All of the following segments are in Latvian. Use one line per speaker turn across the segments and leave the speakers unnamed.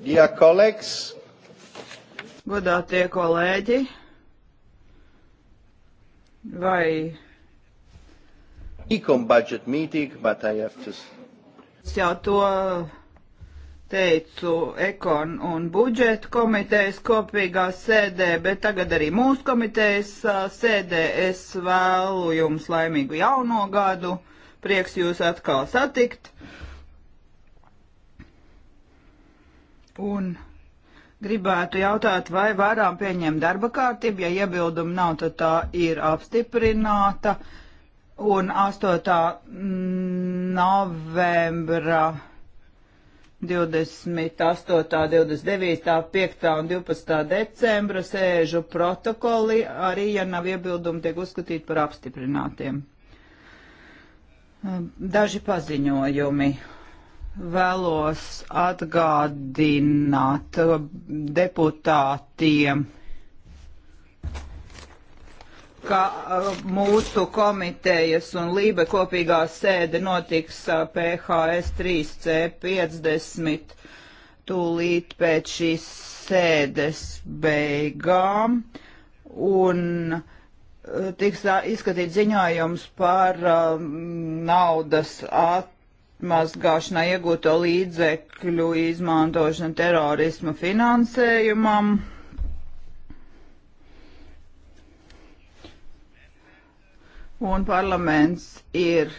Dear colleagues, godātie kolēģi, vai Econ budget meeting, but I have to. Es jau to teicu Ekon un budžeta komitejas kopīgā sēdē, bet tagad arī mūsu komitejas sēdē es vēlu jums laimīgu jauno gadu. Prieks jūs atkal satikt. Uh, Un gribētu jautāt, vai varam pieņemt darba kārtību, ja iebildumi nav, tad tā ir apstiprināta. Un 8. Mm, novembra 28., 29., 5. un 12. decembra sēžu protokoli, arī, ja nav iebildumi, tiek uzskatīti par apstiprinātiem. Daži paziņojumi vēlos atgādināt deputātiem, ka uh, mūsu komitejas un Lībe kopīgā sēde notiks uh, PHS 3C50 tūlīt pēc šīs sēdes beigām. Un uh, tiks izskatīt ziņojums par um, naudas attīstību mazgāšanai iegūto līdzekļu izmantošana terorisma finansējumam. Un parlaments ir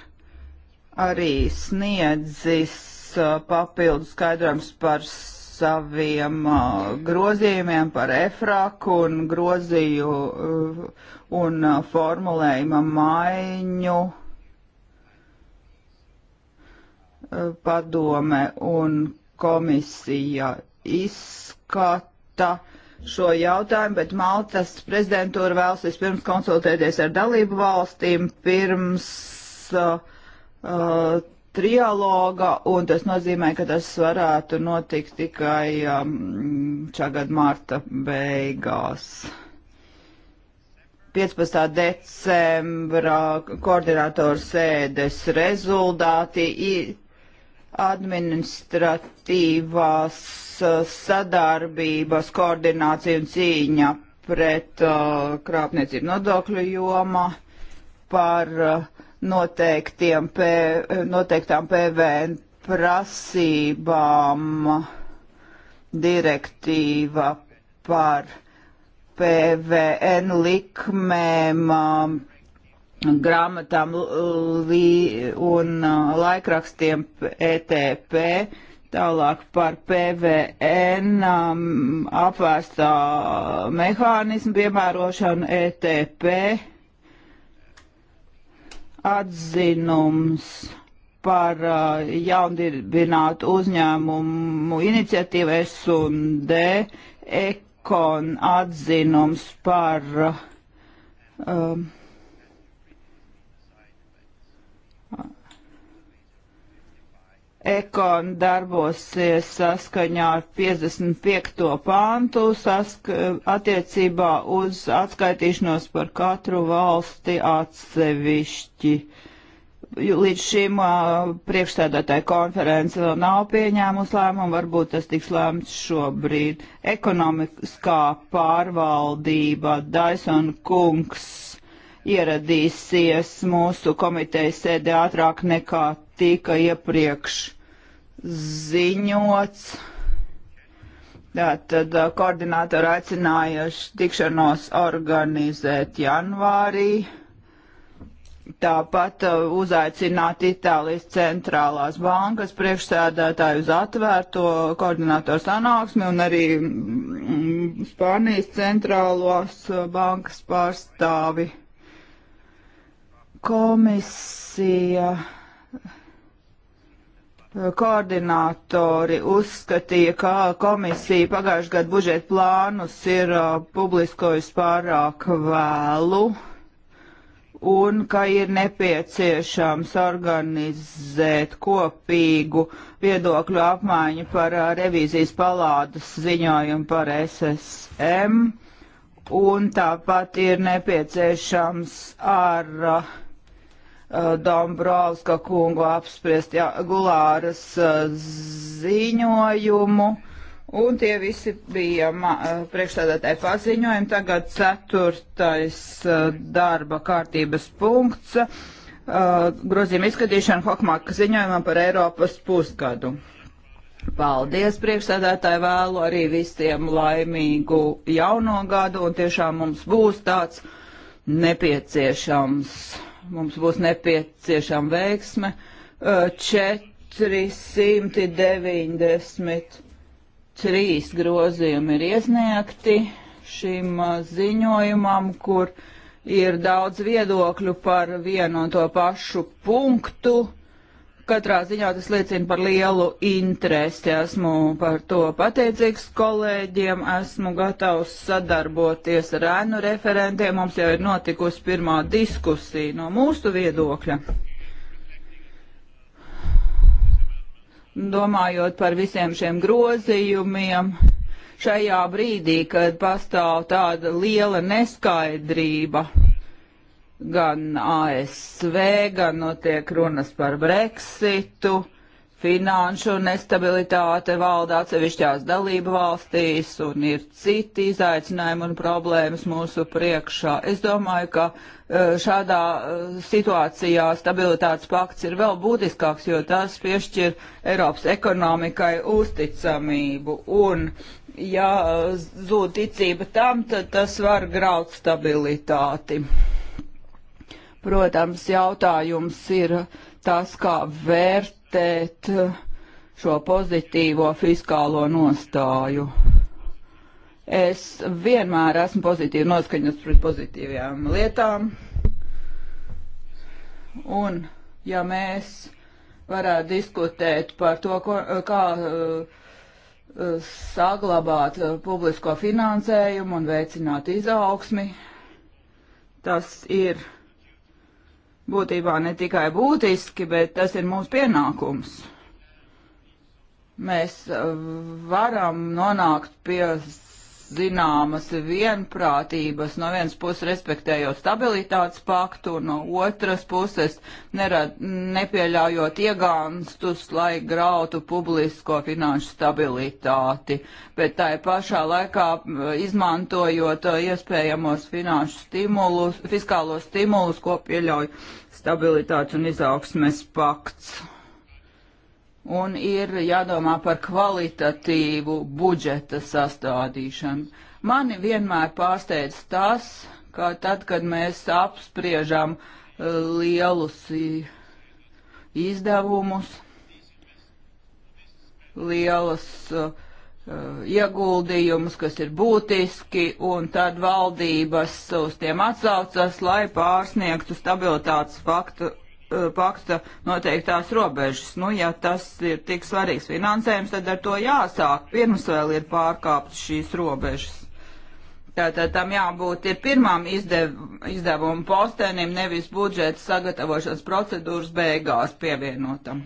arī sniedzis uh, papildu skaidrojums par saviem uh, grozījumiem, par efraku un grozīju uh, un formulējuma maiņu Eh, padome un komisija izskata šo jautājumu, bet Maltas prezidentūra vēlas vispirms konsultēties ar dalību valstīm pirms uh, uh, trialoga, un tas nozīmē, ka tas varētu notikt tikai um, šā gada marta beigās. 15. decembra koordinātoru sēdes rezultāti administratīvās eh, sadarbības koordinācija un cīņa pret uh, krāpniecību nodokļu jomā par uh, noteiktiem P, noteiktām PVN prasībām direktīva par PVN likmēm grāmatām un uh, laikrakstiem ETP, tālāk par PVN um, apvērstā mehānismu piemērošanu ETP atzinums par uh, jaundirbinātu uzņēmumu iniciatīvu S&D, ekon atzinums par uh, um, Ekon darbosies saskaņā ar 55. pāntu sask attiecībā uz atskaitīšanos par katru valsti atsevišķi. Līdz šim uh, priekšstādātāja konference vēl nav pieņēmusi lēmumu, varbūt tas tiks lēmts šobrīd. Ekonomiskā pārvaldība Dyson Kungs ieradīsies mūsu komitejas sēdē ātrāk nekā tika iepriekš ziņots. Tātad uh, koordinātori aicinājuši tikšanos organizēt janvārī. Tāpat uh, uzaicināt Itālijas centrālās bankas priekšsēdētāju uz atvērto koordinātoru sanāksmi un arī mm, Spānijas centrālās uh, bankas pārstāvi. Komisija koordinātori uzskatīja, ka komisija pagājušajā gadu budžeta plānus ir uh, publiskojusi pārāk vēlu un ka ir nepieciešams organizēt kopīgu viedokļu apmaiņu par uh, revīzijas palādas ziņojumu par SSM, un tāpat ir nepieciešams ar uh, Uh, Dombrovska kungu apspriest jā, Gulāras uh, ziņojumu. Un tie visi bija uh, priekšstādātāji paziņojumi. Tagad ceturtais darba kārtības punkts. Grozījuma izskatīšana Hokmāka ziņojumā par Eiropas pusgadu. Paldies, priekšsēdētāji, vēlu arī visiem laimīgu jauno gadu un tiešām mums būs tāds nepieciešams mums būs nepieciešama veiksme. 493 eh, grozījumi ir iesniegti šim eh, ziņojumam, kur ir daudz viedokļu par vienu un to pašu punktu Katrā ziņā tas liecina par lielu interesi. Esmu par to pateicīgs kolēģiem, esmu gatavs sadarboties ar ēnu referentiem. Mums jau ir notikusi pirmā diskusija no mūsu viedokļa. Domājot par visiem šiem grozījumiem, šajā brīdī, kad pastāv tāda liela neskaidrība gan ASV, gan notiek runas par Brexitu, finanšu nestabilitāte valda atsevišķās dalību valstīs un ir citi izaicinājumi un problēmas mūsu priekšā. Es domāju, ka e, šādā e, situācijā stabilitātes pakts ir vēl būtiskāks, jo tas piešķir Eiropas ekonomikai uzticamību un ja e, zūd ticība tam, tad tas var graut stabilitāti. Protams, jautājums ir tas, kā vērtēt šo pozitīvo fiskālo nostāju. Es vienmēr esmu pozitīvi noskaņots pret pozitīvajām lietām. Un ja mēs varētu diskutēt par to, ko, kā uh, uh, saglabāt uh, publisko finansējumu un veicināt izaugsmi, tas ir būtībā ne tikai būtiski, bet tas ir mūsu pienākums. Mēs eh, varam nonākt pie zināmas vienprātības, no vienas puses respektējot stabilitātes paktu, no otras puses nerad, nepieļaujot iegānstus, lai grautu publisko finanšu stabilitāti, bet tai pašā laikā izmantojot uh, iespējamos finanšu stimulus, fiskālos stimulus, ko pieļauj stabilitātes un izaugsmes pakts un ir jādomā par kvalitatīvu budžeta sastādīšanu. Mani vienmēr pārsteidz tas, ka tad, kad mēs apspriežam eh, lielus izdevumus, lielas uh, ieguldījumus, kas ir būtiski, un tad valdības uz tiem atsaucas, lai pārsniegtu stabilitātes faktu Eh, pakta noteiktās robežas. Nu, ja tas ir tik svarīgs finansējums, tad ar to jāsāk pirms vēl ir pārkāptas šīs robežas. Tātad tam jābūt ir pirmām izdev, izdevumu postenim, nevis budžeta sagatavošanas procedūras beigās pievienotam.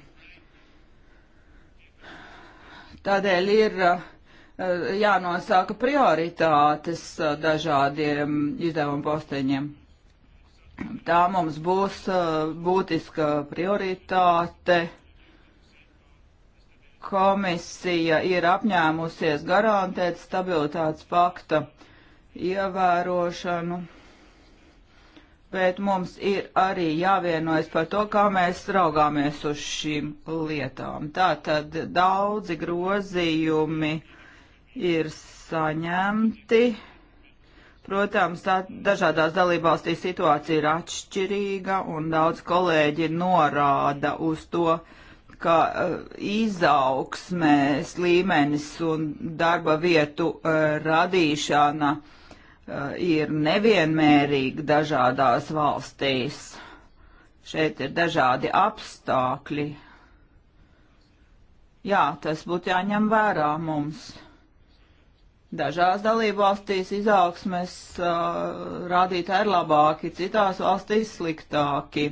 Tādēļ ir uh, jānosaka prioritātes eh, dažādiem izdevumu posteņiem. Tā mums būs uh, būtiska prioritāte. Komisija ir apņēmusies garantēt stabilitātes pakta ievērošanu, bet mums ir arī jāvienojas par to, kā mēs raugāmies uz šīm lietām. Tātad daudzi grozījumi ir saņemti Protams, tā dažādās dalībvalstīs situācija ir atšķirīga, un daudz kolēģi norāda uz to, ka uh, izaugsmēs līmenis un darba vietu uh, radīšana uh, ir nevienmērīga dažādās valstīs. Šeit ir dažādi apstākļi. Jā, tas būtu jāņem vērā mums. Dažās dalībvalstīs izaugsmes uh, rādītāji ir labāki, citās valstīs sliktāki.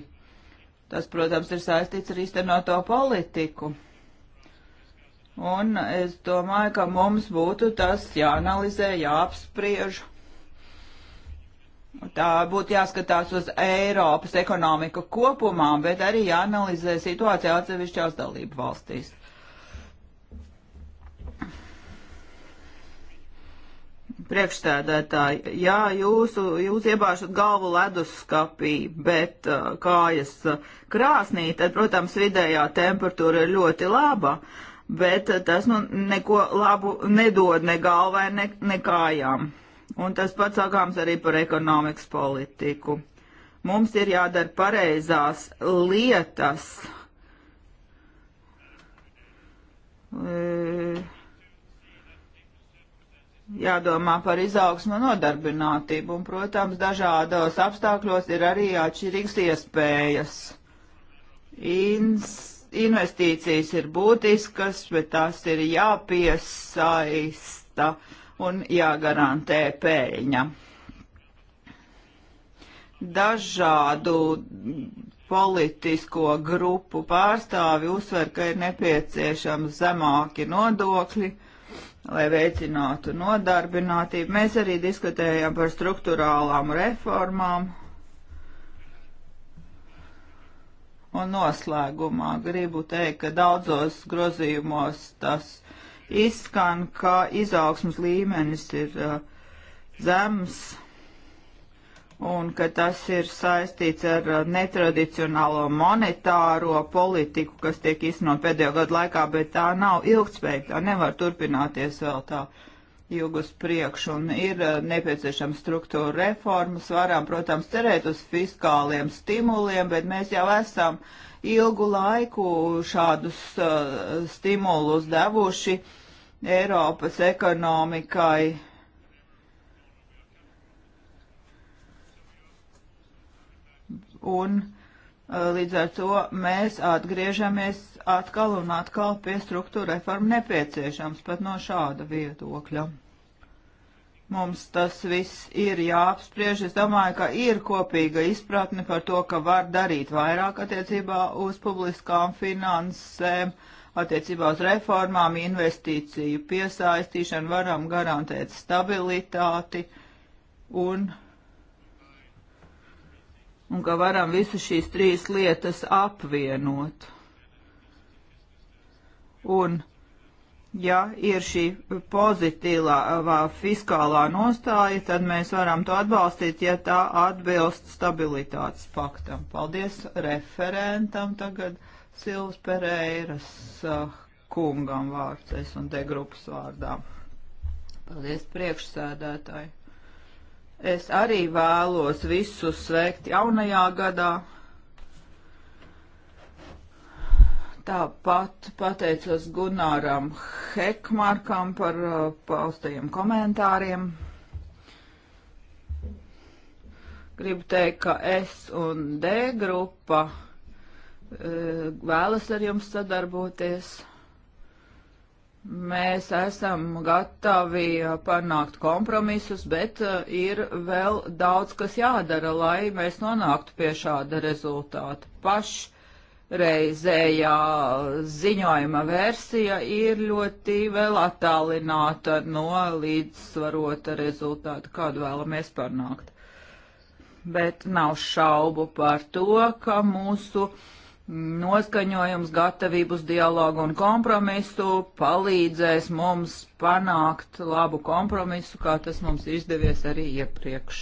Tas, protams, ir saistīts ar īstenoto politiku. Un es domāju, ka mums būtu tas jāanalizē, jāapspriež. Tā būtu jāskatās uz Eiropas ekonomiku kopumā, bet arī jāanalizē situācija atsevišķās dalību valstīs. priekšstādētāji, jā, jūsu, jūs iebāžat galvu leduskapī, bet uh, kājas uh, krāsnī, tad, protams, vidējā temperatūra ir ļoti laba, bet uh, tas nu neko labu nedod ne galvai, ne, ne kājām. Un tas pats sākāms arī par ekonomikas politiku. Mums ir jādara pareizās lietas. E jādomā par izaugsmu un nodarbinātību, un, protams, dažādos apstākļos ir arī atšķirīgas iespējas. Ins investīcijas ir būtiskas, bet tās ir jāpiesaista un jāgarantē pēļņa. Dažādu politisko grupu pārstāvi uzsver, ka ir nepieciešams zemāki nodokļi lai veicinātu nodarbinātību. Mēs arī diskutējām par struktūrālām reformām. Un noslēgumā gribu teikt, ka daudzos grozījumos tas izskan, ka izaugsmas līmenis ir uh, zems un ka tas ir saistīts ar uh, netradicionālo monetāro politiku, kas tiek iznot pēdējo gadu laikā, bet tā nav ilgspējīga, tā nevar turpināties vēl tā ilgus priekš, un ir uh, nepieciešama struktūra reformas. Varam, protams, cerēt uz fiskāliem stimuliem, bet mēs jau esam ilgu laiku šādus uh, stimulus devuši Eiropas ekonomikai un eh, līdz ar to mēs atgriežamies atkal un atkal pie struktūra reforma nepieciešams pat no šāda viedokļa. Mums tas viss ir jāapspriež. Es domāju, ka ir kopīga izpratne par to, ka var darīt vairāk attiecībā uz publiskām finansēm, attiecībā uz reformām, investīciju piesaistīšanu, varam garantēt stabilitāti un un ka varam visu šīs trīs lietas apvienot. Un ja ir šī pozitīvā fiskālā nostāja, tad mēs varam to atbalstīt, ja tā atbilst stabilitātes paktam. Paldies referentam tagad Silvas Pereiras ah, kungam vārds, es un te grupas vārdām. Paldies priekšsēdētāji. Es arī vēlos visus sveikt jaunajā gadā. Tāpat pateicos Gunāram Hekmarkam par uh, paustajiem komentāriem. Gribu teikt, ka S un D grupa uh, vēlas ar jums sadarboties. Mēs esam gatavi uh, panākt kompromisus, bet uh, ir vēl daudz, kas jādara, lai mēs nonāktu pie šāda rezultāta. Pašreizējā ziņojuma versija ir ļoti vēl attālināta no līdzsvarota rezultāta, kādu vēlamies panākt. Bet nav šaubu par to, ka mūsu uh, noskaņojums, gatavības dialogu un kompromisu palīdzēs mums panākt labu kompromisu, kā tas mums izdevies arī iepriekš.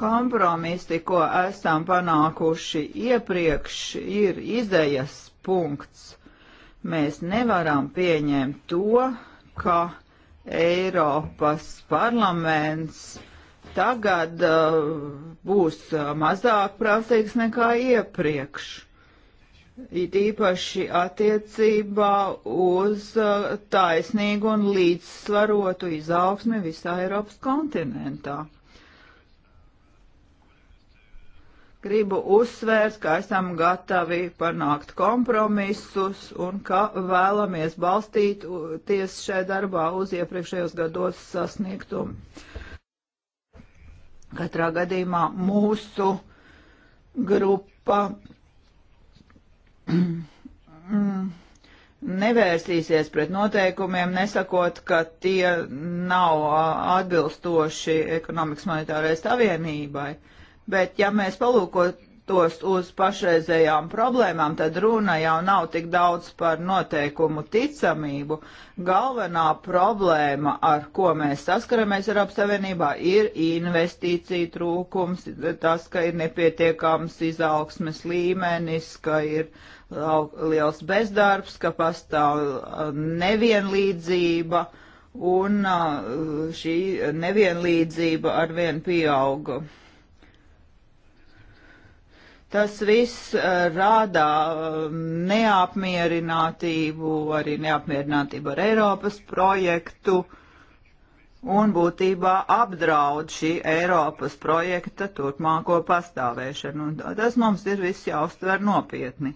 Kompromisti, ko esam panākuši iepriekš, ir izējas punkts. Mēs nevaram pieņemt to, ka Eiropas parlaments uh, tagad uh, būs uh, mazāk prasīgs nekā iepriekš. It īpaši attiecībā uz uh, taisnīgu un līdzsvarotu izaugsmi visā Eiropas kontinentā. gribu uzsvērt, ka esam gatavi panākt kompromisus un ka vēlamies balstīties šai darbā uz iepriekšējos gados sasniegtumu. Katrā gadījumā mūsu grupa nevērsīsies pret noteikumiem, nesakot, ka tie nav atbilstoši ekonomikas monetārais savienībai. Bet, ja mēs palūkot, skatītos uz pašreizējām problēmām, tad runa jau nav tik daudz par noteikumu ticamību. Galvenā problēma, ar ko mēs saskaramies Eiropas Savienībā, ir investīcija trūkums, tas, ka ir nepietiekams izaugsmes līmenis, ka ir liels bezdarbs, ka pastāv nevienlīdzība un šī nevienlīdzība arvien pieauga. Tas viss eh, rada eh, neapmierinātību, arī neapmierinātību ar Eiropas projektu un būtībā apdraud šī Eiropas projekta turpmāko pastāvēšanu. Un tas mums ir viss jāuztver nopietni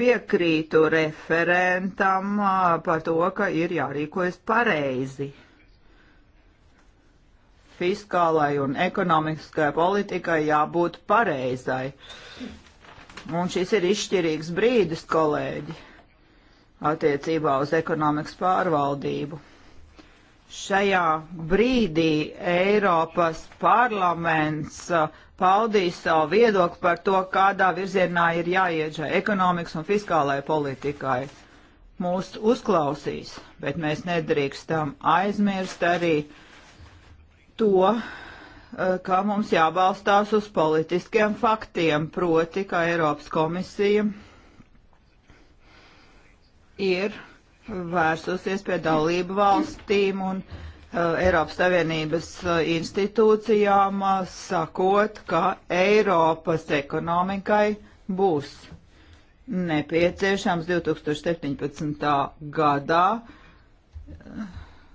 piekrītu referentam eh, par to, ka ir jārīkojas pareizi fiskālai un ekonomiskai politikai jābūt pareizai. Un šis ir izšķirīgs brīdis, kolēģi, attiecībā uz ekonomikas pārvaldību. Šajā brīdī Eiropas parlaments uh, paudīs savu viedokli par to, kādā virzienā ir jāiet šai ekonomikas un fiskālai politikai. Mūs uzklausīs, bet mēs nedrīkstam aizmirst arī uh, to, eh, ka mums jābalstās uz politiskiem faktiem, proti, ka Eiropas komisija ir vērsusies pie dalību valstīm un uh, Eiropas Savienības uh, institūcijām, uh, sakot, ka Eiropas ekonomikai būs nepieciešams 2017. gadā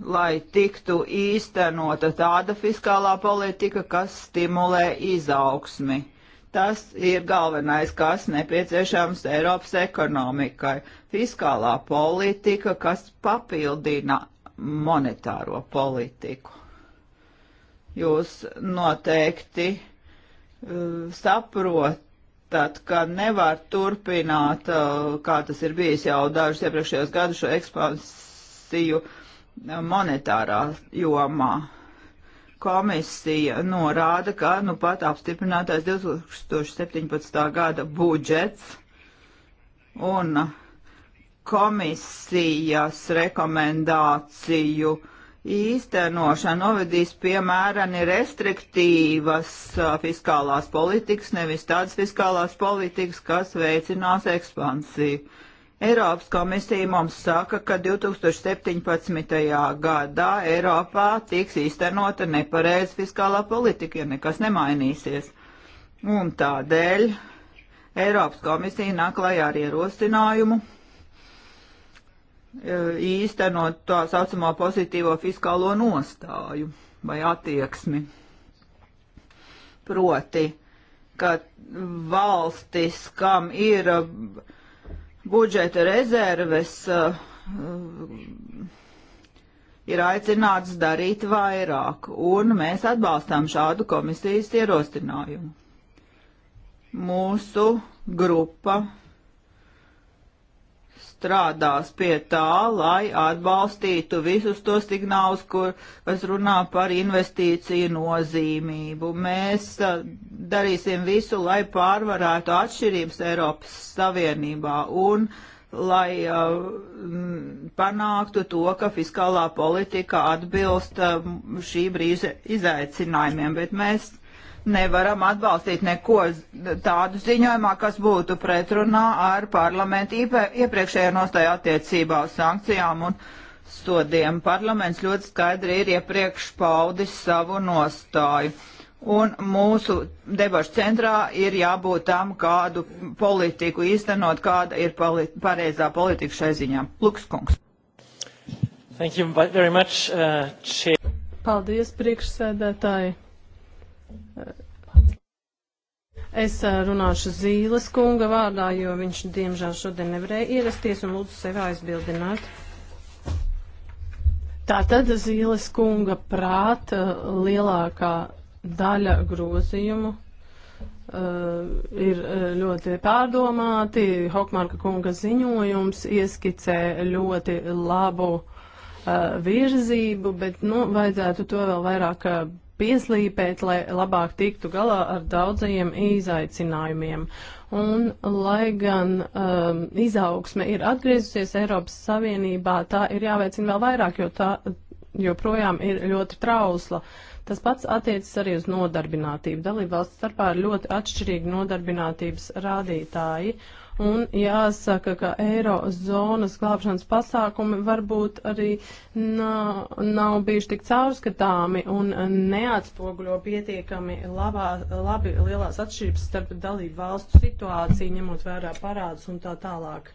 lai tiktu īstenota tāda fiskālā politika, kas stimulē izaugsmi. Tas ir galvenais, kas nepieciešams Eiropas ekonomikai. Fiskālā politika, kas papildina monetāro politiku. Jūs noteikti uh, saprotat tad, ka nevar turpināt, uh, kā tas ir bijis jau dažus iepriekšējos gadus, šo ekspansiju monetārā jomā. Komisija norāda, ka nu pat apstiprinātais 2017. gada budžets un komisijas rekomendāciju īstenošana novedīs pie mērani restriktīvas uh, fiskālās politikas, nevis tādas fiskālās politikas, kas veicinās ekspansiju. Eiropas komisija mums saka, ka 2017. gadā Eiropā tiks īstenota nepareiz fiskālā politika, ja nekas nemainīsies. Un tādēļ Eiropas komisija nāk klajā ar ierosinājumu e, īstenot tā saucamo pozitīvo fiskālo nostāju vai attieksmi. Proti, ka valstis, kam ir uh, budžeta rezerves uh, ir aicināts darīt vairāk, un mēs atbalstām šādu komisijas ierostinājumu. Mūsu grupa strādās pie tā, lai atbalstītu visus tos signālus, kur, kas runā par investīciju nozīmību. Mēs darīsim visu, lai pārvarētu atšķirības Eiropas Savienībā un lai panāktu to, ka fiskālā politika atbilst šī brīža izaicinājumiem, bet mēs nevaram atbalstīt neko tādu ziņojumā, kas būtu pretrunā ar parlamentu iepriekšējo nostāju attiecībā uz sankcijām un sodiem. Parlaments ļoti skaidri ir iepriekš paudis savu nostāju. Un mūsu debašu centrā ir jābūt tam, kādu politiku īstenot, kāda ir poli pareizā politika šai ziņā. Lukskungs.
Thank you very much, uh,
Paldies, priekšsēdētāji. Es eh, runāšu Zīles kunga vārdā, jo viņš diemžēl šodien nevarēja ierasties un lūdzu sevi aizbildināt. Tātad Zīles kunga prāta eh, lielākā daļa grozījumu Uh, ir ļoti pārdomāti. Hokmārka kunga ziņojums ieskicē ļoti labu uh, virzību, bet nu, vajadzētu to vēl vairāk uh, pieslīpēt, lai labāk tiktu galā ar daudzajiem izaicinājumiem. Un, lai gan um, izaugsme ir atgriezusies Eiropas Savienībā, tā ir jāveicina vēl vairāk, jo tā joprojām ir ļoti trausla. Tas pats attiecas arī uz nodarbinātību. Dalībvalsts starpā ir ļoti atšķirīgi nodarbinātības rādītāji. Uh, Un jāsaka, ka eirozonas glābšanas pasākumi varbūt arī nav, nav bijuši tik caurskatāmi un neatspoguļo pietiekami labā, labi lielās atšķirības starp dalību valstu situāciju, ņemot vērā parādus un tā tālāk.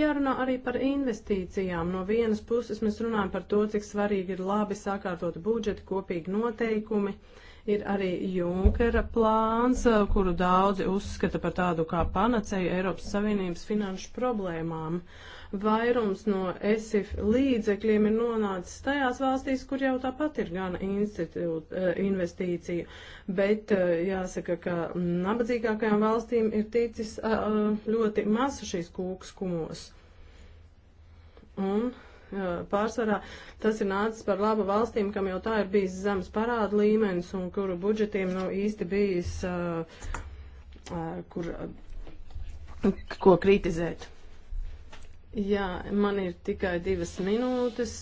Jārunā arī par investīcijām. No vienas puses mēs runājam par to, cik svarīgi ir labi sakārtot budžeti, kopīgi noteikumi. Uh, Ir arī Junkera plāns, eh, kuru daudzi uzskata par tādu kā panacēju Eiropas Savienības finanšu problēmām. Vairums no ESIF līdzekļiem ir nonācis tajās valstīs, kur jau tāpat ir gana eh, investīcija, bet eh, jāsaka, ka nabadzīgākajām valstīm ir ticis ļoti maz šīs kūks kumos. Un pārsvarā tas ir nācis par labu valstīm, kam jau tā ir bijis zemes parāda līmenis un kuru budžetiem nav īsti bijis, kur, ko kritizēt. Jā, man ir tikai divas minūtes,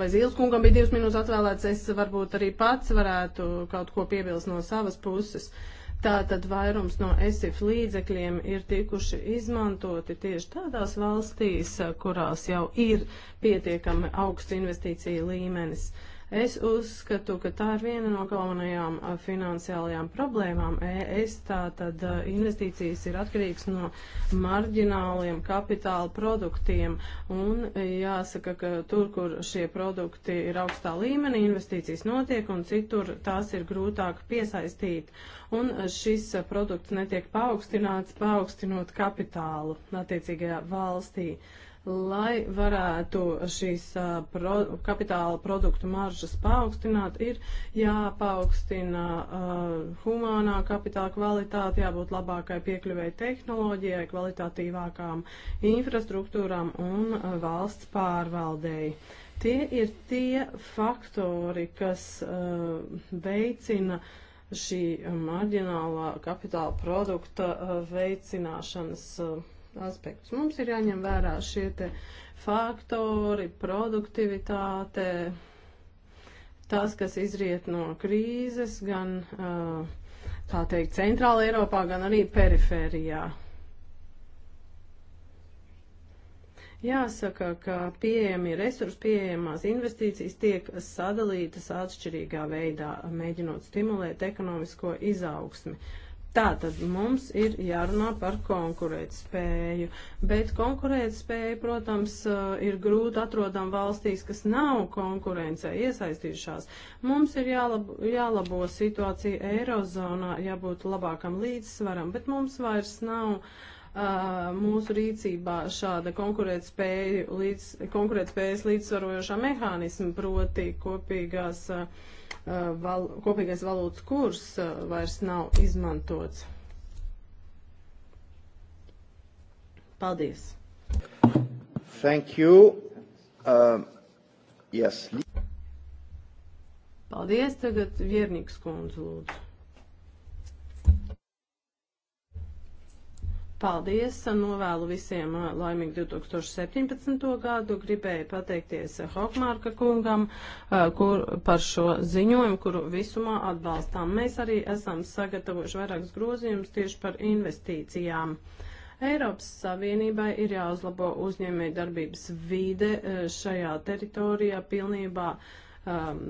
vai Zīles kungam bija divas minūtes atvēlēts, es varbūt arī pats varētu kaut ko piebilst no savas puses. Uh, Tātad vairums no ESIF līdzekļiem ir tikuši izmantoti tieši tādās valstīs, kurās jau ir pietiekami augsts investīcija līmenis. Uh, Es uzskatu, ka tā ir viena no galvenajām finansiālajām problēmām. E, ES tātad investīcijas ir atkarīgs no marģināliem kapitāla produktiem un jāsaka, ka tur, kur šie produkti ir augstā līmenī, investīcijas notiek un citur tās ir grūtāk piesaistīt. Un šis produkts netiek paaugstināts, paaugstinot kapitālu attiecīgajā valstī. Uh, lai varētu šīs pro, kapitāla produktu maržas paaugstināt, ir jāpaukstina uh, humānā kapitāla kvalitāte, jābūt labākai piekļuvēji tehnoloģijai, kvalitatīvākām infrastruktūrām un uh, valsts pārvaldēji. Tie ir tie faktori, kas uh, veicina uh, šī marģinālā kapitāla produkta veicināšanas aspektus. Mums ir jāņem vērā šie te faktori, produktivitāte, tas, kas izriet no krīzes, gan, tā teikt, centrāla Eiropā, gan arī perifērijā. Jāsaka, ka pieejami resursi, pieejamās investīcijas tiek sadalītas atšķirīgā veidā, mēģinot stimulēt ekonomisko izaugsmi. Uh, Tātad mums ir jārunā par konkurētspēju, bet konkurētspēja, protams, eh, ir grūti atrodama valstīs, kas nav konkurencē iesaistījušās. Mums ir jālabo, jālabo situācija Eirozonā, jābūt labākam līdzsvaram, bet mums vairs nav uh, mūsu rīcībā šāda konkurētspēju, līdz, konkurētspējas līdzsvarojošā mehānisma, proti kopīgās. Uh, Uh, val, kopīgais valūtas kurs uh, vairs nav izmantots. Paldies!
Thank you. Um, yes.
Paldies, tagad Viernieks kundze lūdzu. Paldies, novēlu visiem laimīgu 2017. gadu. Gribēju pateikties Hokmārka kungam kur, par šo ziņojumu, kuru visumā atbalstām. Mēs arī esam sagatavojuši vairākus grozījumus tieši par investīcijām. Eiropas Savienībai ir jāuzlabo uzņēmēju darbības vide šajā teritorijā pilnībā. Uh, um,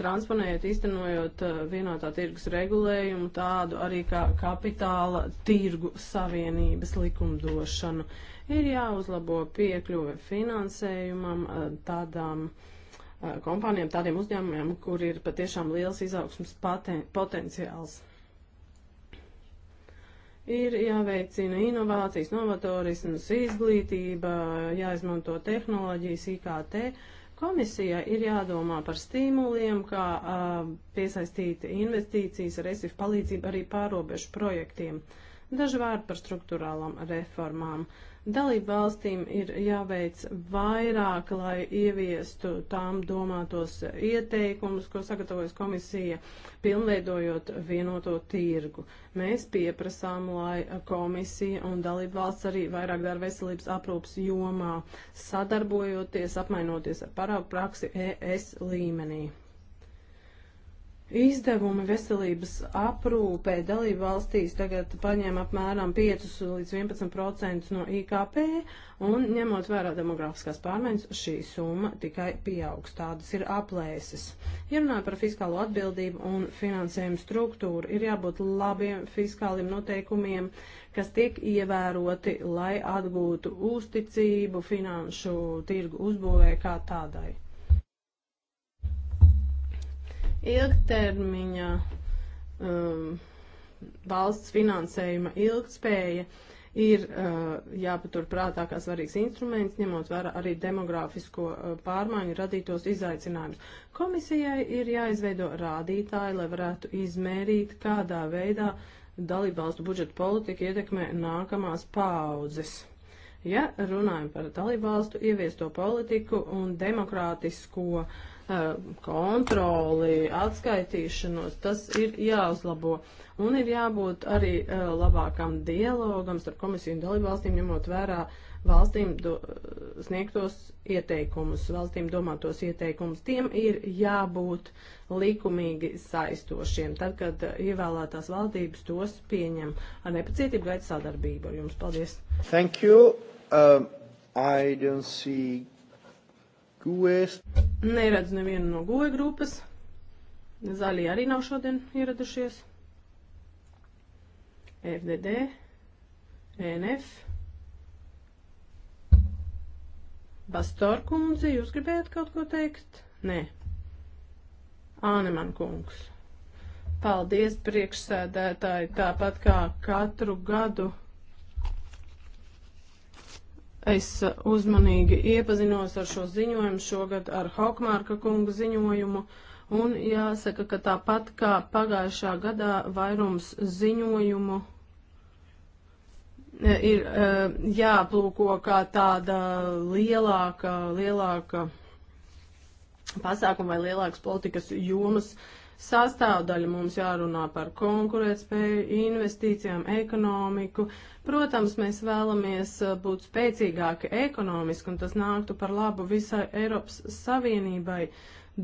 transponējot, iztenojot uh, vienotā tirgus regulējumu, tādu arī kā kapitāla tirgu savienības likumdošanu. Ir jāuzlabo piekļuve finansējumam uh, tādām uh, kompānijām, tādiem uzņēmumiem, kur ir patiešām liels izaugsmas potenciāls. Ir jāveicina inovācijas, novatorisms, izglītība, jāizmanto tehnoloģijas, IKT. Uh, Komisijai ir jādomā par stimuliem, kā a, piesaistīt investīcijas ar ESIF palīdzību arī pārobežu projektiem. Daži vārdi par struktūrālām reformām. A, Dalību valstīm ir jāveic vairāk, lai ieviestu tām domātos ieteikumus, ko sagatavojas komisija, pilnveidojot vienoto tirgu. Mēs pieprasām, lai komisija un dalību valsts arī vairāk dara veselības aprūpas jomā, sadarbojoties, apmainoties ar paraugu praksi ES līmenī. Izdevumi veselības aprūpē dalību valstīs tagad paņēma apmēram 5 līdz 11% no IKP, un ņemot vērā demografiskās pārmaiņas, šī summa tikai pieaugs. Tādas ir aplēses. Ja runājam par fiskālo atbildību un finansējumu struktūru, ir jābūt labiem fiskāliem noteikumiem, kas tiek ievēroti, lai atgūtu uzticību finanšu tirgu uzbūvē kā tādai. Ilgtermiņa um, valsts finansējuma ilgspēja ir uh, jāpatur prātā kā svarīgs instruments, ņemot vērā arī demografisko uh, pārmaiņu radītos izaicinājumus. Komisijai ir jāizveido rādītāji, lai varētu izmērīt, kādā veidā dalībvalstu budžeta politika ietekmē nākamās paaudzes. Ja runājam par dalībvalstu ieviesto politiku un demokrātisko uh, kontroli, atskaitīšanos, tas ir jāuzlabo. Un ir jābūt arī labākam dialogam starp komisiju un dalībvalstīm, ņemot vērā valstīm do, sniegtos ieteikumus, valstīm domātos ieteikumus. Tiem ir jābūt likumīgi saistošiem, tad, kad ievēlētās valdības tos pieņem. Ar nepacietību gaidu sadarbību ar jums. Paldies!
Thank you! Um, I don't see Guēs.
Neredz nevienu no goja grupas. Zaļie arī nav šodien ieradušies. FDD, NF. Bastorkundze, jūs gribējāt kaut ko teikt? Nē. Āneman kungs. Paldies priekšsēdētāji, tāpat kā katru gadu Es uh, uzmanīgi iepazinos ar šo ziņojumu šogad ar Hokmārka kungu ziņojumu. Un jāsaka, ka tāpat kā pagājušā gadā vairums ziņojumu e, ir e, jāplūko kā tāda lielāka, lielāka pasākuma vai lielākas politikas jomas uh, sastāvdaļa mums jārunā par konkurētspēju, investīcijām, ekonomiku. Protams, mēs vēlamies uh, būt spēcīgāki ekonomiski, un tas nāktu par labu visai Eiropas Savienībai,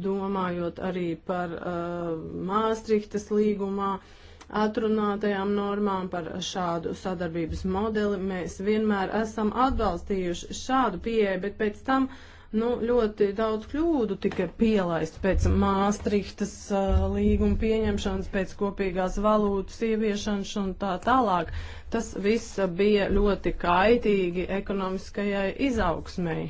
domājot arī par uh, Māstrihtas līgumā atrunātajām normām par šādu sadarbības modeli. Mēs vienmēr esam atbalstījuši šādu pieeju, bet pēc tam uh, Nu, ļoti daudz kļūdu tika pielaist pēc Māstrihtas uh, līguma pieņemšanas, pēc kopīgās valūtas ieviešanas un tā tālāk. Tas viss bija ļoti kaitīgi ekonomiskajai izaugsmēji.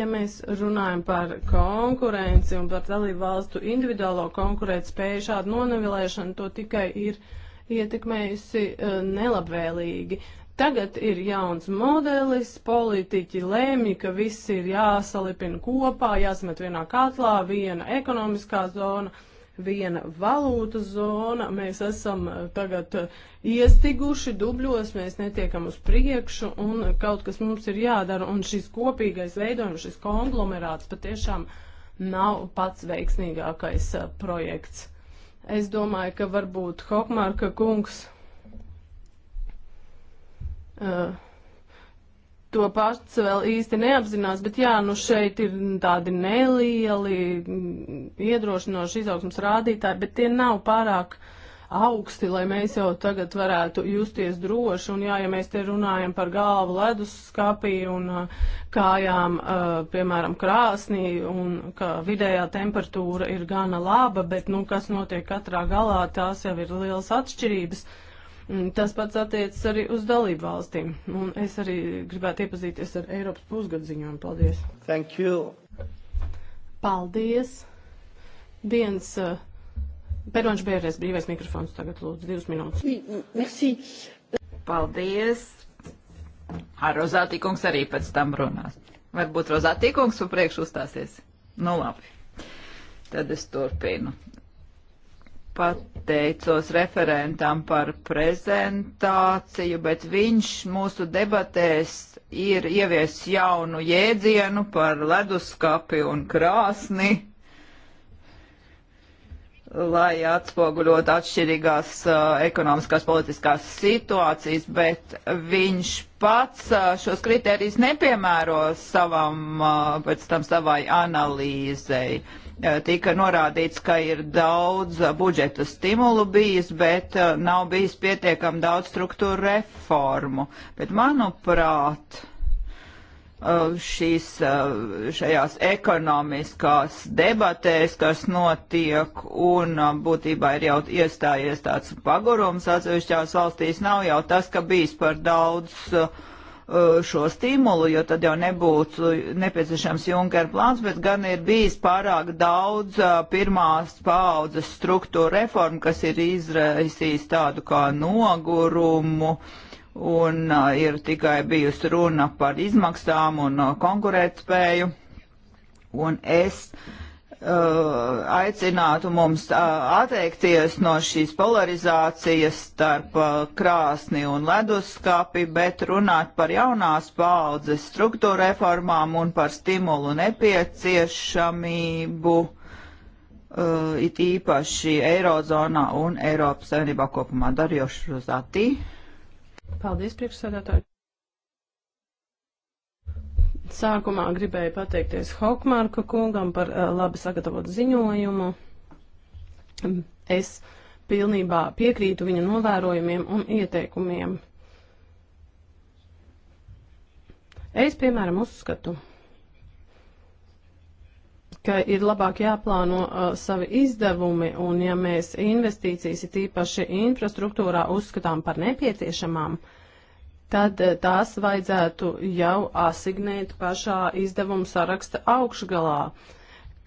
Ja mēs runājam par konkurenci un par dalību valstu individuālo konkurētspēju, šādu nonevilēšanu to tikai ir ietekmējusi uh, nelabvēlīgi. Tagad ir jauns modelis, politiķi lēmj, ka viss ir jāsalipina kopā, jāsmet vienā katlā, viena ekonomiskā zona, viena valūtas zona. Mēs esam eh, tagad eh, iestiguši dubļos, mēs netiekam uz priekšu un kaut kas mums ir jādara. Un šis kopīgais veidojums, šis konglomerāts patiešām nav pats veiksmīgākais eh, projekts. Es domāju, ka varbūt Hokmārka kungs Uh, to pats vēl īsti neapzinās, bet jā, nu šeit ir tādi nelieli mm, iedrošinoši izaugsmas rādītāji, bet tie nav pārāk augsti, lai mēs jau tagad varētu justies droši. Un jā, ja mēs te runājam par galvu leduskapī un eh, kājām, eh, piemēram, krāsnī, un ka vidējā temperatūra ir gana laba, bet, nu, kas notiek katrā galā, tās jau ir lielas atšķirības. Uh, Mm, tas pats attiecas arī uz dalību valstīm. Un es arī gribētu iepazīties ar Eiropas pusgadziņojumu. Paldies! Thank you! Paldies! Viens uh, eh, Pērnš Bērēs, brīvais mikrofons tagad lūdzu, divas
minūtes.
Merci. Paldies! Ar Rozātī kungs arī pēc tam runās. Varbūt Rozātī kungs un priekš uzstāsies. Nu labi. Tad es turpinu pateicos referentam par prezentāciju, bet viņš mūsu debatēs ir ievies jaunu jēdzienu par leduskapi un krāsni, lai atspoguļot atšķirīgās uh, ekonomiskās politiskās situācijas, bet viņš pats uh, šos kriterijus nepiemēro savam, uh, pēc tam savai analīzei. Uh, Eh, tika norādīts, ka ir daudz eh, budžeta stimulu bijis, bet eh, nav bijis pietiekam daudz struktūra reformu. Bet manuprāt, šīs, šajās ekonomiskās debatēs, kas notiek, un būtībā ir jau iestājies tāds pagurums atsevišķās valstīs, nav jau tas, ka bijis par daudz uh, Uh, šo stimulu, jo tad jau nebūtu nepieciešams Junker plāns, bet gan ir bijis pārāk daudz uh, pirmās paaudzes struktūra reformu, kas ir izraisījis tādu kā nogurumu. Un uh, ir tikai bijusi runa par izmaksām un uh, konkurētspēju. Un es uh, Uh, aicinātu mums uh, atteikties no šīs polarizācijas starp uh, krāsni un leduskapi, bet runāt par jaunās paaudzes struktūra reformām un par stimulu nepieciešamību uh, it īpaši Eirozonā un Eiropas Savienībā kopumā. Darījuši Rozatī. Paldies, priekšsēdētāji.
Sākumā gribēju pateikties Hokmārka kungam par uh, labi sagatavotu ziņojumu. Es pilnībā piekrītu viņa novērojumiem un ieteikumiem. Es, piemēram, uzskatu, ka ir labāk jāplāno uh, savi izdevumi, un ja mēs investīcijas, it īpaši infrastruktūrā, uzskatām par nepieciešamām, uh, tad eh, tās vajadzētu jau asignēt pašā izdevuma saraksta augšgalā.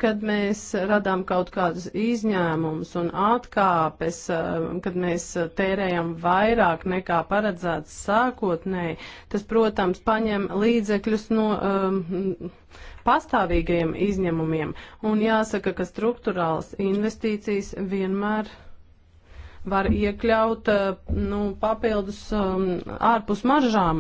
Kad mēs radām kaut kādus izņēmumus un atkāpes, eh, kad mēs tērējam vairāk nekā paredzēts sākotnēji, tas, protams, paņem līdzekļus no. Um, pastāvīgajiem izņēmumiem, un jāsaka, ka struktūrāls investīcijas vienmēr var iekļaut eh, nu, papildus um, ārpus maržām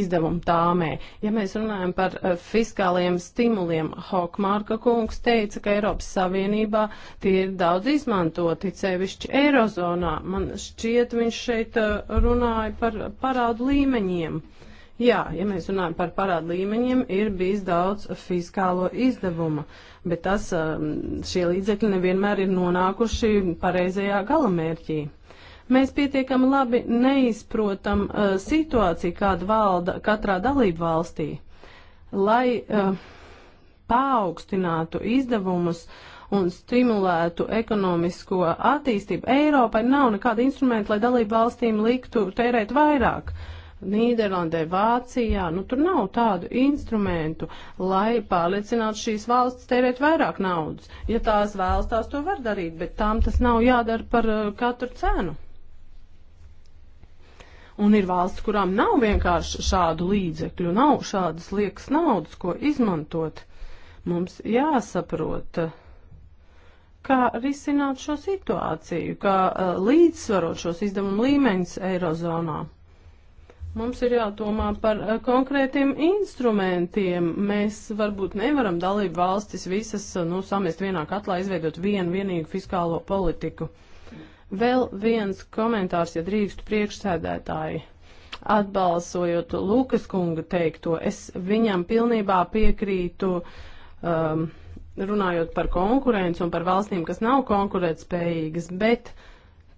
izdevumu tāmē. Ja mēs runājam par eh, fiskāliem stimuliem, Hokmārka kungs teica, ka Eiropas Savienībā tie ir daudz izmantoti, cevišķi Eirozonā. Man šķiet, viņš šeit eh, runāja par parādu līmeņiem. Jā, ja mēs runājam par parādu līmeņiem, ir bijis daudz fiskālo izdevumu, bet tas, um, šie līdzekļi nevienmēr ir nonākuši pareizajā galamērķī mēs pietiekami labi neizprotam uh, situāciju, kāda valda katrā dalību valstī. Lai uh, paaugstinātu izdevumus un stimulētu ekonomisko attīstību, Eiropai nav nekāda instrumenta, lai dalību valstīm liktu tērēt vairāk. Uh, Nīderlandē, Vācijā, nu tur nav tādu instrumentu, lai pārliecinātu šīs valsts tērēt vairāk naudas. Ja tās vēlas, tās to var darīt, bet tām tas nav jādara par uh, katru cenu. Un ir valsts, kurām nav vienkārši šādu līdzekļu, nav šādas liekas naudas, ko izmantot. Mums jāsaprot, uh, kā risināt šo situāciju, kā uh, līdzsvarot šos izdevumu līmeņus Eirozonā. Mums ir jādomā par eh, konkrētiem instrumentiem. Mēs varbūt nevaram dalību valstis visas eh, nu, samest vienā katlā, izveidot vienu vienīgu fiskālo politiku. Vēl viens komentārs, ja drīkstu priekšsēdētāji atbalsojot Lukas kunga teikto, es viņam pilnībā piekrītu, um, runājot par konkurenci un par valstīm, kas nav konkurētspējīgas, bet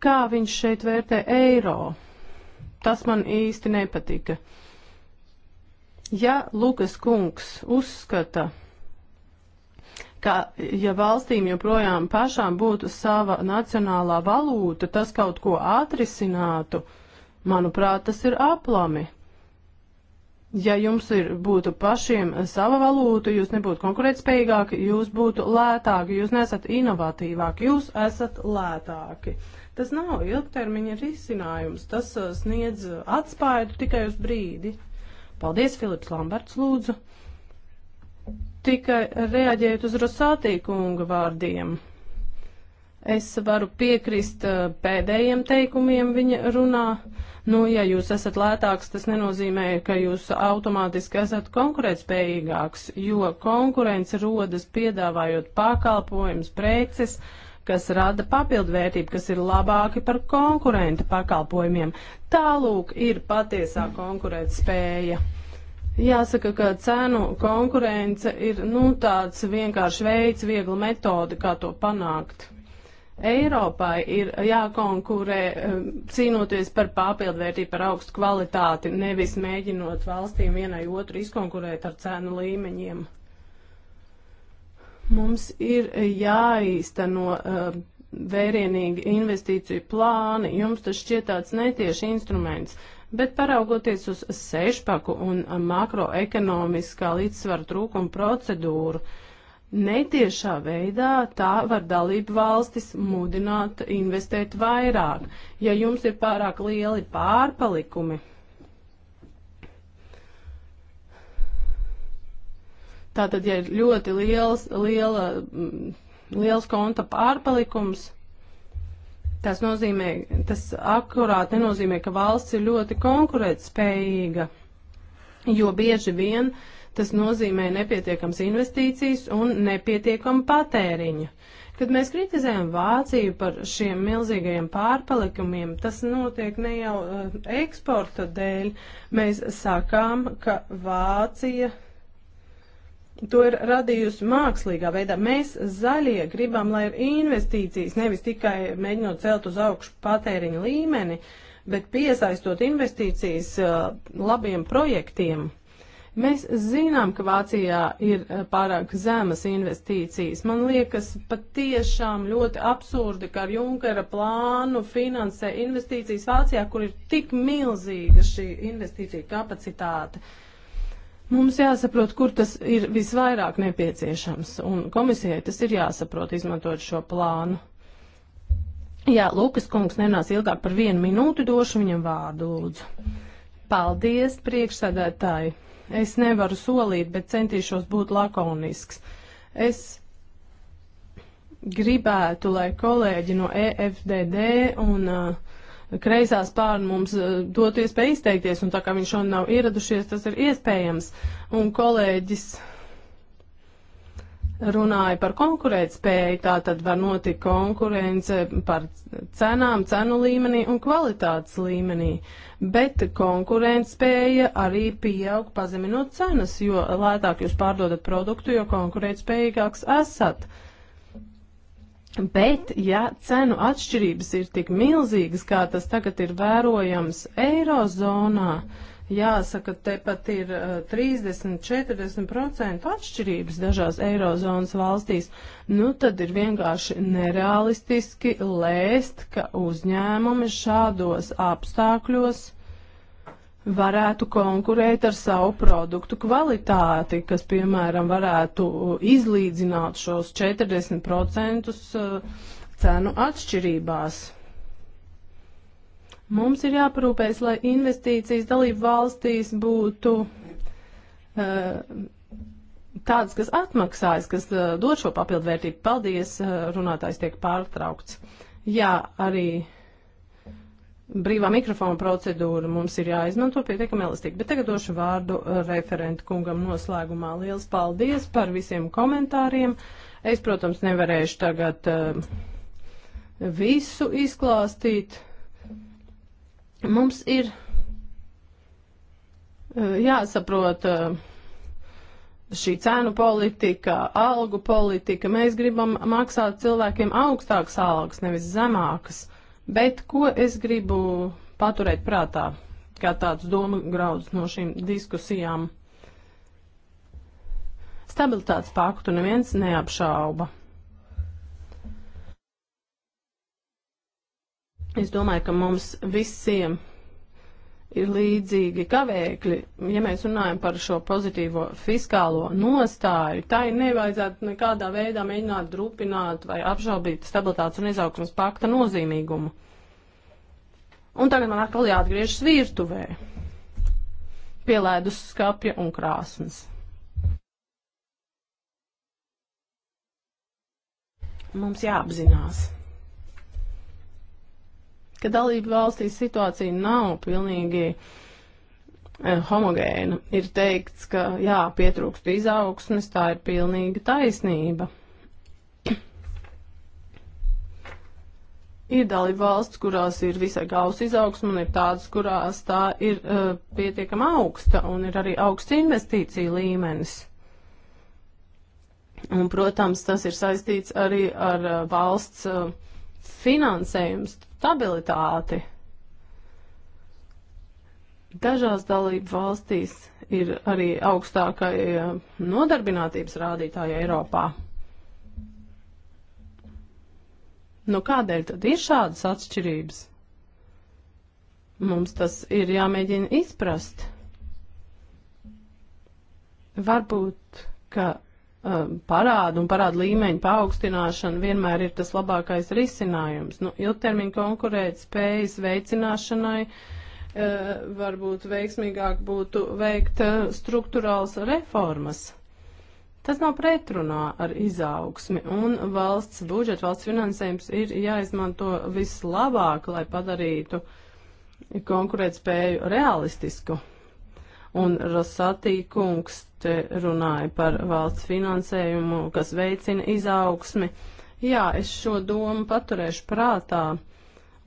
kā viņš šeit vērtē eiro? Tas man īsti nepatika. Ja Lukas kungs uzskata, ka ja valstīm joprojām pašām būtu sava nacionālā valūta, tas kaut ko atrisinātu, manuprāt, tas ir aplami. Ja jums ir, būtu pašiem sava valūta, jūs nebūtu konkurētspējīgāki, jūs būtu lētāki, jūs nesat inovatīvāki, jūs esat lētāki. Uh, Tas nav ilgtermiņa risinājums, tas uh, sniedz uh, atspēju tikai uz brīdi. Paldies, Filips Lamberts, lūdzu. Tikai reaģējot uz Rosātī kunga vārdiem. Es varu piekrist uh, pēdējiem teikumiem viņa runā. Nu, ja jūs esat lētāks, tas nenozīmē, ka jūs automātiski esat konkurētspējīgāks, jo konkurence rodas piedāvājot pakalpojumus, preces, uh, kas rada papildvērtību, kas ir labāki par konkurentu pakalpojumiem. Tālūk ir patiesā konkurētspēja. Jāsaka, ka cenu konkurence ir nu, tāds vienkārši veids, viegla metode, kā to panākt. Eiropai ir jākonkurē eh, cīnoties par papildvērtību, par augstu kvalitāti, nevis mēģinot valstīm vienai otru izkonkurēt ar cenu līmeņiem. Mums ir eh, jāīsteno uh, vērienīgi investīciju plāni, jums tas šķiet tāds netieši instruments, bet paraugoties uz sešpaku un eh, makroekonomiskā līdzsvara trūkuma procedūru, netiešā veidā tā var dalību valstis mudināt investēt vairāk. Ja jums ir pārāk lieli pārpalikumi, Tātad, ja ir ļoti liels, liela, mm, liels konta pārpalikums, tas nozīmē, tas akurāt nenozīmē, ka valsts ir ļoti konkurētspējīga, jo bieži vien tas nozīmē nepietiekams investīcijas un nepietiekama patēriņa. Kad mēs kritizējam Vāciju par šiem milzīgajiem pārpalikumiem, tas notiek ne jau eh, eksporta dēļ. Mēs sakām, ka Vācija To ir radījusi mākslīgā veidā. Mēs zaļie gribam, lai ir investīcijas, nevis tikai mēģinot celt uz augšu patēriņa līmeni, bet piesaistot investīcijas uh, labiem projektiem. Mēs zinām, ka Vācijā ir uh, pārāk zemas investīcijas. Man liekas, patiešām ļoti absurdi, ka ar Junkera plānu finansē investīcijas Vācijā, kur ir tik milzīga šī investīcija kapacitāte. Uh, Mums jāsaprot, kur tas ir visvairāk nepieciešams, un komisijai tas ir jāsaprot, izmantojot šo plānu. Jā, Lukas kungs nerunās ilgāk par vienu minūti, došu viņam vārdu, lūdzu. Paldies, priekšsēdētāji. Es nevaru solīt, bet centīšos būt lakonisks. Es gribētu, lai kolēģi no EFDD un uh, kreisās pāri mums eh, dotu iespēju izteikties, un tā kā viņš šodien nav ieradušies, tas ir iespējams. Un kolēģis runāja par konkurētspēju, tā tad var notikt konkurence par cenām, cenu līmenī un kvalitātes līmenī. Bet konkurētspēja arī pieaug pazeminot cenas, jo lētāk jūs pārdodat produktu, jo konkurētspējīgāks esat. Uh, Bet, ja cenu atšķirības ir tik milzīgas, kā tas tagad ir vērojams Eirozonā, jāsaka, te pat ir 30-40% uh, atšķirības dažās Eirozonas valstīs, nu tad ir vienkārši nerealistiski lēst, ka uzņēmumi šādos apstākļos varētu konkurēt ar savu produktu kvalitāti, kas, piemēram, varētu izlīdzināt šos 40% eh, cenu atšķirībās. Mums ir jāparūpēs, lai investīcijas dalību valstīs būtu eh, tādas, kas atmaksājas, kas eh, dod šo papildvērtību. Paldies, runātājs tiek pārtraukts. Jā, arī brīvā mikrofona procedūra mums ir jāizmanto pietiekami elastīgi. Bet tagad došu vārdu uh, referentu kungam noslēgumā. Liels paldies par visiem komentāriem. Es, protams, nevarēšu tagad uh, visu izklāstīt. Mums ir uh, jāsaprot. Uh, šī cēnu politika, algu politika, mēs gribam maksāt cilvēkiem augstākas algas, nevis zemākas. Uh, Bet ko es gribu paturēt prātā, kā tāds doma grauds no šīm diskusijām? Stabilitātes paktu neviens neapšauba. Es domāju, ka mums visiem ir līdzīgi kavēkļi. Ja mēs runājam par šo pozitīvo fiskālo nostāju, tai nevajadzētu nekādā veidā mēģināt drupināt vai apšaubīt stabilitātes un izaugsmas pakta nozīmīgumu. Un tagad man atkal jāatgriežas virtuvē. Pielēdus skapja un krāsnes. Mums jāapzinās ka dalību valstīs situācija nav pilnīgi eh, homogēna. Ir teikts, ka jā, pietrūkst izaugsmes, tā ir pilnīga taisnība. Ir dalība valsts, kurās ir visai gausa izaugsme, un ir tādas, kurās tā ir uh, pietiekama augsta, un ir arī augsts investīcija līmenis. Un, protams, tas ir saistīts arī ar uh, valsts uh, finansējumu stabilitāti. Dažās dalību valstīs ir arī augstākai eh, nodarbinātības rādītāji Eiropā. Nu kādēļ tad ir šādas atšķirības? Mums tas ir jāmēģina izprast. Varbūt, ka Um, parādu un parādu līmeņu paaugstināšana vienmēr ir tas labākais risinājums. Nu, ilgtermiņa konkurēt spējas veicināšanai uh, varbūt veiksmīgāk būtu veikt uh, struktūrāls reformas. Tas nav pretrunā ar izaugsmi, un valsts budžets, valsts finansējums ir jāizmanto vislabāk, lai padarītu konkurētspēju realistisku. Un Rosatī kungs te runāja par valsts finansējumu, kas veicina izaugsmi. Jā, es šo domu paturēšu prātā.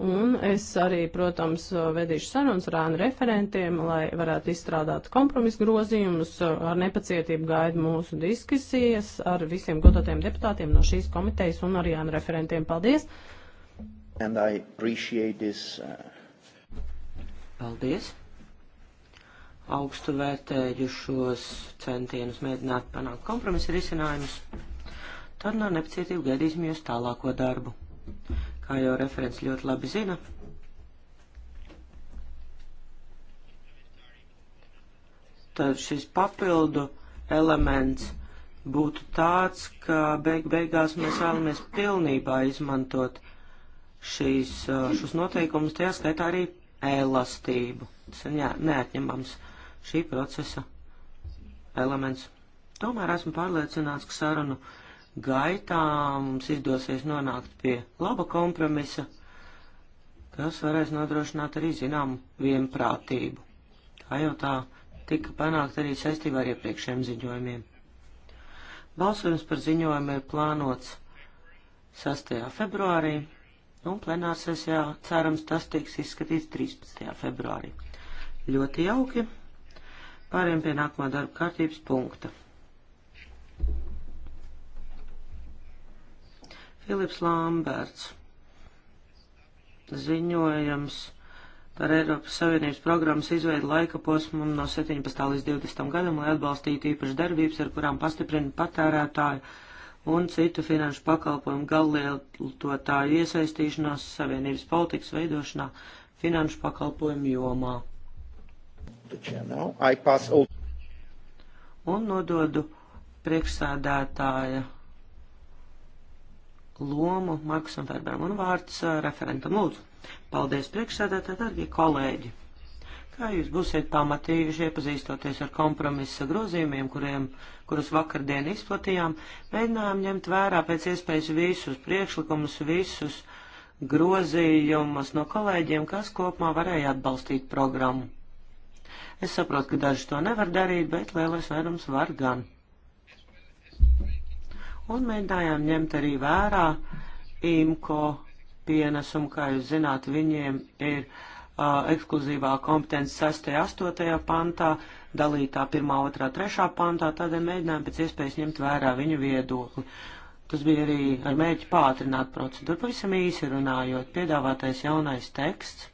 Un es arī, protams, vedīšu sarunas ar ānu referentiem, lai varētu izstrādāt kompromisu grozījumus. Ar nepacietību gaidu mūsu diskusijas ar visiem godotiem deputātiem no šīs komitejas un arī ānu referentiem.
Paldies! This, uh...
Paldies! augstu vērtēju šos centienus mēģināt panākt kompromisa risinājumus, tad no nu nepacietību gaidīsim jūs tālāko darbu. Kā jau referents ļoti labi zina, tad šis papildu elements būtu tāds, ka beig beigās mēs vēlamies pilnībā izmantot šīs, šos noteikumus, tajā skaitā arī elastību. Tas ir neatņemams šī procesa elements. Tomēr esmu pārliecināts, ka sarunu gaitā mums izdosies nonākt pie laba kompromisa, kas varēs nodrošināt arī zināmu vienprātību. Kā jau tā tika panākt arī saistībā ar iepriekšējiem ziņojumiem. Balsojums par ziņojumu ir plānots 6. februārī, un plenārsesijā cerams tas tiks izskatīts 13. februārī. Ļoti jauki! Pāriem pie nākamā darba kārtības punkta. Filips Lamberts ziņojams par Eiropas Savienības programmas izveidu laika posmam no 17. līdz 20. gadam, lai atbalstītu īpašas darbības, ar kurām pastiprina patērētāju un citu finanšu pakalpojumu gallietotāju iesaistīšanos Savienības politikas veidošanā finanšu pakalpojumu jomā
the chair now. I pass all.
Un nododu priekšsādātāja lomu Markusam Ferberam un vārds uh, referentam lūdzu. Paldies priekšsādātāji, darbie kolēģi! Kā jūs būsiet pamatījuši, iepazīstoties ar kompromisa grozījumiem, kuriem, kurus vakardien izplatījām, mēģinājām ņemt vērā pēc iespējas visus priekšlikumus, visus grozījumus no kolēģiem, kas kopumā varēja atbalstīt programmu. Es saprotu, ka daži to nevar darīt, bet lielais vairums var gan. Un mēģinājām ņemt arī vērā IMCO pienesumu, kā jūs zināt, viņiem ir uh, ekskluzīvā kompetence 6. un 8. pantā, dalītā 1., 2., 3. pantā, tādēļ mēģinājām pēc iespējas ņemt vērā viņu viedokli. Tas bija arī ar mērķi pātrināt procedūru, pavisam īsi runājot, piedāvātais jaunais teksts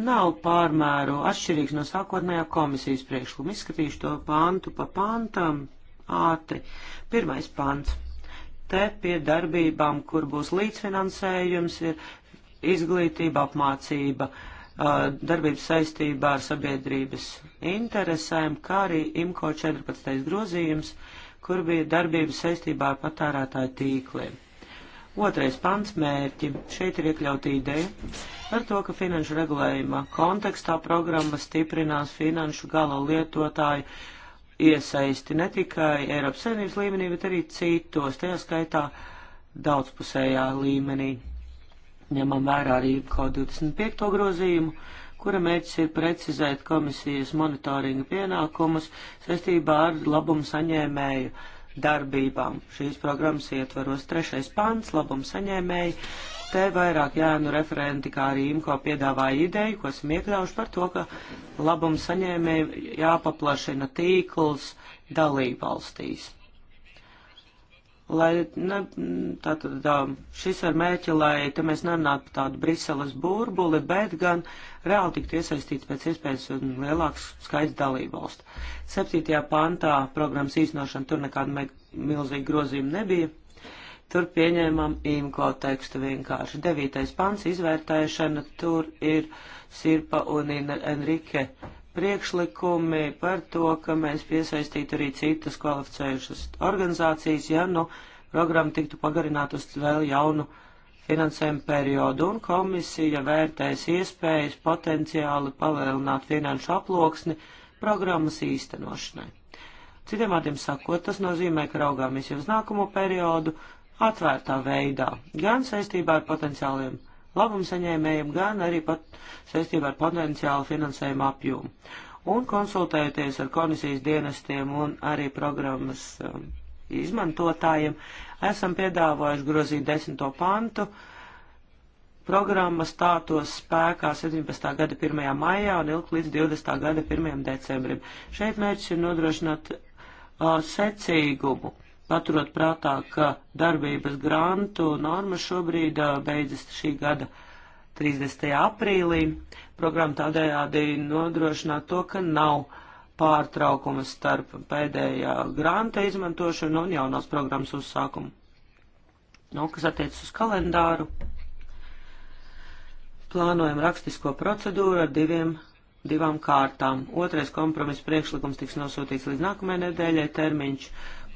nav pārmēru atšķirīgs no sākotnējā komisijas priekšlikuma. Izskatīšu to pantu pa pantam ātri. Pirmais pants. Te pie darbībām, kur būs līdzfinansējums, ir izglītība, apmācība, darbības saistībā ar sabiedrības interesēm, kā arī IMCO 14. grozījums, kur bija darbības saistībā ar patērētāju tīkliem. Otrais pants mērķi. Šeit ir iekļauta ideja par to, ka finanšu regulējuma kontekstā programma stiprinās finanšu gala lietotāju iesaisti ne tikai Eiropas savinības līmenī, bet arī citos, tajā skaitā daudzpusējā līmenī. Ņemam vērā arī KO25 grozījumu, kura mērķis ir precizēt komisijas monitoringa pienākumus saistībā ar labumu saņēmēju darbībām. Šīs programmas ietvaros trešais pants, labums saņēmēji. Te vairāk jēnu referenti, kā arī IMCO piedāvāja ideju, ko esam iekļaujuši par to, ka labumu saņēmēji jāpaplašina tīkls dalībvalstīs. Lai ne, tātad, šis ir mērķi, lai te mēs nerunātu par tādu Briseles burbuli, bet gan uh, reāli tiktu iesaistīts pēc iespējas lielāks skaits dalībvalstu. 7. pantā programmas īstenošana tur nekāda milzīga grozījuma nebija. Tur pieņēmām IMCO tekstu vienkārši. 9. pants izvērtēšana tur ir Sirpa un Enrike priekšlikumi par to, ka mēs piesaistītu arī citas kvalificējušas organizācijas, ja nu programma tiktu pagarināta uz vēl jaunu finansējuma periodu, un komisija vērtēs iespējas potenciāli palielināt finanšu aploksni programmas īstenošanai. Citiem vārdiem sakot, tas nozīmē, ka raugāmies jau uz nākamo periodu atvērtā veidā, gan saistībā ar potenciāliem labumsaņēmējiem, gan arī pat saistībā ar potenciālu finansējumu apjomu. Un konsultējoties ar komisijas dienestiem un arī programmas um, izmantotājiem, Esam piedāvājuši grozīt desmito pantu. Programma stātos spēkā 17. gada 1. maijā un ilg līdz 20. gada 1. decembrim. Šeit mērķis ir nodrošināt uh, secīgumu, paturot prātā, ka darbības grantu norma šobrīd uh, beidzas šī gada 30. aprīlī. Programma tādējādi nodrošināt to, ka nav uh, pārtraukumu starp pēdējā granta izmantošanu un jaunās programmas uzsākumu. Nu, kas attiecas uz kalendāru, plānojam rakstisko procedūru ar diviem divām kārtām. Otrais kompromiss priekšlikums tiks nosūtīts līdz nākamajai nedēļai. Termiņš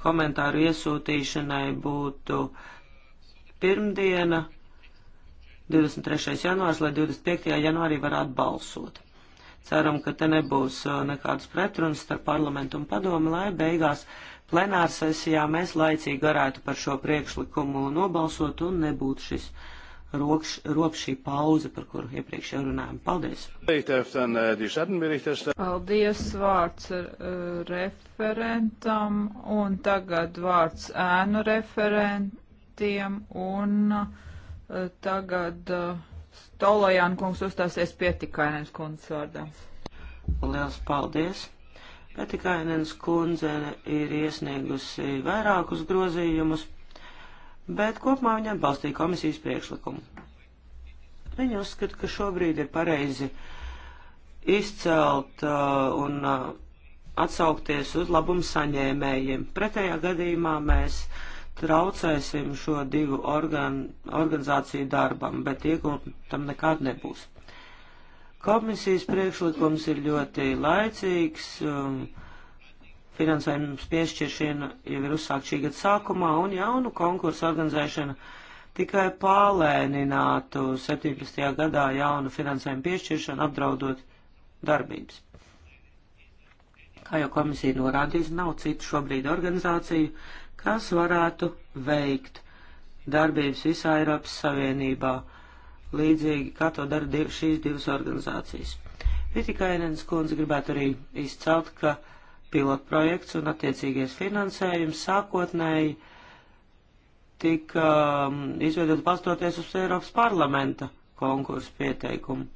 komentāru iesūtīšanai būtu pirmdiena, 23. janvārs, lai 25. janvārī varētu balsot. Ceram, ka te nebūs uh, nekādas pretrunas starp parlamentu un padomu, lai beigās plenārsesijā mēs laicīgi varētu par šo priekšlikumu nobalsot un nebūtu šis rokš, ropšī pauze, par kuru iepriekš jau runājām. Paldies!
Paldies vārds uh, referentam un tagad vārds ēnu referentiem un uh, tagad. Uh, Tolojāna kungs uzstāsies pietikainens kundzes vārdā.
Liels paldies! Pietikainens kundze ir iesniegusi vairākus grozījumus, bet kopumā viņa atbalstīja komisijas priekšlikumu. Viņa uzskata, ka šobrīd ir pareizi izcelt uh, un uh, atsaukties uz labumu saņēmējiem. Pretējā gadījumā mēs uh, traucēsim šo divu organ, organizāciju darbam, bet iegūtam tam nekād nebūs. Komisijas priekšlikums ir ļoti laicīgs, um, finansējums piešķiršana jau ir uzsākt šī gada sākumā, un jaunu konkursu organizēšana tikai pālēninātu 17. gadā jaunu finansējumu piešķiršanu apdraudot darbības. Kā jau komisija norādījusi, nav citu šobrīd organizāciju, kas varētu veikt darbības visā Eiropas Savienībā, līdzīgi kā to dara div, šīs divas organizācijas. Vitikainens kundze gribētu arī izcelt, ka pilotprojekts un attiecīgais finansējums sākotnēji tika um, izveidot balstoties uz Eiropas parlamenta konkursu pieteikumu.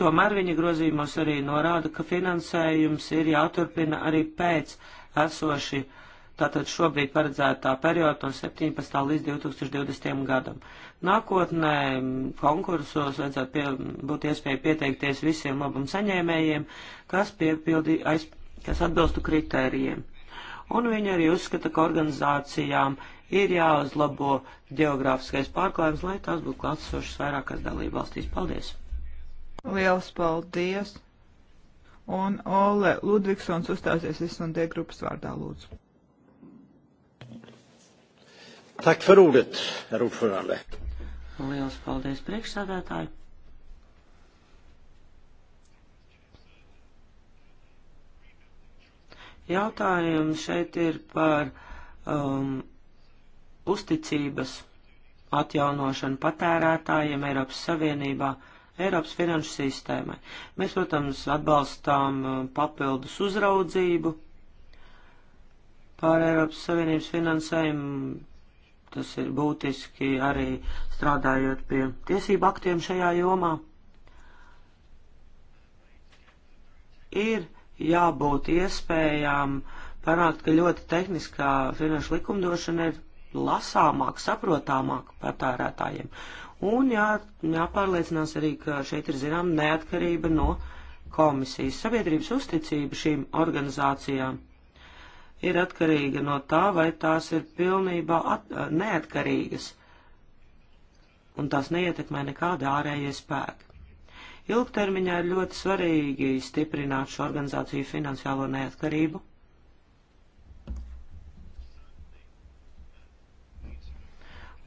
Tomēr viņa grozījumos arī norāda, ka finansējums ir jāturpina arī pēc esoši tātad šobrīd paredzētā perioda no 17. līdz 2020. gadam. Nākotnē konkursos vajadzētu pie, būt iespēja pieteikties visiem labam saņēmējiem, kas, piepildi, aiz, kas atbilstu kritērijiem. Un viņi arī uzskata, ka organizācijām ir jāuzlabo geogrāfiskais pārklājums, lai tās būtu klātsošas vairākās dalībvalstīs. Paldies!
Liels paldies! Un Ole Ludvigsons uzstāsies S&D grupas vārdā, lūdzu.
Tak för ordet, herr ordförande.
Liels paldies priekšsādātāji. Jautājums šeit ir par um, uzticības atjaunošanu patērētājiem Eiropas Savienībā, Eiropas finanšu sistēmai. Mēs, protams, atbalstām uh, papildus uzraudzību pār Eiropas Savienības finansējumu. Tas ir būtiski arī strādājot pie tiesību aktiem šajā jomā. Ir jābūt iespējām panākt, ka ļoti tehniskā finanšu likumdošana ir lasāmāk, saprotamāk patērētājiem. Un jā, jāpārliecinās arī, ka šeit ir zinām neatkarība no komisijas. Sabiedrības uzticība šīm organizācijām ir atkarīga no tā, vai tās ir pilnībā at, eh, neatkarīgas, un tās neietekmē nekāda ārējie spēki. Ilgtermiņā ir ļoti svarīgi stiprināt šo organizāciju finansiālo neatkarību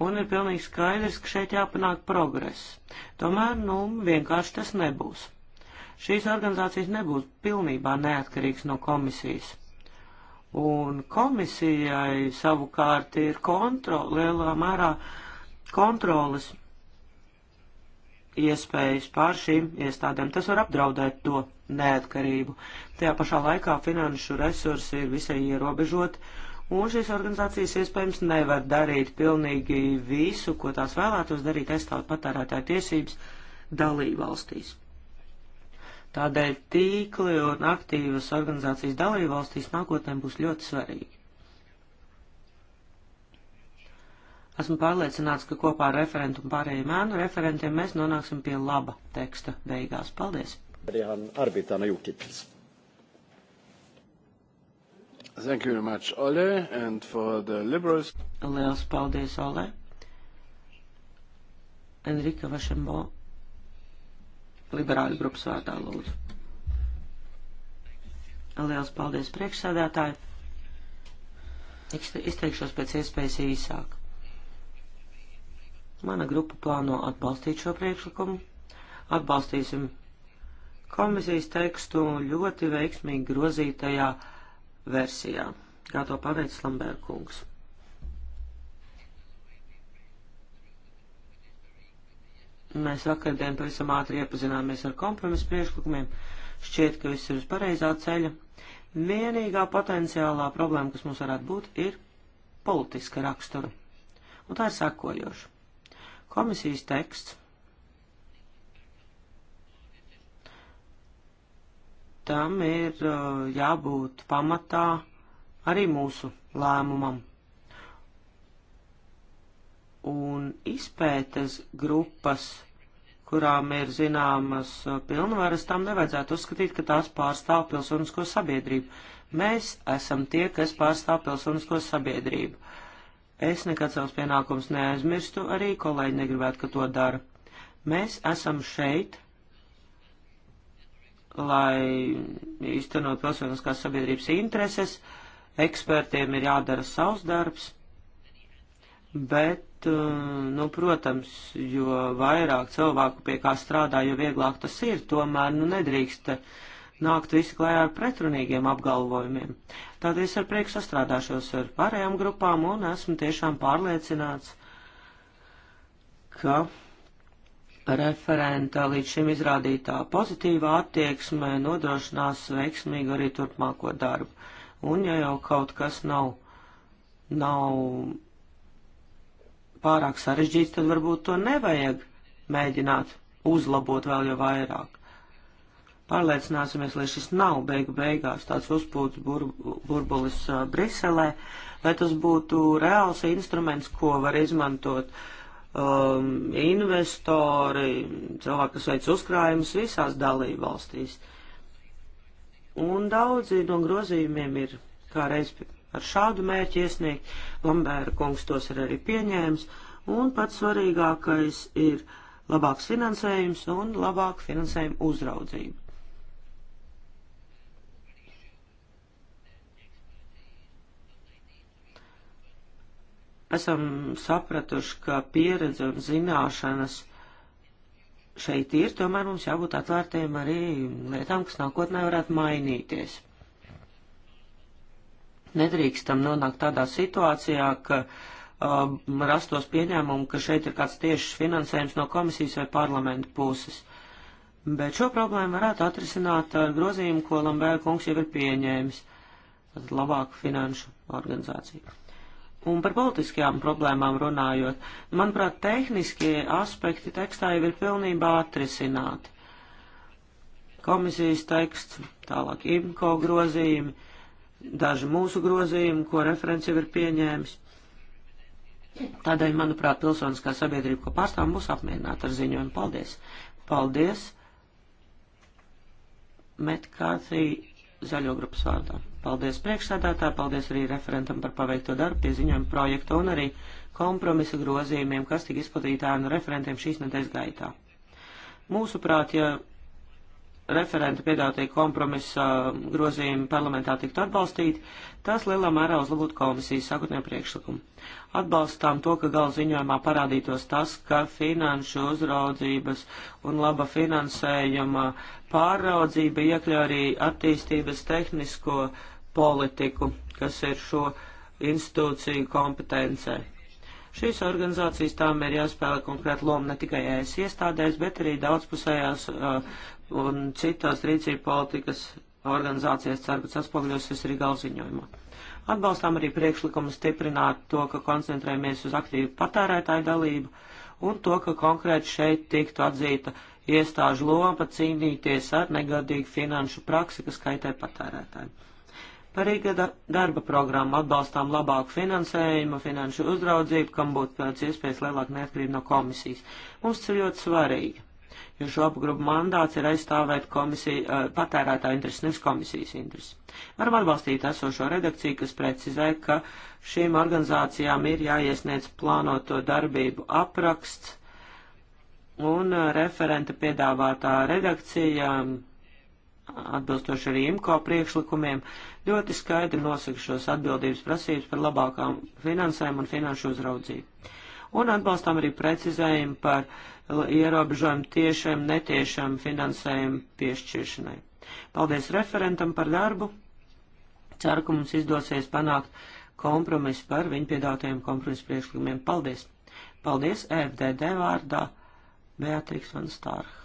un ir pilnīgi skaidrs, ka šeit jāpanāk progress. Tomēr, nu, vienkārši tas nebūs. Šīs organizācijas nebūs pilnībā neatkarīgas no komisijas. Un komisijai savukārt ir kontrol, lielā mērā kontrolas iespējas pār šīm iestādēm. Tas var apdraudēt to neatkarību. Tajā pašā laikā finanšu resursi ir visai ierobežoti Un šīs organizācijas iespējams nevar darīt pilnīgi visu, ko tās vēlētos darīt, aizstāvot patērētāju tiesības dalībvalstīs. Tādēļ tīkli un aktīvas organizācijas dalībvalstīs nākotnē būs ļoti svarīgi. Esmu pārliecināts, ka kopā ar referentu un pārējiem ēnu referentiem mēs nonāksim pie laba teksta beigās. Paldies!
Arī Arbītāna Jūkipils. Thank you very much, Ole,
and for the liberals. Liels paldies, Ole. Enrika Vašembo, liberāļu grupas vārdā, lūdzu. Liels paldies, priekšsādātāji. Izteikšos pēc iespējas īsāk. Mana grupa plāno atbalstīt šo priekšlikumu. Atbalstīsim komisijas tekstu ļoti veiksmīgi grozītajā versijā, kā to paveic Lamberkungs. Mēs vakardien pavisam ātri iepazināmies ar kompromisu priekšlikumiem. Šķiet, ka viss ir uz pareizā ceļa. Vienīgā potenciālā problēma, kas mums varētu būt, ir politiska rakstura. Un tā ir sakojoša. Komisijas teksts tam ir jābūt pamatā arī mūsu lēmumam. Un izpētes grupas, kurām ir zināmas pilnvaras, tam nevajadzētu uzskatīt, ka tās pārstāv pilsonisko sabiedrību. Mēs esam tie, kas pārstāv pilsonisko sabiedrību. Es nekad savus pienākumus neaizmirstu, arī kolēģi negribētu, ka to dara. Mēs esam šeit, lai īstenot pilsoniskās sabiedrības intereses, ekspertiem ir jādara savs darbs, bet, uh, nu, protams, jo vairāk cilvēku pie kā strādā, jo vieglāk tas ir, tomēr, nu, nedrīkst nākt visi klājā ar pretrunīgiem apgalvojumiem. Tādēļ es ar prieku sastrādāšos ar pārējām grupām un esmu tiešām pārliecināts, ka referenta līdz šim izrādītā pozitīvā attieksme nodrošinās veiksmīgu arī turpmāko darbu. Un ja jau kaut kas nav, nav pārāk sarežģīts, tad varbūt to nevajag mēģināt uzlabot vēl jau vairāk. Pārliecināsimies, lai šis nav beigu beigās tāds uzpūts burbulis Briselē, lai tas būtu reāls instruments, ko var izmantot uh, um, investori, cilvēki, kas veic uzkrājumus visās dalību valstīs. Un daudzi no grozījumiem ir kā reiz ar šādu mērķi iesniegt, Lambēra kungs tos ir arī pieņēmis, un pats svarīgākais ir labāks finansējums un labāk finansējuma uzraudzība. esam sapratuši, ka pieredze un zināšanas šeit ir, tomēr mums jābūt atvērtiem arī lietām, kas nākotnē varētu mainīties. Nedrīkstam nonākt tādā situācijā, ka uh, rastos pieņēmumu, ka šeit ir kāds tiešs finansējums no komisijas vai parlamenta puses. Bet šo problēmu varētu atrisināt ar grozījumu, ko Lambēra kungs jau ir pieņēmis. Tad labāku finanšu organizāciju. Un par politiskajām problēmām runājot, manuprāt, tehniskie aspekti tekstā jau ir pilnībā atrisināti. Komisijas teksts, tālāk IMCO grozījumi, daži mūsu grozījumi, ko referents jau ir pieņēmis. Tādēļ, manuprāt, pilsoniskā sabiedrība, ko pārstāvam, būs apmierināta ar ziņojumu. Paldies! Paldies! Metkācija zaļo grupas vārdā. Paldies priekšsādātā, paldies arī referentam par paveikto darbu pie ziņojuma projektu un arī kompromisa grozījumiem, kas tika izplatīti ārnu referentiem šīs nedēļas gaitā. Mūsuprāt, ja referenta piedāvātie kompromisa grozījumi parlamentā tiktu atbalstīti, tas lielā mērā uzlabotu komisijas sākotnējo priekšlikumu. Atbalstām to, ka gala ziņojumā parādītos tas, ka finanšu uzraudzības un laba finansējuma pāraudzība iekļauj arī attīstības tehnisko politiku, kas ir šo institūciju kompetencē. Šīs organizācijas tām ir jāspēlē konkrēta loma ne tikai ES iestādēs, bet arī daudzpusējās uh, un citās rīcība politikas organizācijas ceru, ka tas atspoguļosies arī galziņojumā. Atbalstām arī priekšlikumu stiprināt to, ka koncentrējamies uz aktīvu patērētāju dalību un to, ka konkrēti šeit tiktu atzīta iestāžu loma cīnīties ar negadīgu finanšu praksi, kas kaitē patērētājiem. Par Rīga darba programmu atbalstām labāku finansējumu, finanšu uzraudzību, kam būtu pēc iespējas lielāka neatkarība no komisijas. Mums tas ir ļoti svarīgi jo šo abu grupu mandāts ir aizstāvēt komisiju, eh, patērētāju intereses, nevis komisijas intereses. Varam atbalstīt esošo redakciju, kas precizē, ka šīm organizācijām ir jāiesniedz plānoto darbību apraksts, un eh, referenta piedāvātā redakcija atbilstoši arī IMCO priekšlikumiem, ļoti skaidri nosaka šos atbildības prasības par labākām finansēm un finanšu uzraudzību. Un atbalstām arī precizējumu par uh, ierobežojumu tiešiem, netiešiem finansējumu piešķiršanai. Paldies referentam par darbu. Ceru, ka mums izdosies panākt kompromisu par viņu piedātajiem kompromisu priekšlikumiem. Paldies! Paldies FDD vārdā Beatriks Van Stārh.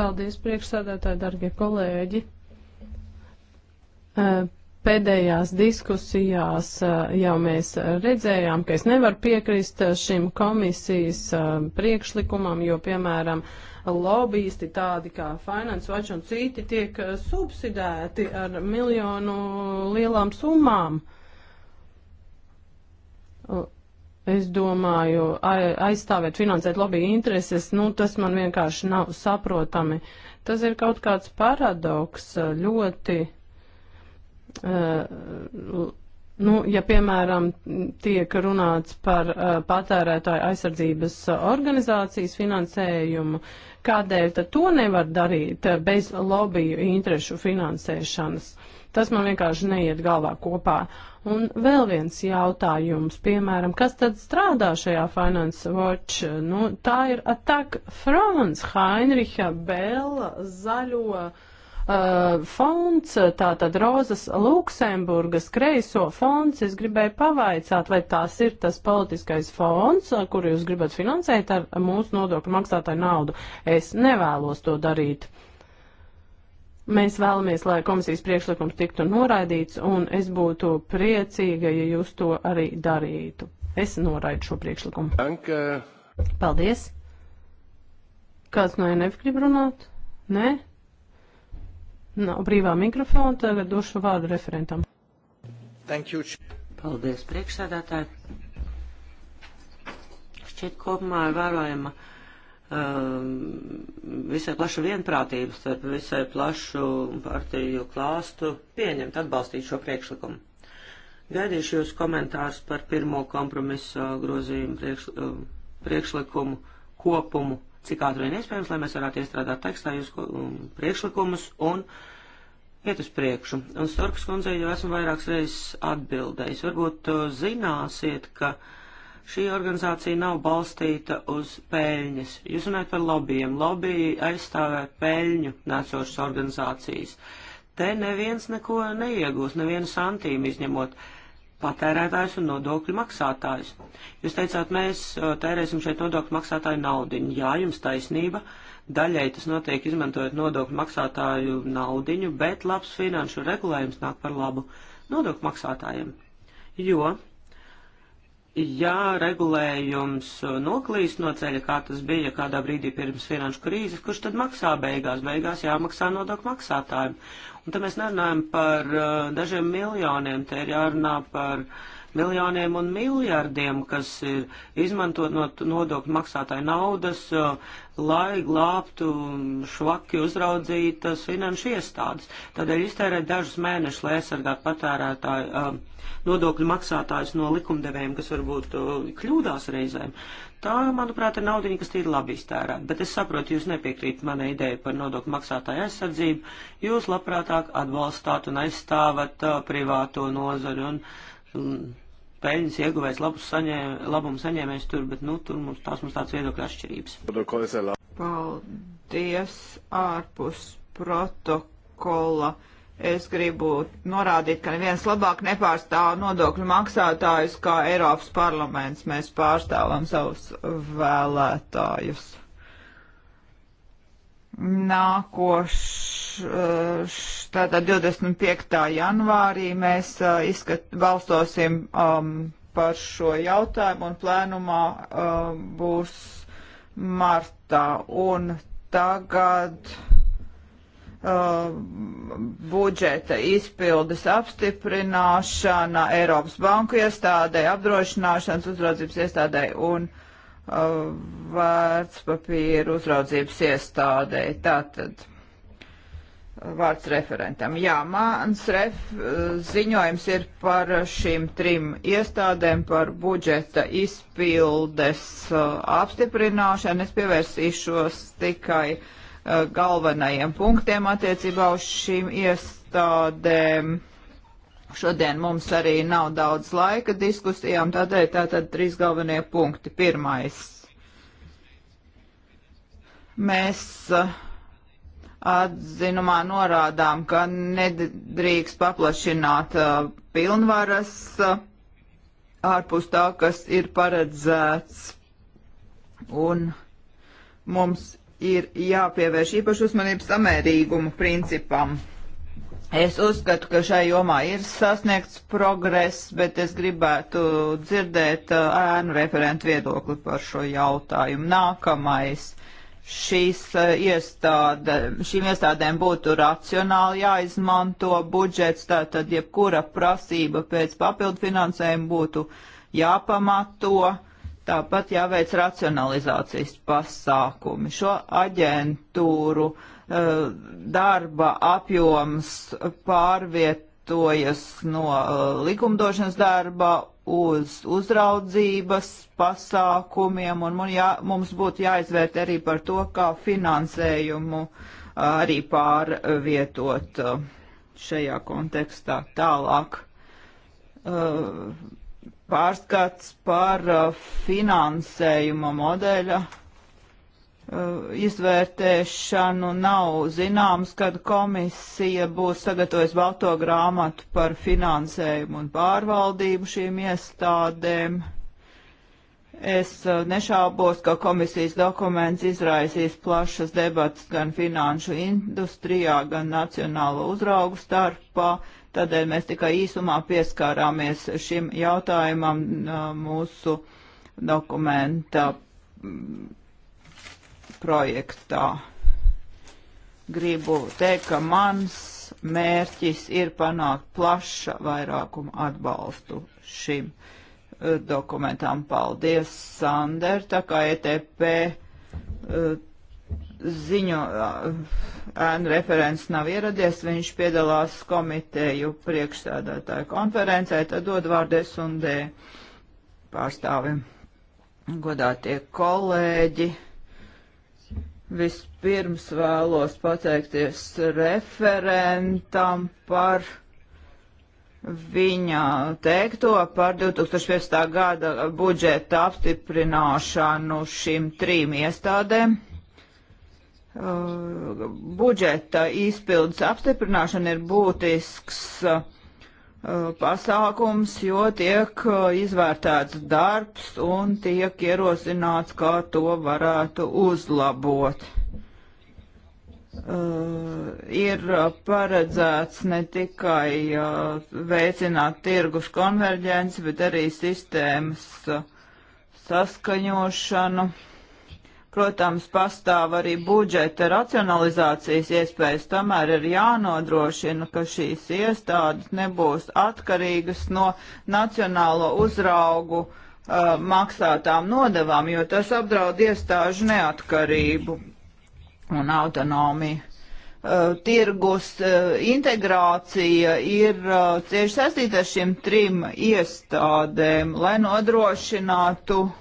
Paldies priekšsādātāji, darbie kolēģi! Pēdējās diskusijās jau mēs redzējām, ka es nevaru piekrist šim komisijas priekšlikumam, jo, piemēram, lobbyisti tādi kā Finance Watch un citi tiek subsidēti ar miljonu lielām summām. Es domāju, aizstāvēt, finansēt lobby intereses, nu, tas man vienkārši nav saprotami. Tas ir kaut kāds paradoks ļoti Uh, Nu, ja, piemēram, tiek runāts par uh, patērētāju aizsardzības organizācijas finansējumu, kādēļ tad to nevar darīt bez lobiju interešu finansēšanas? Tas man vienkārši neiet galvā kopā. Un vēl viens jautājums, piemēram, kas tad strādā šajā Finance Watch? Nu, tā ir Attack France, Heinricha Bela, Zaļo. Uh, uh, fonds, tātad Rozas Luksemburgas kreiso fonds. Es gribēju pavaicāt, vai tas ir tas politiskais fonds, uh, kuru jūs gribat finansēt ar mūsu nodokļu maksātāju naudu. Es nevēlos to darīt. Mēs vēlamies, lai komisijas priekšlikums tiktu noraidīts, un es būtu priecīga, ja jūs to arī darītu. Es noraidu šo priekšlikumu. Danke. Paldies. Kāds no NF grib runāt? Nē? Nav brīvā mikrofona, tagad došu vārdu referentam.
Thank you. Paldies, priekšsēdētāji. Šķiet kopumā ir vērojama um, visai plaša vienprātības starp visai plašu partiju klāstu pieņemt, atbalstīt šo priekšlikumu. Gaidīšu jūs komentārus par pirmo kompromisu grozījumu priekš, um, priekšlikumu kopumu cik ātri vien iespējams, lai mēs varētu iestrādāt tekstā jūs priekšlikumus un iet uz priekšu. Un Storkas kundzei jau esmu vairākas reizes atbildējis. Varbūt uh, zināsiet, ka šī organizācija nav balstīta uz pēļņas. Jūs runājat par lobbyiem. Lobby aizstāvē pēļņu nesošas organizācijas. Te neviens neko neiegūs, nevienu santīmu izņemot. Uh, patērētājus un nodokļu maksātājus. Jūs teicāt, mēs uh, tērēsim šeit nodokļu maksātāju naudiņu. Jā, jums taisnība. Daļai tas notiek izmantojot nodokļu maksātāju naudiņu, bet labs finanšu regulējums nāk par labu nodokļu maksātājiem. Jo ja regulējums uh, noklīst no ceļa, kā tas bija kādā brīdī pirms finanšu krīzes, kurš tad maksā beigās? Beigās jāmaksā nodokļu maksātājiem. Un te mēs nerunājam par uh, dažiem miljoniem, te ir jārunā par uh, miljoniem un miljardiem, kas ir izmantot no nodokļu maksātāju naudas, lai glābtu švaki uzraudzītas finanšu iestādes. Tādēļ iztērēt dažus mēnešus, lai aizsargātu patērētāju nodokļu maksātājus no likumdevējiem, kas varbūt kļūdās reizēm. Tā, manuprāt, ir naudiņa, kas ir labi iztērēta, bet es saprotu, jūs nepiekrīt manai idejai par nodokļu maksātāju aizsardzību. Jūs labprātāk atbalstāt un aizstāvat uh, privāto nozari un mm, peļņas ieguvējs, labus saņēm, labumu saņēmējs tur, bet, nu, tur mums tās mums tāds viedokļa atšķirības.
Paldies ārpus protokola. Es gribu norādīt, ka neviens labāk nepārstāv nodokļu maksātājus kā Eiropas parlaments. Mēs pārstāvam savus vēlētājus. Nākošais, eh, tātad 25. janvārī mēs eh, izskat, balsosim um, par šo jautājumu un plēnumā um, būs martā. Un tagad um, budžeta izpildes apstiprināšana Eiropas banku iestādē, apdrošināšanas uzraudzības iestādē un uh, vērtspapīru uzraudzības iestādē. Tātad vārds referentam. Jā, mans ref, ziņojums ir par šīm trim iestādēm, par budžeta izpildes uh, apstiprināšanu. Es pievērsīšos tikai uh, galvenajiem punktiem attiecībā uz šīm iestādēm. Šodien mums arī nav daudz laika diskusijām, tādēļ tātad trīs galvenie punkti. Pirmais. Mēs eh, atzinumā norādām, ka nedrīkst paplašināt uh, pilnvaras uh, ārpus tā, kas ir paredzēts. Un mums ir jāpievērš īpaši uzmanības samērīgumu principam. Es uzskatu, ka šai jomā ir sasniegts progress, bet es gribētu dzirdēt uh, ēnu referentu viedokli par šo jautājumu. Nākamais. Šīs uh, iestāde, šīm iestādēm būtu racionāli jāizmanto budžets, tātad jebkura prasība pēc papildu finansējumu būtu jāpamato, tāpat jāveic racionalizācijas pasākumi. Šo aģentūru uh, Eh, darba apjoms pārvietojas no eh, likumdošanas darba uz uzraudzības pasākumiem, un jā, mums būtu jāizvērt arī par to, kā finansējumu eh, arī pārvietot šajā kontekstā tālāk. Pārskats par finansējuma modeļa Eh, izvērtēšanu nav zināms, kad komisija būs sagatavojusi balto grāmatu par finansējumu un pārvaldību šīm iestādēm. Es eh, nešaubos, ka komisijas dokuments izraisīs plašas debatas gan finanšu industrijā, gan nacionālo uzraugu starpā. Tādēļ mēs tikai īsumā pieskārāmies šim jautājumam eh, mūsu dokumenta projektā. Gribu teikt, ka mans mērķis ir panākt plaša vairākuma atbalstu šim eh, dokumentam. Paldies, Sander, tā kā ETP eh, ziņo eh, ēnu referents nav ieradies, viņš piedalās komiteju priekšsēdētāju konferencē, tad dod vārdu S un D pārstāvim. Godātie kolēģi, Vispirms vēlos pateikties referentam par viņa teikto par 2015. gada budžeta apstiprināšanu šīm trim iestādēm. Uh, budžeta izpildes apstiprināšana ir būtisks uh, Uh, pasākums, jo tiek uh, izvērtēts darbs un tiek ierosināts, kā to varētu uzlabot. Uh, ir paredzēts ne tikai uh, veicināt tirgus konverģenci, bet arī sistēmas uh, saskaņošanu. Uh, Protams, pastāv arī budžeta racionalizācijas iespējas, tomēr ir jānodrošina, ka šīs iestādes nebūs atkarīgas no nacionālo uzraugu uh, maksātām nodevām, jo tas apdraud iestāžu neatkarību un autonomiju. Uh, tirgus uh, integrācija ir uh, cieši saistīta ar šiem trim iestādēm, lai nodrošinātu uh,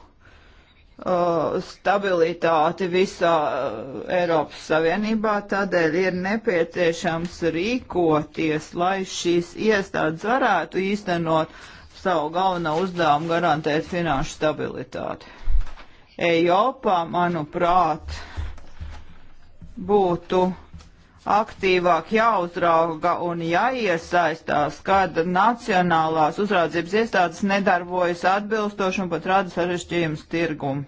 Uh, stabilitāti visā uh, Eiropas Savienībā, tādēļ ir nepieciešams rīkoties, lai šīs iestādes varētu īstenot savu galveno uzdevumu garantēt finanšu stabilitāti. Eiropā, manuprāt, būtu aktīvāk jāuzrauga un jāiesaistās, kad nacionālās uzraudzības iestādes nedarbojas atbilstoši un pat rada sarežģījumus tirgumu.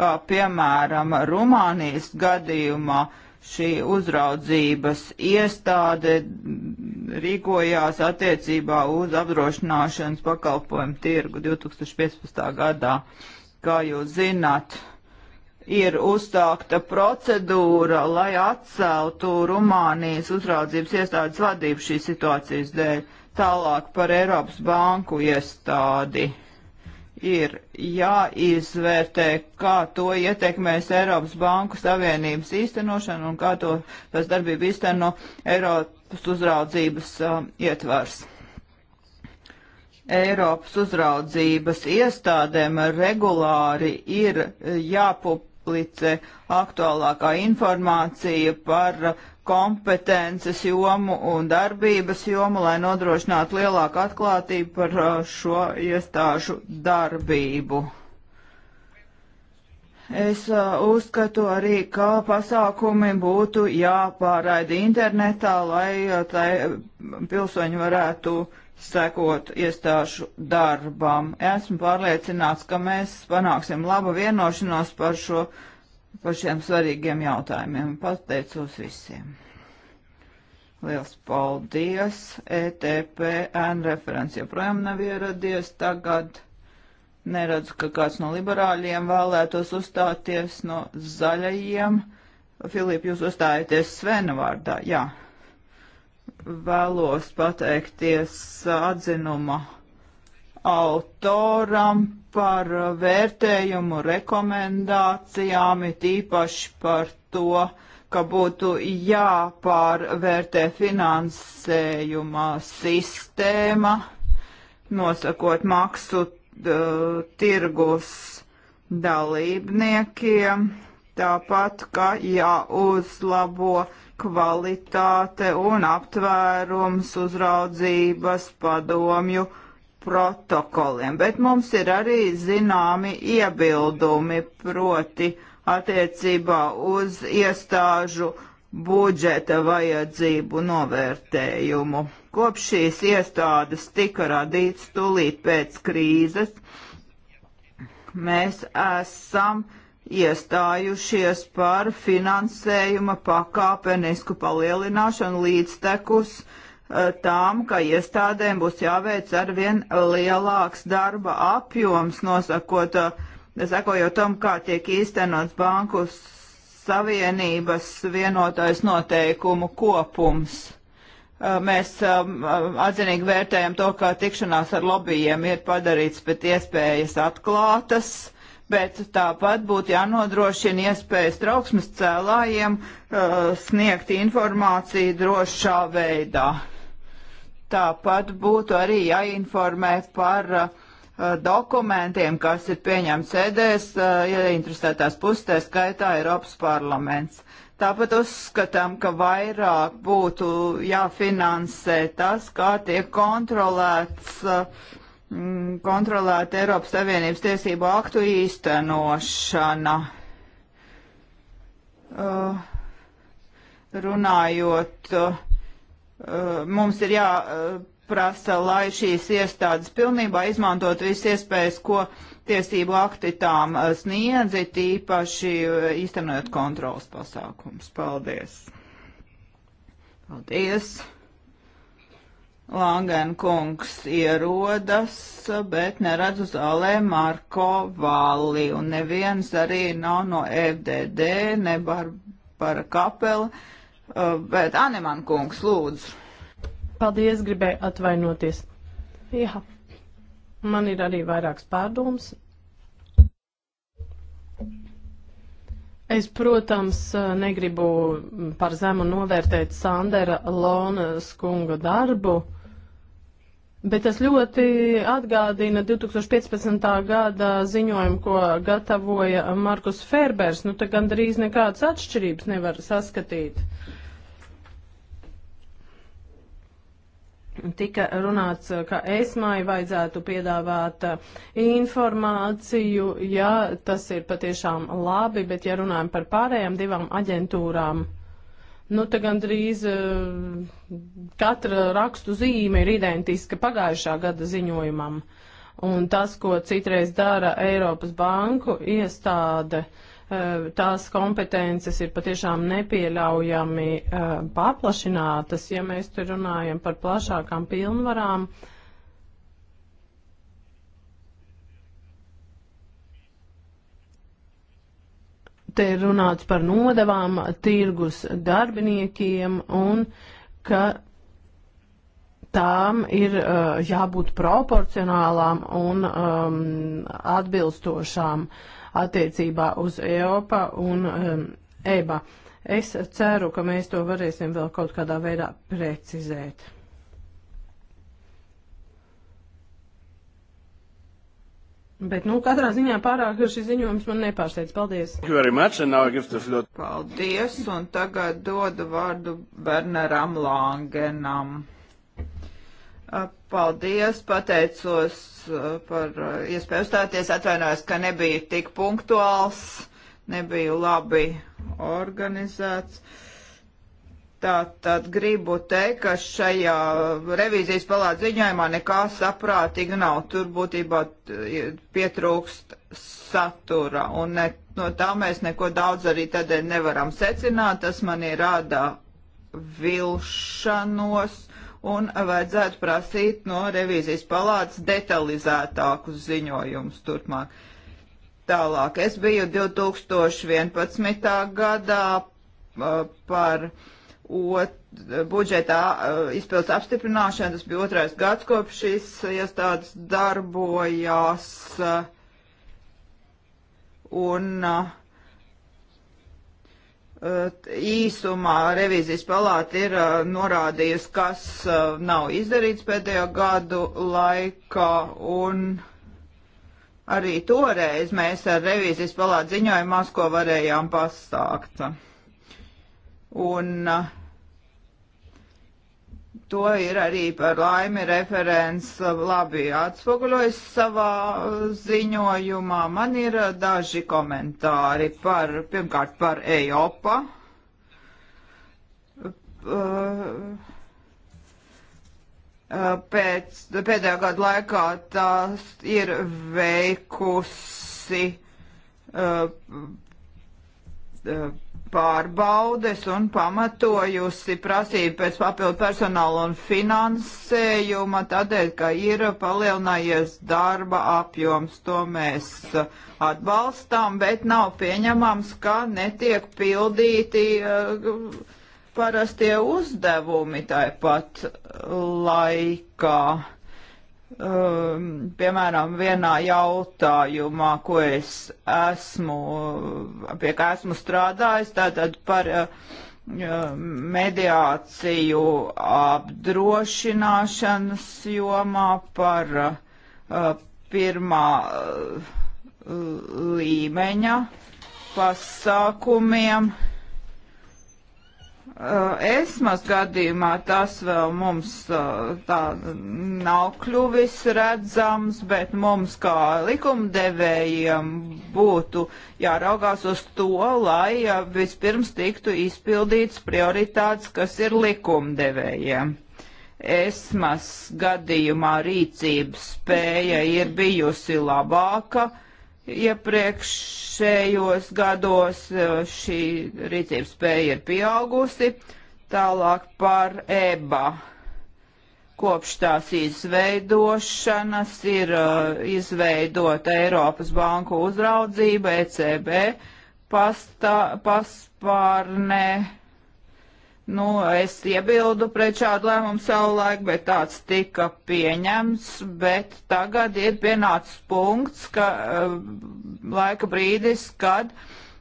Kā piemēram Rumānijas gadījumā šī uzraudzības iestāde rīkojās attiecībā uz apdrošināšanas pakalpojumu tirgu 2015. gadā. Kā jūs zināt, ir uzstākta procedūra, lai atceltu Rumānijas uzraudzības iestādes vadību šīs situācijas dēļ. Tālāk par Eiropas banku iestādi ir jāizvērtē, kā to ietekmēs Eiropas banku savienības īstenošana un kā to tas darbību īsteno Eiropas uzraudzības uh, ietvars. Eiropas uzraudzības iestādēm regulāri ir jāpup jāpublicē aktuālākā informācija par kompetences jomu un darbības jomu, lai nodrošinātu lielāku atklātību par uh, šo iestāžu darbību. Es uh, uzskatu arī, ka pasākumi būtu jāpāraida internetā, lai uh, tai uh, pilsoņi varētu uh, sekot iestāšu darbam. Esmu pārliecināts, ka mēs panāksim labu vienošanos par, šo, par šiem svarīgiem jautājumiem. Pateicos visiem. Liels paldies. ETPN referents joprojām nav ieradies tagad. Neredzu, ka kāds no liberāļiem vēlētos uzstāties no zaļajiem. Filip, jūs uzstājaties Svena vārdā. Jā vēlos pateikties atzinuma autoram par vērtējumu, rekomendācijām, it īpaši par to, ka būtu jāpārvērtē finansējuma sistēma, nosakot maksu tirgus dalībniekiem, tāpat, ka jāuzlabo ja kvalitāte un aptvērums uzraudzības padomju protokoliem, bet mums ir arī zināmi iebildumi proti attiecībā uz iestāžu budžeta vajadzību novērtējumu. Kopš šīs iestādes tika radīts tūlīt pēc krīzes, mēs esam uh, iestājušies par finansējuma pakāpenisku palielināšanu līdztekus eh, tām, ka iestādēm būs jāveic arvien lielāks darba apjoms, nosakot, eh, sakojot tam, kā tiek īstenots banku savienības vienotais noteikumu kopums. Eh, mēs atzinīgi vērtējam to, ka tikšanās ar lobbyiem ir padarīts pēc iespējas atklātas bet tāpat būtu jānodrošina iespējas trauksmes cēlājiem uh, sniegt informāciju drošā veidā. Tāpat būtu arī jāinformē par uh, dokumentiem, kas ir pieņemts sēdēs, uh, ieinteresētās puses, tā skaitā Eiropas parlaments. Tāpat uzskatām, ka vairāk būtu jāfinansē tas, kā tiek kontrolēts uh, Mm, kontrolēta Eiropas Savienības tiesību aktu īstenošana. Uh, runājot, uh, mums ir jāprasa, uh, lai šīs iestādes pilnībā izmantot visas iespējas, ko tiesību akti tām uh, sniedz, tīpaši uh, īstenojot kontrolas pasākums. Paldies! Paldies! Langen kungs ierodas, bet neredzu zālē Marko Vali, un neviens arī nav no FDD, ne Barbara Kapela, uh, bet Aneman kungs, lūdzu. Paldies, gribēju atvainoties. Jā,
man ir arī vairākas pārdomas, Es, protams, negribu par zemu novērtēt Sandera Lonas kunga darbu, bet tas ļoti atgādina 2015. gada ziņojumu, ko gatavoja Markus Ferbers. Nu, te gandrīz nekādas atšķirības nevar saskatīt. Uh, tika runāts, ka esmai vajadzētu piedāvāt uh, informāciju, ja tas ir patiešām labi, bet ja runājam par pārējām divām aģentūrām, nu te gandrīz uh, katra rakstu zīme ir identiska pagājušā gada ziņojumam. Un tas, ko citreiz dara Eiropas banku iestāde, uh, Eh, tās kompetences ir patiešām nepieļaujami eh, paplašinātas, ja mēs tur runājam par plašākām pilnvarām. Te ir runāts par nodevām, tirgus darbiniekiem un ka tām ir uh, jābūt proporcionālām un um, atbilstošām. Uh, attiecībā uz EOPA un um, EBA. Es ceru, ka mēs to varēsim vēl kaut kādā veidā precizēt. Bet, nu, katrā ziņā pārāk šis ziņojums man nepārsteidz. Paldies!
Paldies, un tagad dodu vārdu Berneram Langenam. Paldies, pateicos par iespēju uzstāties, atvainojos, ka nebija tik punktuāls, nebija labi organizēts. Tātad gribu teikt, ka šajā revīzijas palāta ziņojumā nekā saprātīga nav. Tur būtībā pietrūkst satura, un ne, no tā mēs neko daudz arī tādēļ nevaram secināt. Tas man ir rādā vilšanos un vajadzētu prasīt no revīzijas palātas detalizētākus ziņojumus turpmāk. Tālāk, es biju 2011. gadā uh, par ot, budžeta uh, izpildes apstiprināšanu, tas bija otrais gads, kopš šīs iestādes darbojās. Uh, un uh, īsumā revīzijas palāta ir norādījusi, kas nav izdarīts pēdējo gadu laikā, un arī toreiz mēs ar revīzijas palātu ziņojām maz ko varējām pastākt. Un uh, to ir arī par laimi referents eh, labi atspoguļojis savā eh, ziņojumā. Man ir eh, daži komentāri par, pirmkārt, par EIOPA. Pēc, pēdējā gada laikā tās ir veikusi uh, uh, pārbaudes un pamatojusi prasību pēc papildu personāla un finansējuma, tādēļ, ka ir palielinājies darba apjoms. To mēs atbalstām, bet nav pieņemams, ka netiek pildīti eh, parastie uzdevumi tāpat laikā Um, piemēram, vienā jautājumā, ko es esmu, pie kā esmu strādājis, tātad par uh, um, mediāciju apdrošināšanas jomā, par uh, uh, pirmā līmeņa pasākumiem. Uh, Eh, Esmas gadījumā tas vēl mums eh, tā nav kļuvis redzams, bet mums kā likumdevējiem būtu jāraugās uz to, lai eh, vispirms tiktu izpildīts prioritātes, kas ir likumdevējiem. Esmas gadījumā rīcības spēja ir bijusi labāka Iepriekšējos gados e, šī rīcības spēja ir pieaugusi, tālāk par EBA. Kopš tās izveidošanas ir uh, izveidota Eiropas Banku uzraudzība, ECB, pasta, paspārne Nu, es iebildu pret šādu lēmumu savulaik, bet tāds tika pieņemts, bet tagad ir pienācis punkts, ka eh, laika brīdis, kad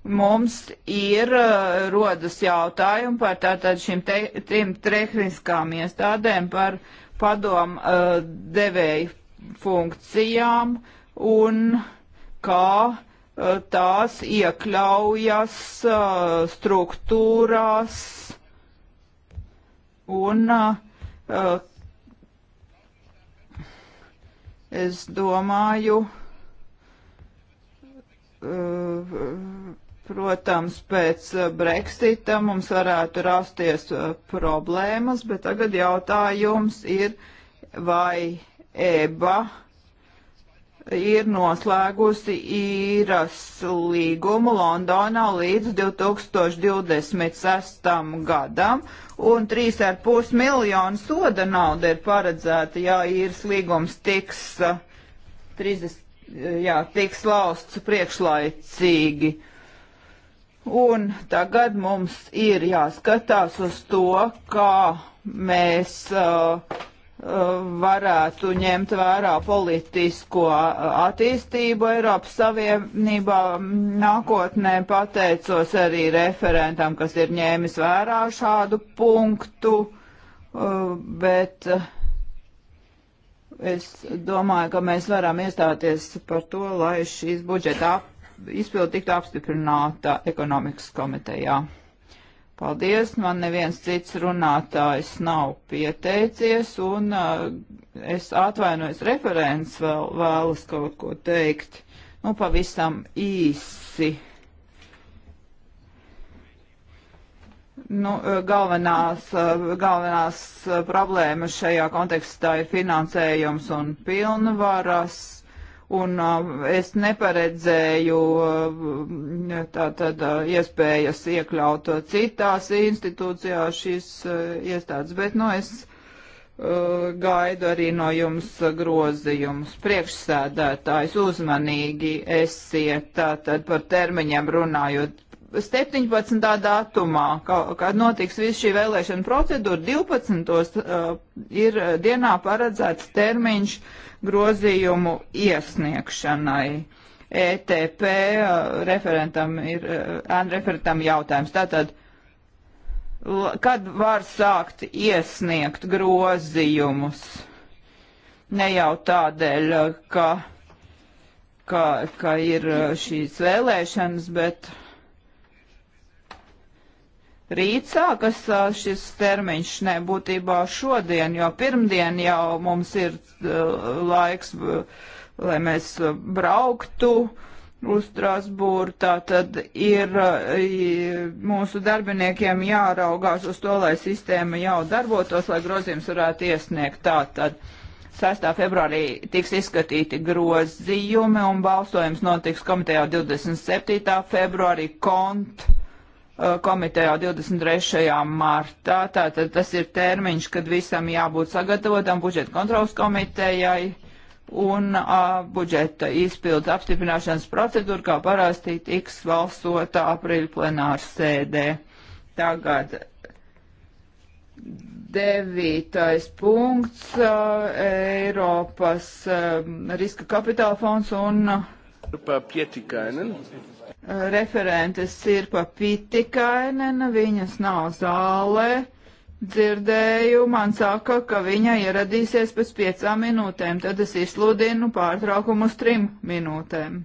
mums ir eh, rodas jautājumi par tātad šīm te, trim tehniskām iestādēm, par padomu uh, eh, devēju funkcijām un kā tās iekļaujas struktūrās, Un uh, es domāju, uh, protams, pēc Brexita mums varētu rasties problēmas, bet tagad jautājums ir, vai EBA ir noslēgusi īras līgumu Londonā līdz 2026. gadam, un 3,5 miljonu soda nauda ir paredzēta, ja īras līgums tiks, 30, jā, tiks lausts priekšlaicīgi. Un tagad mums ir jāskatās uz to, kā mēs uh, varētu ņemt vērā politisko attīstību Eiropas Savienībā nākotnē. Pateicos arī referentam, kas ir ņēmis vērā šādu punktu, bet es domāju, ka mēs varam iestāties par to, lai šīs budžeta izpildi tiktu apstiprināta ekonomikas komitejā. Paldies, man neviens cits runātājs nav pieteicies, un uh, es atvainojos referents vēl vēlas kaut ko teikt. Nu, pavisam īsi. Nu, uh, galvenās, uh, galvenās uh, problēmas šajā kontekstā ir finansējums un pilnvaras un uh, es neparedzēju uh, tātad uh, iespējas iekļaut citās institūcijās šīs iestādes, bet, nu, es gaidu arī no jums grozījumus. Priekšsēdētājs uzmanīgi esiet tātad par termiņiem runājot 17. datumā, kad notiks viss šī vēlēšana procedūra, 12. Uh, ir dienā paredzēts termiņš grozījumu iesniegšanai. ETP uh, referentam ir uh, referentam jautājums. Tātad, kad var sākt iesniegt grozījumus? Ne jau tādēļ, ka, ka, ka ir šīs vēlēšanas, bet rīt sākas šis termiņš, ne būtībā šodien, jo pirmdien jau mums ir laiks, lai mēs brauktu uz Strasbūru, tā tad ir mūsu darbiniekiem jāraugās uz to, lai sistēma jau darbotos, lai grozījums varētu iesniegt tā tad. 6. februārī tiks izskatīti grozījumi un balsojums notiks komitejā 27. februārī kont Uh, komitejā 23. martā. Tātad tas ir termiņš, kad visam jābūt sagatavotam budžeta kontrolas komitejai un a, uh, budžeta izpildes apstiprināšanas procedūra, kā parasti, tiks valsota aprīļa plenāra sēdē. Tagad devītais punkts uh, - Eiropas a, um, riska kapitāla fonds un.
Pietikāinen
referentes Sirpa Pitikainena, viņas nav zālē. Dzirdēju, man saka, ka viņa ieradīsies pēc piecām minūtēm, tad es izsludinu pārtraukumu uz trim minūtēm.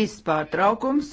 Īsts pārtraukums.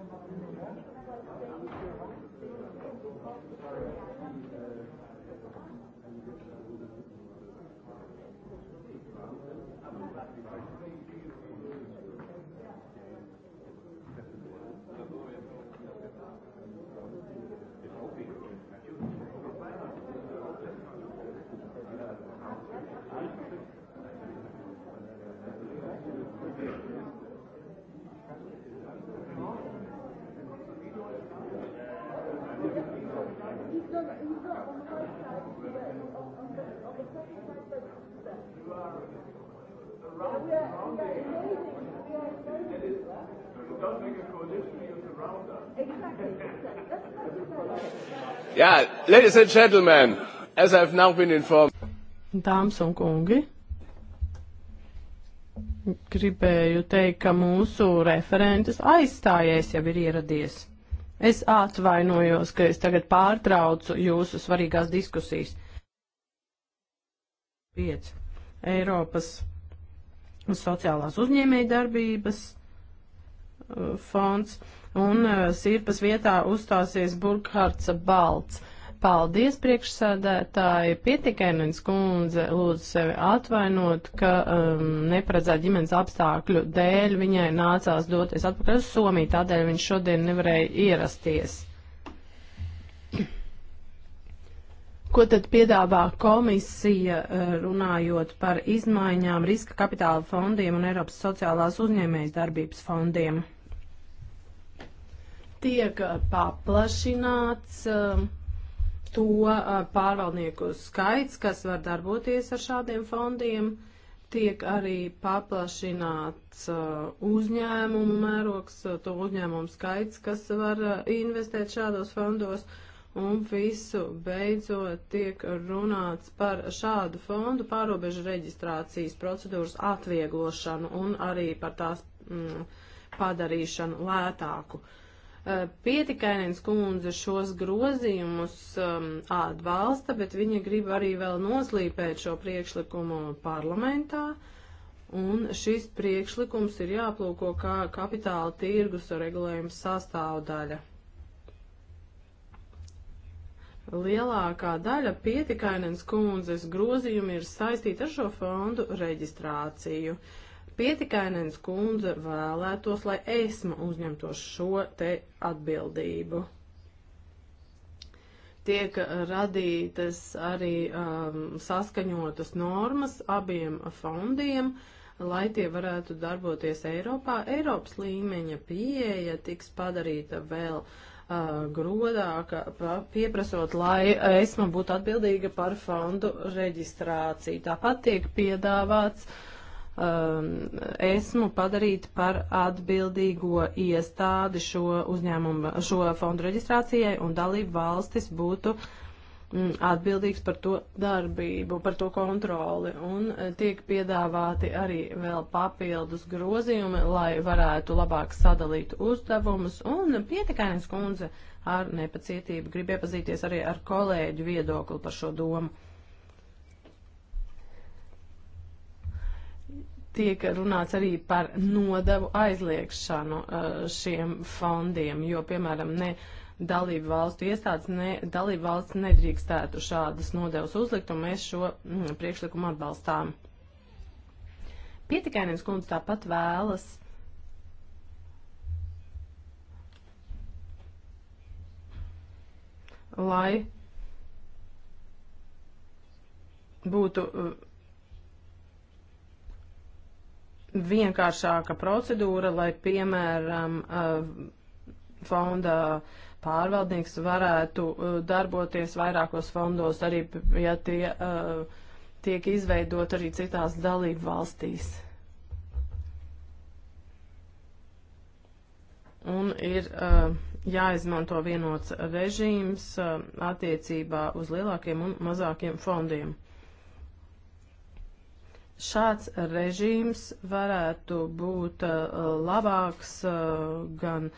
Thank you. Ladies and gentlemen, as I've now been informed.
Dāmas un kungi, gribēju teikt, ka mūsu referentes aizstājies jau ir ieradies. Es atvainojos, ka es tagad pārtraucu jūsu svarīgās diskusijas. 5. Eiropas sociālās uzņēmēja darbības uh, fonds, un uh, Sirpas vietā uzstāsies Burkhards Balts. Paldies, priekšsādētāji. Pietikainens kundze lūdzu sevi atvainot, ka um, neparedzē ģimenes apstākļu dēļ viņai nācās doties atpakaļ uz Somiju, tādēļ viņš šodien nevarēja ierasties. Ko tad piedāvā komisija uh, runājot par izmaiņām riska kapitāla fondiem un Eiropas sociālās uzņēmējas darbības fondiem? Tiek uh, paplašināts. Um, to pārvaldnieku skaits, kas var darboties ar šādiem fondiem, tiek arī paplašināts uzņēmumu mērogs, to uzņēmumu skaits, kas var investēt šādos fondos, un visu beidzot tiek runāts par šādu fondu pārobežu reģistrācijas procedūras atvieglošanu un arī par tās mm, padarīšanu lētāku. Uh, Eh, pietikainens kundze šos grozījumus um, atbalsta, bet viņa grib arī vēl noslīpēt šo priekšlikumu parlamentā. Un šis priekšlikums ir jāplūko kā kapitāla tirgus regulējums sastāvdaļa. Lielākā daļa pietikainens kundzes grozījumi ir saistīti ar šo fondu reģistrāciju. Uh, Pietikainens kundze vēlētos, lai esma uzņemtos šo te atbildību. Tiek radītas arī um, saskaņotas normas abiem fondiem, lai tie varētu darboties Eiropā. Eiropas līmeņa pieeja tiks padarīta vēl uh, grodāka, pieprasot, lai esma būtu atbildīga par fondu reģistrāciju. Tāpat tiek piedāvāts uh, um, esmu padarīt par atbildīgo iestādi šo uzņēmumu, šo fondu reģistrācijai un dalību valstis būtu mm, atbildīgs par to darbību, par to kontroli, un e, tiek piedāvāti arī vēl papildus grozījumi, lai varētu labāk sadalīt uzdevumus, un pietikainas kundze ar nepacietību grib iepazīties arī ar kolēģu viedokli par šo domu. tiek runāts arī par nodevu aizliekšanu eh, šiem fondiem, jo, piemēram, ne dalību valstu iestādes, ne dalību valsts nedrīkstētu šādas nodevas uzlikt, un mēs šo mm, priekšlikumu atbalstām. Pietikainības kundze tāpat vēlas lai būtu uh, vienkāršāka procedūra, lai, piemēram, eh, fonda pārvaldnieks varētu eh, darboties vairākos fondos, arī, ja tie eh, tiek izveidot arī citās dalību valstīs. Un ir jāizmanto vienots režīms attiecībā uz lielākiem un mazākiem fondiem šāds režīms varētu būt uh, labāks uh, gan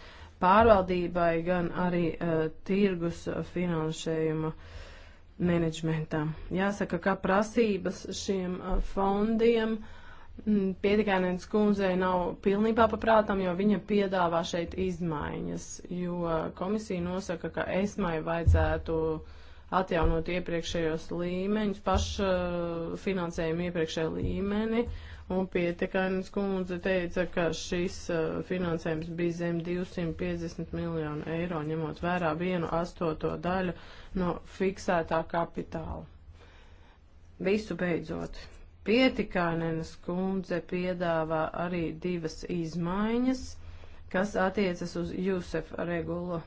pārvaldībai, gan arī uh, tirgus finansējuma menedžmentam. Jāsaka, ka prasības šiem fondiem mm, pietikainēns kundzei nav pilnībā paprātam, jo viņa piedāvā šeit izmaiņas, jo komisija nosaka, ka esmai vajadzētu uh, atjaunot iepriekšējos līmeņus, pašfinansējumu eh, iepriekšējo līmeni. Un pietekainas kundze teica, ka šis eh, finansējums bija zem 250 miljonu eiro, ņemot vērā vienu astoto daļu no fiksētā kapitāla. Visu beidzot, pietikainas kundze piedāvā arī divas izmaiņas, kas attiecas uz Jusef regulu.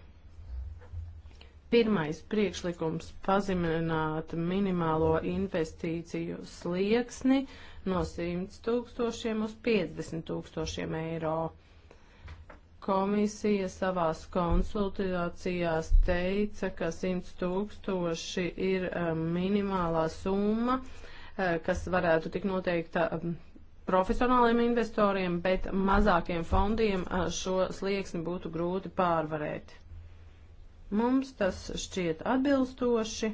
Pirmais priekšlikums pazemināt minimālo investīciju slieksni no 100 tūkstošiem uz 50 tūkstošiem eiro. Komisija savās konsultācijās teica, ka 100 tūkstoši ir um, minimālā summa, uh, kas varētu tik noteikta um, profesionāliem investoriem, bet mazākiem fondiem uh, šo slieksni būtu grūti pārvarēt. Mums tas šķiet atbilstoši.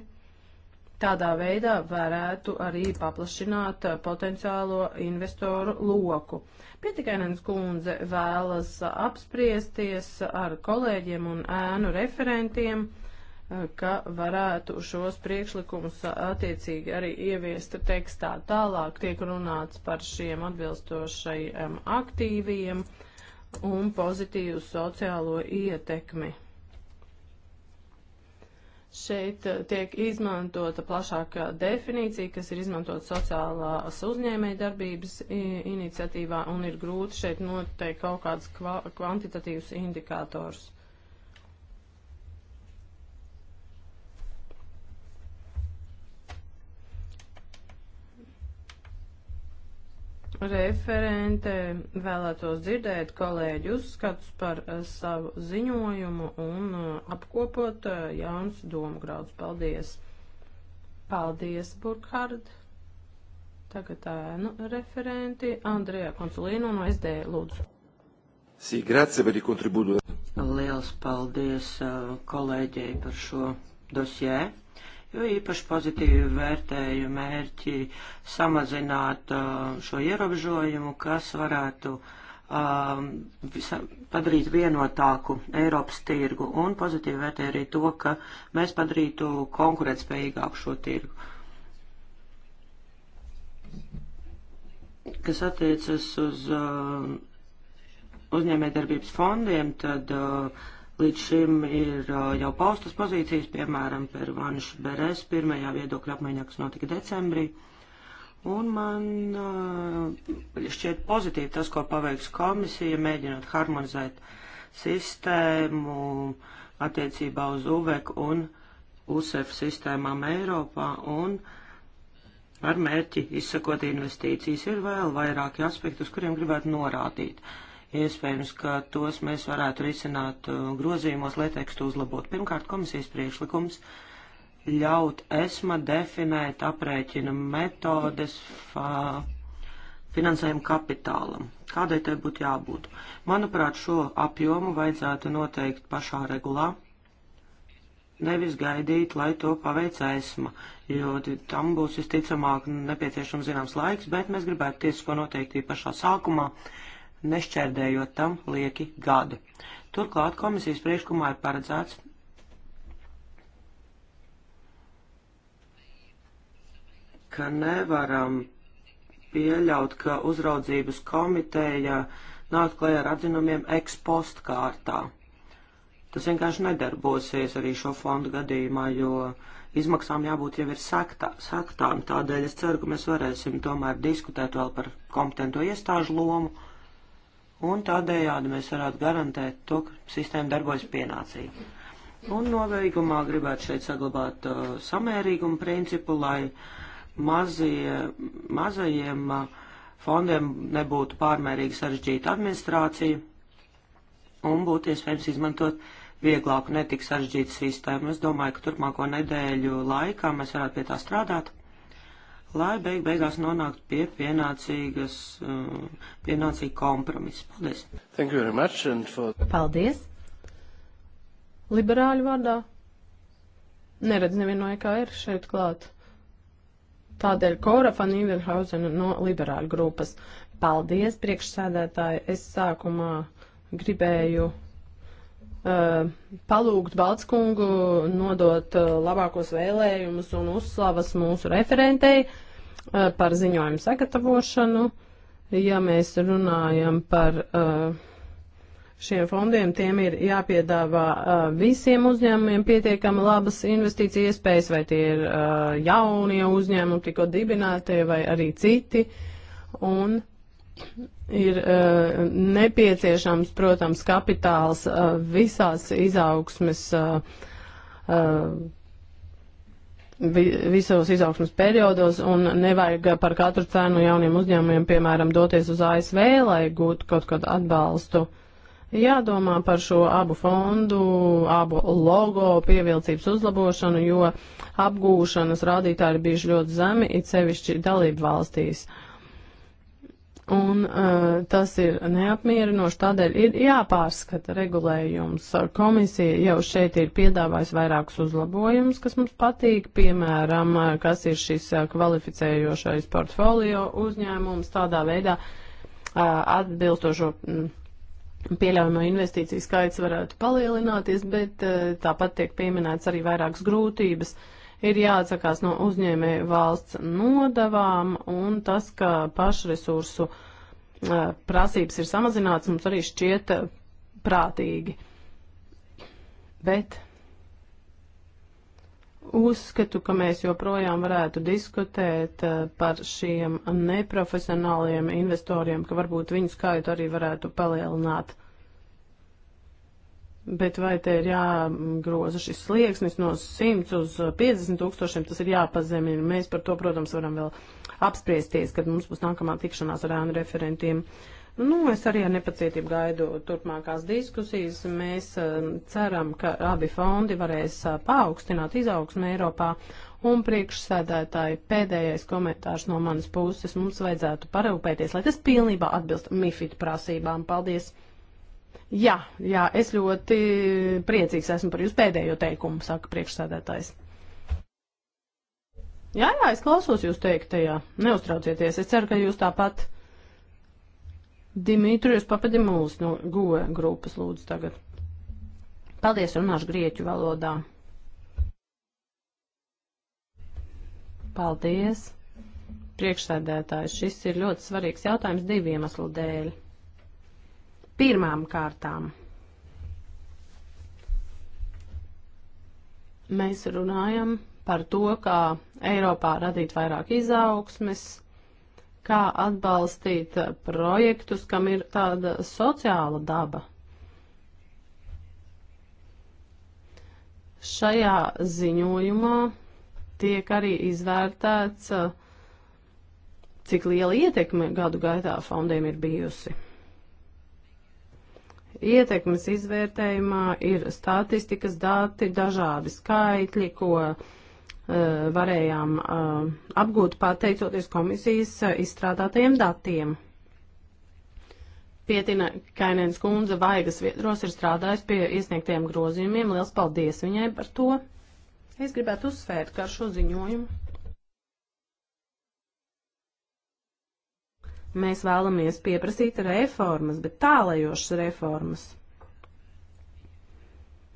Tādā veidā varētu arī paplašināt uh, potenciālo investoru loku. Pietikainens kundze vēlas uh, apspriesties uh, ar kolēģiem un ēnu referentiem, ka varētu šos priekšlikumus attiecīgi arī ieviest tekstā. Tālāk tiek runāts par šiem atbilstošajiem aktīviem un pozitīvu sociālo ietekmi. Šeit uh, tiek izmantota plašāka definīcija, kas ir izmantota sociālās uzņēmēja darbības iniciatīvā, un ir grūti šeit noteikt kaut kādus kva kvantitatīvus indikātors. referente vēlētos dzirdēt kolēģi uzskatus par eh, savu ziņojumu un eh, apkopot eh, jauns domgrauds. Paldies! Paldies, Burkhard! Tagad ēnu referenti Andrejā Konsulīnu no SD Lūdzu.
Sī, grazie par kontribudu.
Liels paldies kolēģei par šo dosjē jo īpaši pozitīvi vērtēju mērķi samazināt uh, šo ierobežojumu, kas varētu um, padarīt vienotāku Eiropas tirgu un pozitīvi vērtē arī to, ka mēs padarītu konkurētspējīgāku šo tirgu. Kas attiecas uz uh, uzņēmējdarbības fondiem, tad uh, Līdz šim ir jau paustas pozīcijas, piemēram, par Vanšu Beres pirmajā viedokļa apmaiņā, kas notika decembrī. Un man šķiet pozitīvi tas, ko paveiks komisija, mēģinot harmonizēt sistēmu attiecībā uz UVEK un USEF sistēmām Eiropā un ar mērķi izsakot investīcijas. Ir vēl vairāki aspekti, uz kuriem gribētu norādīt. Uh, Iespējams, ka tos mēs varētu risināt uh, grozījumos, lai tekstu uzlabot. Pirmkārt, komisijas priekšlikums ļaut ESMA definēt aprēķina metodes fa, finansējuma kapitālam. Kādai tai būtu jābūt? Manuprāt, šo apjomu vajadzētu noteikt pašā regulā, nevis gaidīt, lai to paveic ESMA, jo tam būs visticamāk nepieciešams zināms laiks, bet mēs gribētu tiesisko noteiktību pašā sākumā nešķērdējot tam lieki gadi. Turklāt komisijas priekšlikumā ir paredzēts ka nevaram pieļaut, ka uzraudzības komiteja nāk klajā ar atzinumiem ekspost kārtā. Tas vienkārši nedarbosies arī šo fondu gadījumā, jo izmaksām jābūt jau ir sektā, sektām. Tādēļ es ceru, ka mēs varēsim tomēr diskutēt vēl par kompetento iestāžu lomu un tādējādi mēs varētu garantēt to, ka sistēma darbojas pienācīgi. Un nobeigumā gribētu šeit saglabāt uh, samērīgumu principu, lai mazie, mazajiem uh, fondiem nebūtu pārmērīgi sarežģīta administrācija un būtu iespējams izmantot vieglāku, netik sarežģītu sistēmu. Es domāju, ka turpmāko nedēļu laikā mēs varētu pie tā strādāt lai beig beigās nonāktu pie pienācīgas, uh, pienācīga kompromisa. Paldies. Thank you very much and for...
Paldies. Liberāļu vārdā. Neredz nevienu no EKR šeit klāt. Tādēļ Kora van Inverhausena no liberāļu grupas. Paldies, priekšsēdētāji. Es sākumā gribēju. Mm Uh, palūgt Baltskungu nodot uh, labākos vēlējumus un uzslavas mūsu referentei uh, par ziņojumu sagatavošanu. Ja mēs runājam par šiem fondiem, tiem ir jāpiedāvā visiem uzņēmumiem pietiekami labas investīcija iespējas, vai tie ir jaunie uzņēmumi, tikko dibinātie, vai arī citi. Un ir uh, nepieciešams, protams, kapitāls uh, visās izaugsmes, uh, vi, visos izaugsmes periodos, un nevajag par katru cenu jauniem uzņēmumiem, piemēram, doties uz ASV, lai gūtu kaut kādu atbalstu. Jādomā par šo abu fondu, abu logo pievilcības uzlabošanu, jo apgūšanas rādītāji ir bijuši ļoti zemi, it sevišķi dalību valstīs. Uh, un uh, tas ir neapmierinoši, tādēļ ir jāpārskata regulējums. Komisija jau šeit ir piedāvājusi vairākus uzlabojumus, kas mums patīk, piemēram, uh, kas ir šis uh, kvalificējošais portfolio uzņēmums tādā veidā uh, atbilstošo. Mm, Pieļaujamo investīciju skaits varētu palielināties, bet uh, tāpat tiek pieminēts arī vairākas grūtības, uh, ir jāatsakās no uzņēmēja valsts nodavām un tas, ka pašresursu eh, prasības ir samazināts, mums arī šķiet eh, prātīgi. Bet uzskatu, ka mēs joprojām varētu diskutēt eh, par šiem neprofesionāliem investoriem, ka varbūt viņu skaitu arī varētu palielināt. Bet vai te ir jāgroza šis slieksnis no 100 uz 50 tūkstošiem, tas ir jāpazemina. Mēs par to, protams, varam vēl apspriesties, kad mums būs nākamā tikšanās ar ēnu referentiem. Nu, es arī ar nepacietību gaidu turpmākās diskusijas. Mēs uh, ceram, ka abi fondi varēs uh, paaugstināt izaugsmu Eiropā. Un priekšsēdētāji pēdējais komentārs no manas puses mums vajadzētu parūpēties, lai tas pilnībā atbilst MIFID prasībām. Paldies! Jā, jā, es ļoti priecīgs esmu par jūsu pēdējo teikumu, saka priekšsēdētājs. Jā, jā, es klausos jūs teiktajā. Neuztraucieties, es ceru, ka jūs tāpat Dimitrijus Papadimulis no GOE grupas lūdzu tagad. Paldies, runāšu grieķu valodā. Paldies. Priekšsēdētājs, šis ir ļoti svarīgs jautājums diviem aslu dēļ. Pirmām kārtām mēs runājam par to, kā Eiropā radīt vairāk izaugsmes, kā atbalstīt projektus, kam ir tāda sociāla daba. Šajā ziņojumā tiek arī izvērtēts, cik liela ietekme gadu gaitā fondiem ir bijusi. Ietekmes izvērtējumā ir statistikas dati, dažādi skaitļi, ko uh, varējām uh, apgūt pateicoties komisijas uh, izstrādātajiem datiem. Pietina Kainēns kundze Vaigas viedros ir strādājis pie iesniegtiem grozījumiem. Liels paldies viņai par to. Es gribētu uzsvērt, ka ar šo ziņojumu Mēs vēlamies pieprasīt reformas, bet tālajošas reformas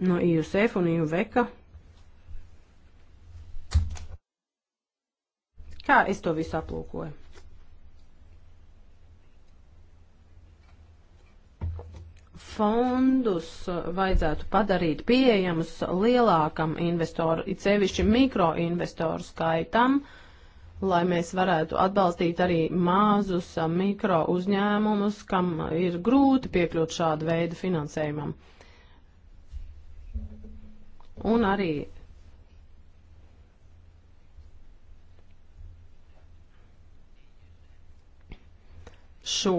no IUSF un IUVEKA. Kā es to visu aplūkoju? Fondus vajadzētu padarīt pieejamus lielākam investoru, it sevišķi mikroinvestoru skaitam. Uh, lai mēs varētu atbalstīt arī mazus mikro uzņēmumus, kam ir grūti piekļūt šādu veidu finansējumam. Un arī šo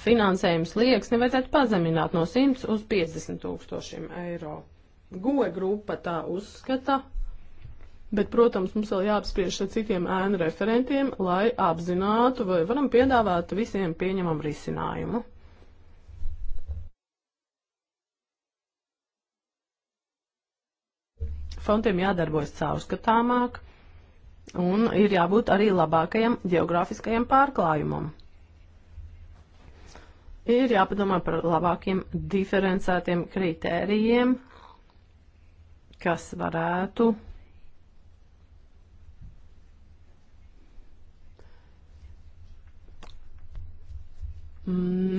finansējumu slieksni vajadzētu pazemināt no 100 uz 50 tūkstošiem eiro. Goja grupa tā uzskata, Bet, protams, mums vēl jāapspriež ar citiem ēnu referentiem, lai apzinātu, vai varam piedāvāt visiem pieņemam risinājumu. Fondiem jādarbojas caurskatāmāk, un ir jābūt arī labākajam geogrāfiskajam pārklājumam ir jāpadomā par labākiem diferencētiem kritērijiem, kas varētu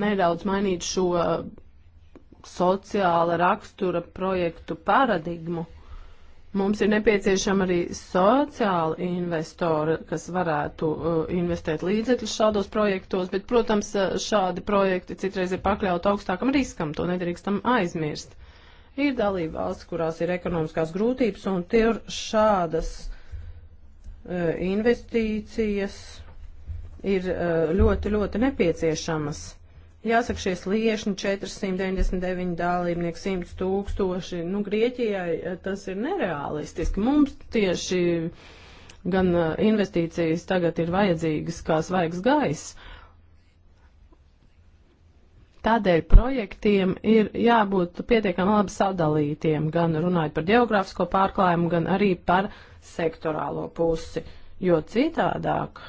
nedaudz mainīt šo uh, sociāla rakstura projektu paradigmu. Mums ir nepieciešama arī sociāla investora, kas varētu uh, investēt līdzekļus šādos projektos, bet, protams, uh, šādi projekti citreiz ir pakļauti augstākam riskam, to nedrīkstam aizmirst. Ir dalība valsts, kurās ir ekonomiskās grūtības, un tie ir šādas uh, investīcijas ir uh, ļoti, ļoti nepieciešamas. Jāsaka, šie sliešņi 499 dalībnieki, 100 tūkstoši, nu, Grieķijai uh, tas ir nereālistiski. Mums tieši gan uh, investīcijas tagad ir vajadzīgas kā svaigs gaiss. Tādēļ projektiem ir jābūt pietiekami labi sadalītiem, gan runājot par geogrāfisko pārklājumu, gan arī par sektorālo pusi, jo citādāk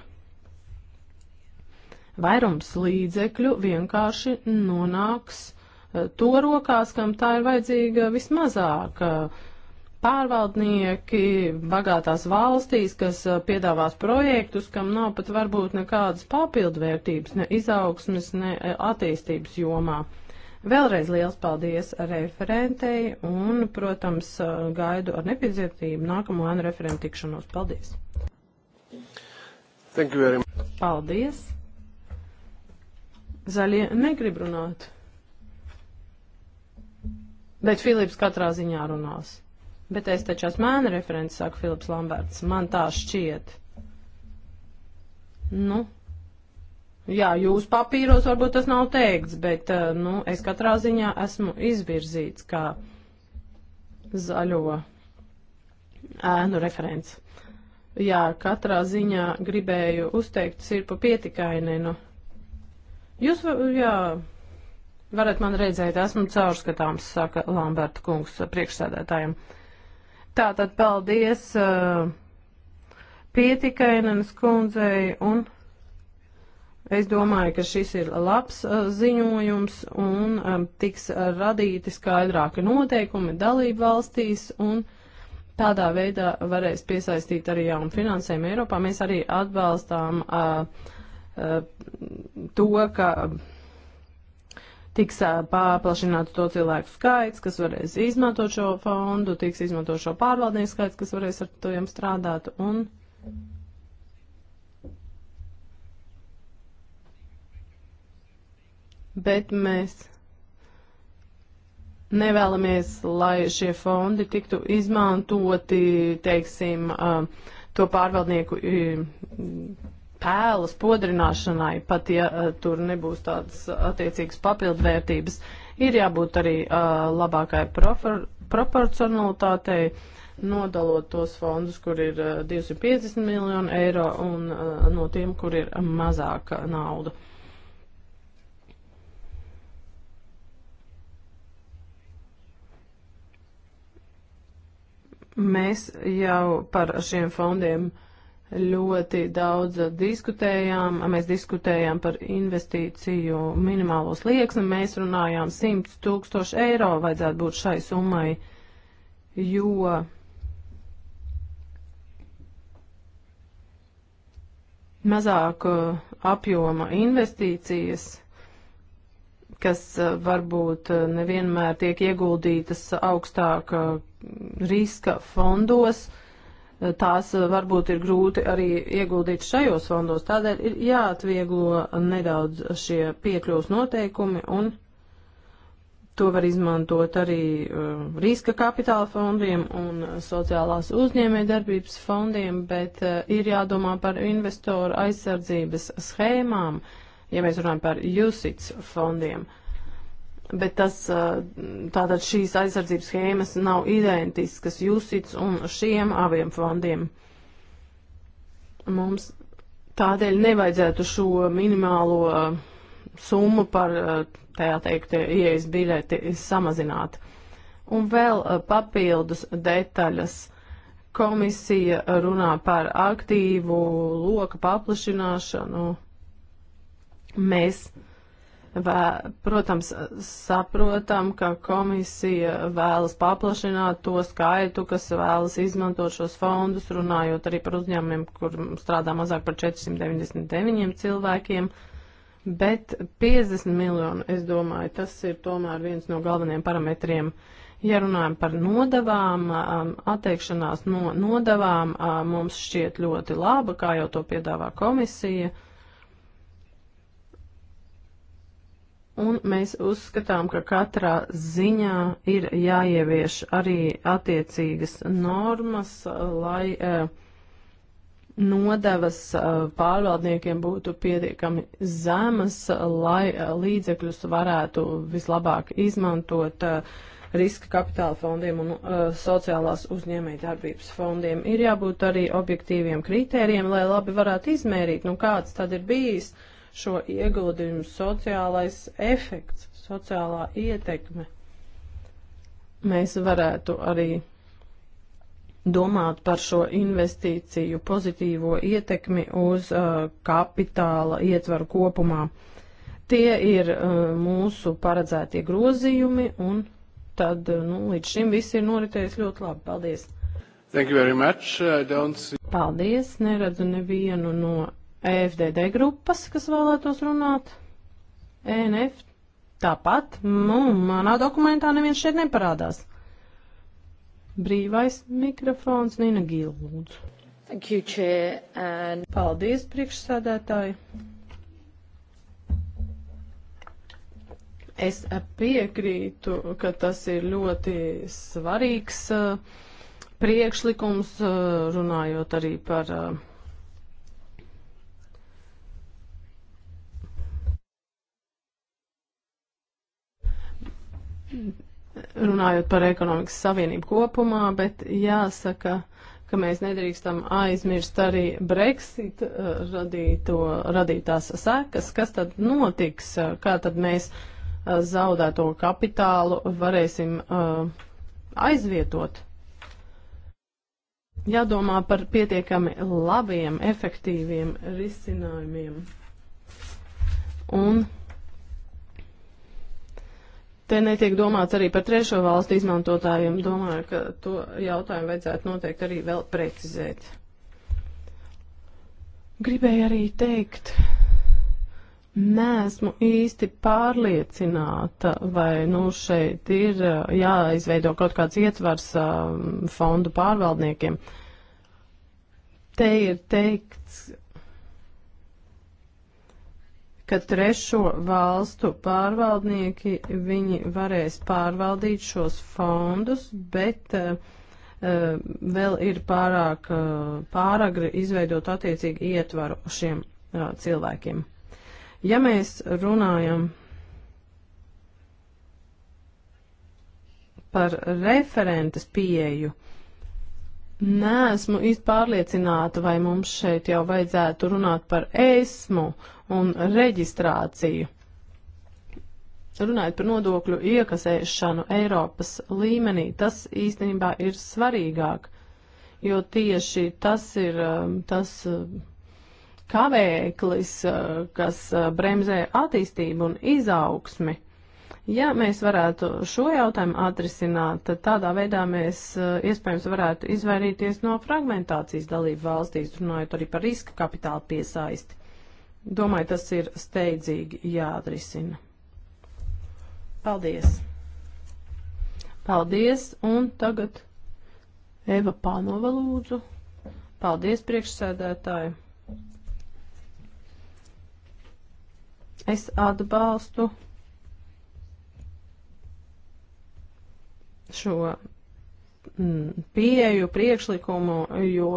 vairums līdzekļu vienkārši nonāks e, to rokās, kam tā ir vajadzīga vismazāk. E, Pārvaldnieki bagātās valstīs, kas e, piedāvās projektus, kam nav pat varbūt nekādas papildvērtības, ne izaugsmes, ne attīstības jomā. Vēlreiz liels paldies referentei un, protams, gaidu ar nepacietību nākamo ēnu referentu tikšanos. Paldies! Paldies! Zaļie negrib runāt. Bet Filips katrā ziņā runās. Bet es taču esmu mēna referents, saka Filips Lamberts. Man tā šķiet. Nu, jā, jūs papīros varbūt tas nav teikts, bet, eh, nu, es katrā ziņā esmu izvirzīts kā zaļo ēnu referents. Jā, katrā ziņā gribēju uzteikt sirpu pietikainenu. Nu Jūs, jā, varat man redzēt, esmu caurskatāms, saka Lamberta kungs priekšsēdētājiem. Tātad paldies uh, Pietikainenes kundzei un. Es domāju, ka šis ir labs uh, ziņojums un um, tiks radīti skaidrāki noteikumi dalību valstīs un tādā veidā varēs piesaistīt arī jaunu finansējumu Eiropā. Mēs arī atbalstām uh, Uh, to, ka tiks uh, paplašināts to cilvēku skaits, kas varēs izmantot šo fondu, tiks izmantot šo pārvaldnieku skaits, kas varēs ar tiem strādāt. Un Bet mēs nevēlamies, lai šie fondi tiktu izmantoti, teiksim, uh, to pārvaldnieku pēles podrināšanai, pat ja eh, tur nebūs tādas eh, attiecīgas papildvērtības, ir jābūt arī eh, labākai profor, proporcionalitātei nodalot tos fondus, kur ir 250 miljoni eiro un no tiem, kur ir mazāka nauda. Mēs jau par šiem fondiem ļoti daudz diskutējām. Mēs diskutējām par investīciju minimālo slieksni. Mēs runājām 100 tūkstoši eiro vajadzētu būt šai summai, jo. Mazāk uh, apjoma investīcijas, kas uh, varbūt uh, nevienmēr tiek ieguldītas augstāk riska fondos, uh, tās eh, varbūt ir grūti arī ieguldīt šajos fondos. Tādēļ ir jāatvieglo nedaudz šie piekļuvas noteikumi un to var izmantot arī eh, riska kapitāla fondiem un sociālās uzņēmējdarbības fondiem, bet eh, ir jādomā par investoru aizsardzības schēmām, ja mēs runājam par USITS fondiem. Uh, bet tas, tātad šīs aizsardzības schēmas nav identiskas jūsits un šiem abiem fondiem. Mums tādēļ nevajadzētu šo minimālo summu par, tajā teikt, ieejas biļeti samazināt. Un vēl papildus detaļas komisija runā par aktīvu loka paplašināšanu. Mēs uh, Vē, protams, saprotam, ka komisija vēlas paplašināt to skaitu, kas vēlas izmantot šos fondus, runājot arī par uzņēmumiem, kur strādā mazāk par 499 cilvēkiem. Bet 50 miljonu, es domāju, tas ir tomēr viens no galvenajiem parametriem. Ja runājam par nodavām, um, atteikšanās no nodavām uh, mums šķiet ļoti laba, kā jau to piedāvā komisija. Un mēs uzskatām, ka katrā ziņā ir jāievieš arī attiecīgas normas, lai eh, nodevas eh, pārvaldniekiem būtu pietiekami zemas, lai eh, līdzekļus varētu vislabāk izmantot riska kapitāla fondiem un uh, sociālās uzņēmējdarbības fondiem. Ir jābūt arī objektīviem kritērijiem, lai labi varētu izmērīt, nu kāds tad ir bijis uh, šo ieguldījumu sociālais efekts, sociālā ietekme. Mēs varētu arī domāt par šo investīciju pozitīvo ietekmi uz uh, kapitāla ietvaru kopumā. Tie ir uh, mūsu paredzētie grozījumi, un tad uh, nu, līdz šim viss ir noritējis ļoti labi. Paldies!
See...
Paldies! Neredzu nevienu no E FDD grupas, kas vēlētos runāt, ENF tāpat, nu, manā dokumentā neviens šeit neparādās. Brīvais mikrofons Nina Gīla, lūdzu. Thank you, Chair. And... Paldies, priekšsādātāji. Es piekrītu, ka tas ir ļoti svarīgs uh, priekšlikums, uh, runājot arī par uh, runājot par ekonomikas savienību kopumā, bet jāsaka, ka mēs nedrīkstam aizmirst arī Brexit uh, radīto, radītās sekas, kas tad notiks, uh, kā tad mēs uh, zaudēto kapitālu varēsim aizvietot. Jādomā par pietiekami labiem, efektīviem risinājumiem. Un Te netiek domāts arī par trešo valstu izmantotājiem. Domāju, ka to jautājumu vajadzētu noteikti arī vēl precizēt. Gribēju arī teikt, neesmu īsti pārliecināta, vai nu šeit ir jāizveido kaut kāds ietvars fondu pārvaldniekiem. Te ir teikts, ka trešo valstu pārvaldnieki viņi varēs pārvaldīt šos fondus, bet uh, vēl ir pārāk uh, pāragri izveidot attiecīgi ietvaru šiem uh, cilvēkiem. Ja mēs runājam par referentes pieeju, Nē, esmu īsti pārliecināta, vai mums šeit jau vajadzētu runāt par esmu un reģistrāciju. Runājot par nodokļu iekasēšanu Eiropas līmenī, tas īstenībā ir svarīgāk, jo tieši tas ir um, tas uh, kavēklis, uh, kas uh, bremzē attīstību un izaugsmi. Ja mēs varētu šo jautājumu atrisināt, tad tādā veidā mēs iespējams varētu izvairīties no fragmentācijas dalību valstīs, runājot arī par riska kapitāla piesaisti. Domāju, tas ir steidzīgi jāatrisina. Paldies! Paldies! Un tagad Eva Pānova lūdzu. Paldies, priekšsēdētāji! Es atbalstu šo mm, pieeju priekšlikumu, jo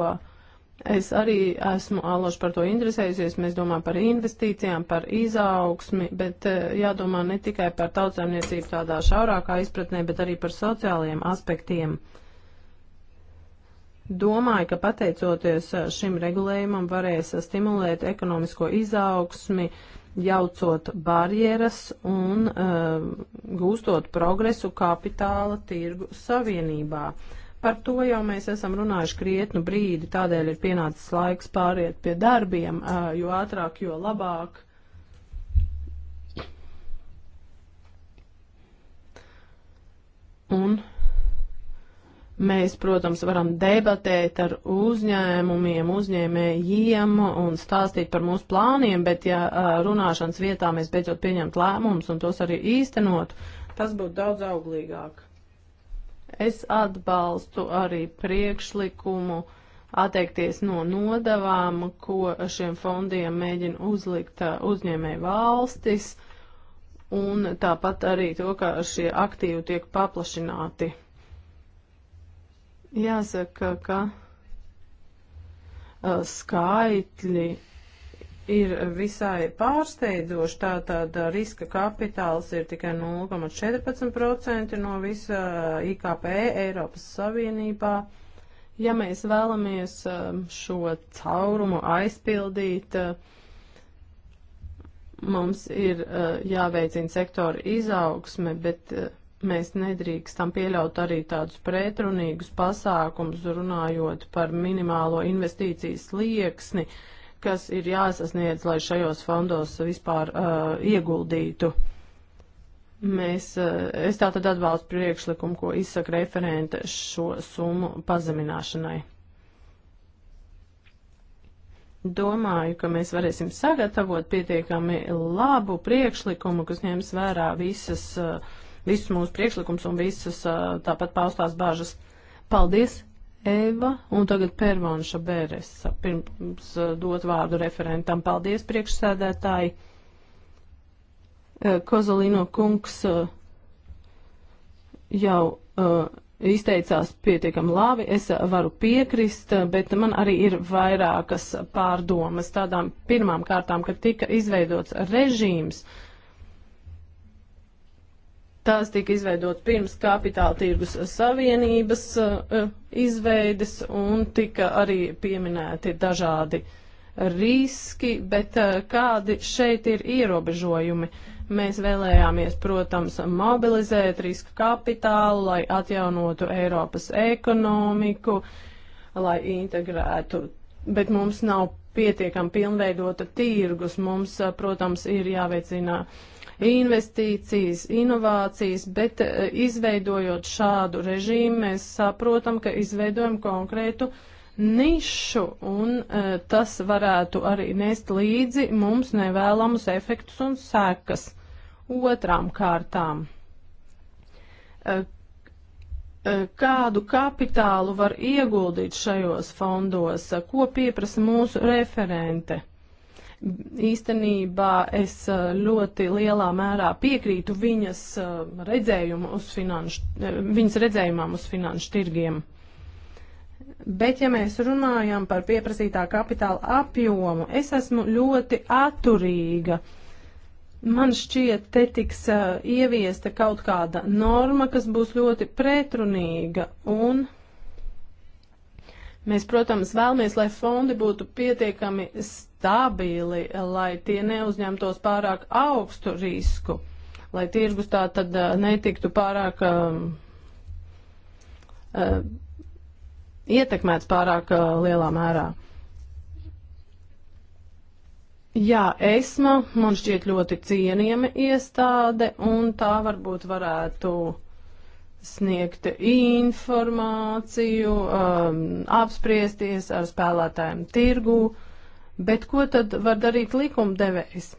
Es arī esmu aloši par to interesējusies. Mēs domājam par investīcijām, par izaugsmi, bet eh, jādomā ne tikai par tautsēmniecību tādā šaurākā izpratnē, bet arī par sociālajiem aspektiem. Domāju, ka pateicoties eh, šim regulējumam varēs stimulēt ekonomisko izaugsmi, jaucot barjeras un uh, gūstot progresu kapitāla tirgu savienībā. Uh, Par to jau mēs esam runājuši krietnu brīdi, tādēļ ir pienācis laiks pāriet pie darbiem, jo ātrāk, jo labāk. Un Mēs, protams, varam debatēt ar uzņēmumiem, uzņēmējiem un stāstīt par mūsu plāniem, bet ja runāšanas vietā mēs beidzot pieņemt lēmumus un tos arī īstenot, tas būtu daudz auglīgāk. Es atbalstu arī priekšlikumu atteikties no nodavām, ko šiem fondiem mēģina uzlikt uh, uzņēmēju valstis, un tāpat arī to, ka šie aktīvi tiek paplašināti. Jāsaka, ka uh, skaitļi ir visai pārsteidoši. Tātad uh, riska kapitāls ir tikai 0,14% no visa uh, IKP Eiropas Savienībā. Ja mēs vēlamies um, šo caurumu aizpildīt, uh, mums ir jāveicina sektora izaugsme, bet mēs nedrīkstam pieļaut arī tādus pretrunīgus pasākumus, runājot par minimālo investīcijas lieksni. Uh, kas ir jāsasniedz, lai šajos fondos vispār uh, ieguldītu. Mēs, uh, es tātad atbalstu priekšlikumu, ko izsaka referente šo summu pazemināšanai. Domāju, ka mēs varēsim sagatavot pietiekami labu priekšlikumu, kas ņems vērā visas, uh, visus mūsu priekšlikums un visas uh, tāpat paustās bāžas. Paldies! Eva un tagad Pervanša Bēresa pirms eh, dot vārdu referentam. Paldies, priekšsēdētāji. Eh, Kozalino kungs eh, jau izteicās pietiekami labi, es varu piekrist, bet man arī ir vairākas pārdomas tādām pirmām kārtām, kad tika izveidots režīms. Uh, Tās tika izveidot pirms kapitāla tirgus savienības uh, izveides un tika arī pieminēti dažādi riski, bet uh, kādi šeit ir ierobežojumi? Mēs vēlējāmies, protams, mobilizēt risku kapitālu, lai atjaunotu Eiropas ekonomiku, lai integrētu, bet mums nav pietiekami pilnveidota tirgus. Mums, eh, protams, ir jāveicina uh, investīcijas, inovācijas, bet eh, izveidojot šādu režīmu, mēs saprotam, ka izveidojam konkrētu nišu, un eh, tas varētu arī nest līdzi mums nevēlamus efektus un sekas. Otrām kārtām eh, kādu kapitālu var ieguldīt šajos fondos, ko pieprasa mūsu referente. Īstenībā es eh, ļoti lielā mērā piekrītu viņas eh, redzējumu uz finanšu, eh, viņas redzējumam uz finanšu tirgiem. Bet, ja mēs runājam par pieprasītā kapitāla apjomu, es esmu ļoti atturīga. Man šķiet, te tiks uh, ieviesta kaut kāda norma, kas būs ļoti pretrunīga un uh, Mēs, protams, vēlamies, lai fondi būtu pietiekami stabili, lai tie neuzņemtos pārāk augstu risku, lai tirgus tā tad eh, netiktu pārāk um, uh, ietekmēts pārāk uh, lielā mērā. Jā, ESMA man šķiet ļoti cienījama iestāde, un tā varbūt varētu sniegt informāciju, um, apspriesties ar spēlētājiem tirgū, bet ko tad var darīt likumdevējs?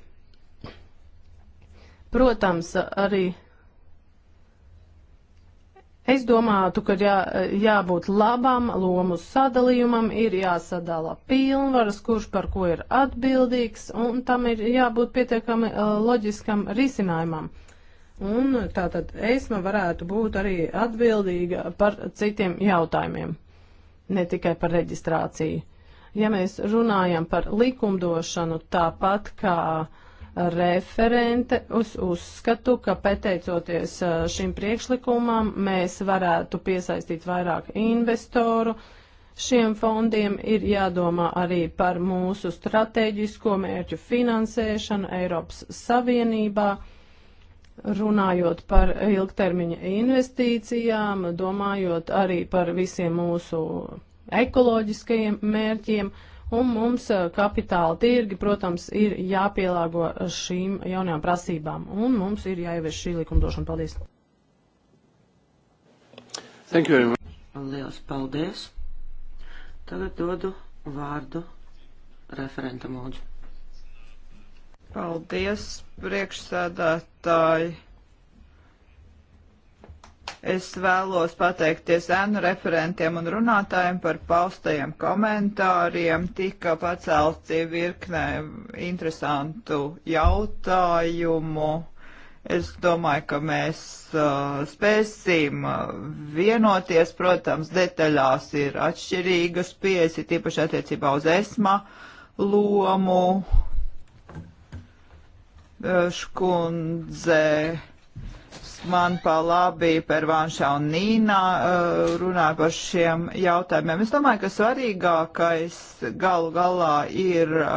Protams, arī es domātu, ka jā, jābūt labam lomu sadalījumam, ir jāsadala pilnvaras, kurš par ko ir atbildīgs, un tam ir jābūt pietiekami uh, loģiskam risinājumam. Uh, Un tātad es nu varētu būt arī atbildīga par citiem jautājumiem, ne tikai par reģistrāciju. Ja mēs runājam par likumdošanu, tāpat kā referente, es uz, uzskatu, ka pateicoties šim priekšlikumam, mēs varētu piesaistīt vairāk investoru. Šiem fondiem ir jādomā arī par mūsu strateģisko mērķu finansēšanu Eiropas Savienībā runājot par ilgtermiņa investīcijām, domājot arī par visiem mūsu ekoloģiskajiem mērķiem, un mums eh, kapitāla tirgi, protams, ir jāpielāgo šīm jaunajām prasībām, un mums ir jāievieš šī likumdošana. Paldies!
Thank you very much. Lielas paldies! Tagad dodu vārdu referentam lūdzu.
Paldies, priekšsēdētāji. Es vēlos pateikties ēnu referentiem un runātājiem par paustajiem komentāriem. Tika pacelti virknē interesantu jautājumu. Es domāju, ka mēs uh, spēsim uh, vienoties. Protams, detaļās ir atšķirīgas pieejas, tīpaši attiecībā uz esma lomu Škundze man pa labi par Vanšā un Nīnā eh, runāja par šiem jautājumiem. Es domāju, ka svarīgākais galu galā ir eh,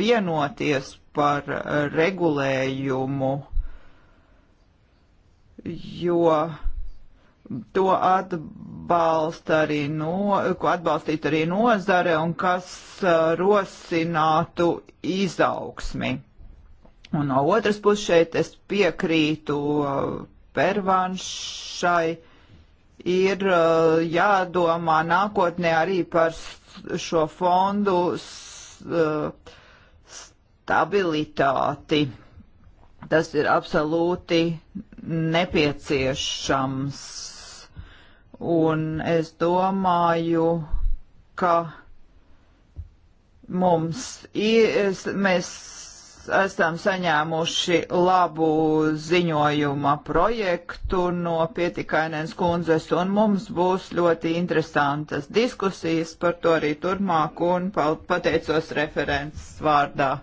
vienoties par eh, regulējumu, jo to atbalsta arī no, ko atbalstīt arī nozare un kas rosinātu izaugsmi Un no otras puses šeit es piekrītu uh, pervanšai, ir uh, jādomā nākotnē arī par šo fondu uh, stabilitāti. Tas ir absolūti nepieciešams. Un es domāju, ka mums ir, mēs esam saņēmuši labu ziņojuma projektu no Pietikainens kundzes, un mums būs ļoti interesantas diskusijas par to arī turmāk, un pateicos referents vārdā.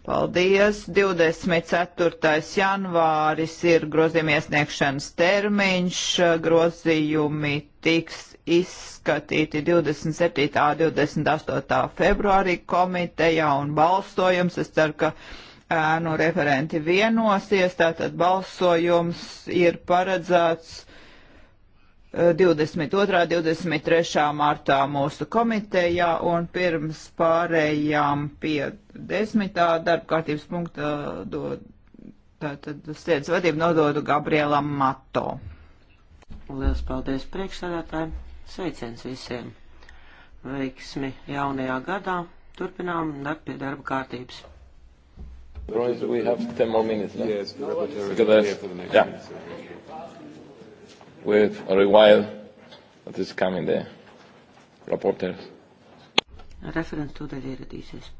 Paldies! 24. janvāris ir grozījuma iesniegšanas termiņš, grozījumi tiks izskatīti 27. un 28. februārī komitejā un balsojums. Es ceru, ka ēnu referenti vienosies, tātad balsojums ir paredzēts 22. Eh, 23. martā mūsu komitejā un pirms pārējām pie desmitā darba kārtības punkta dod, tātad sēdz vadību nododu Gabrielam Mato.
Lielas paldies priekšsēdētājiem! Sveiciens visiem! Veiksmi jaunajā gadā! Turpinām darbu pie darba kārtības.
Royce, we have 10 more minutes left. Yes, the rapporteur is here for the next yeah. minute. Wait for a while. What is coming there? Rapporteur.
Referents tūdaļ ieradīsies.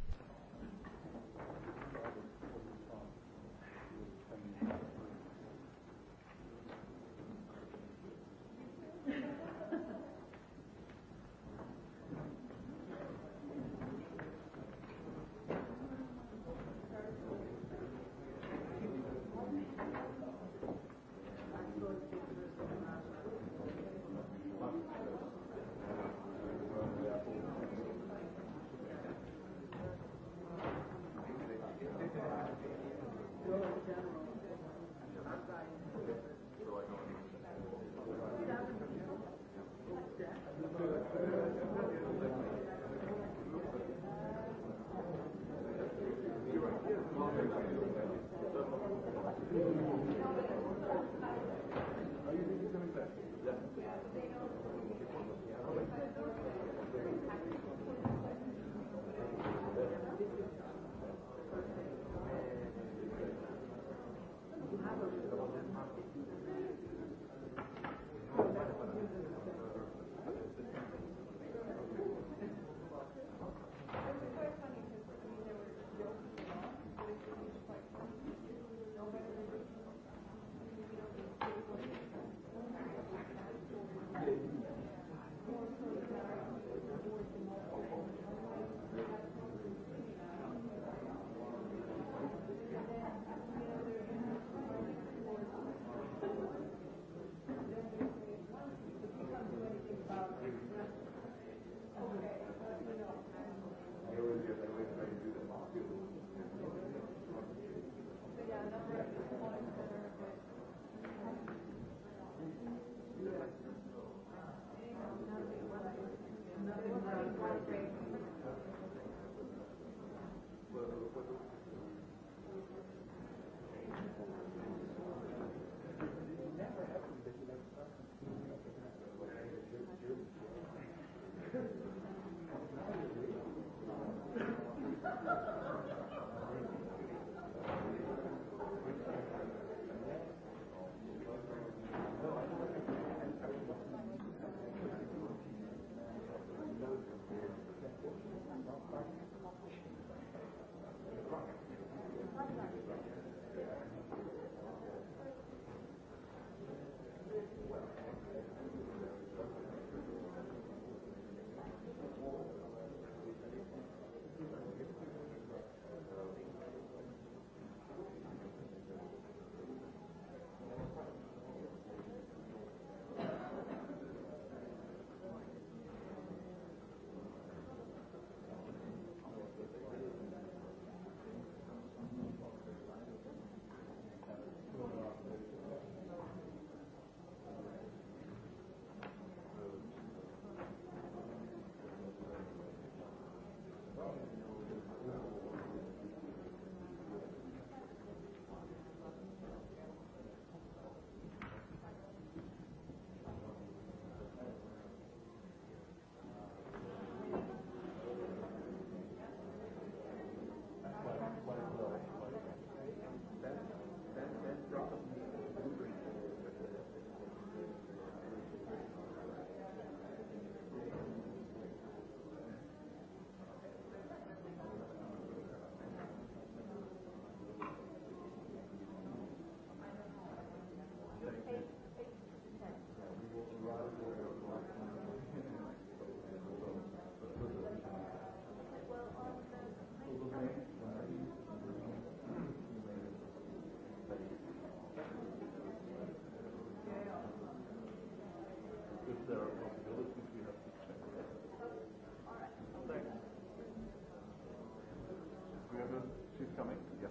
She's coming. Yes.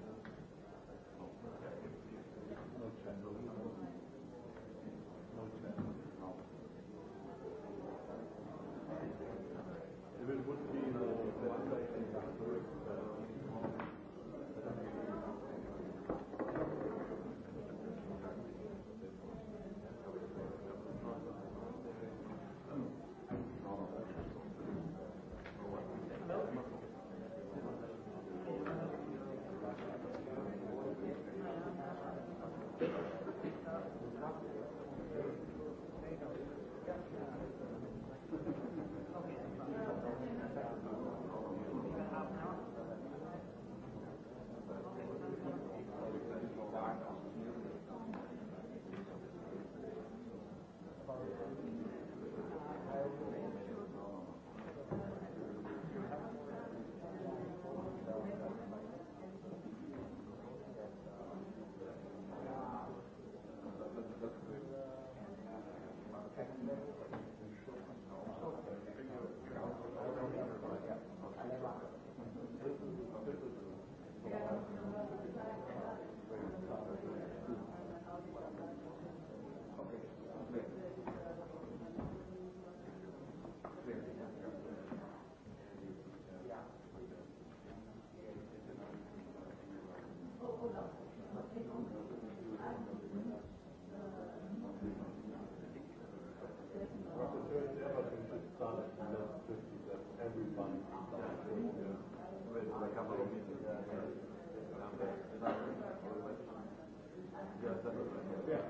Yeah.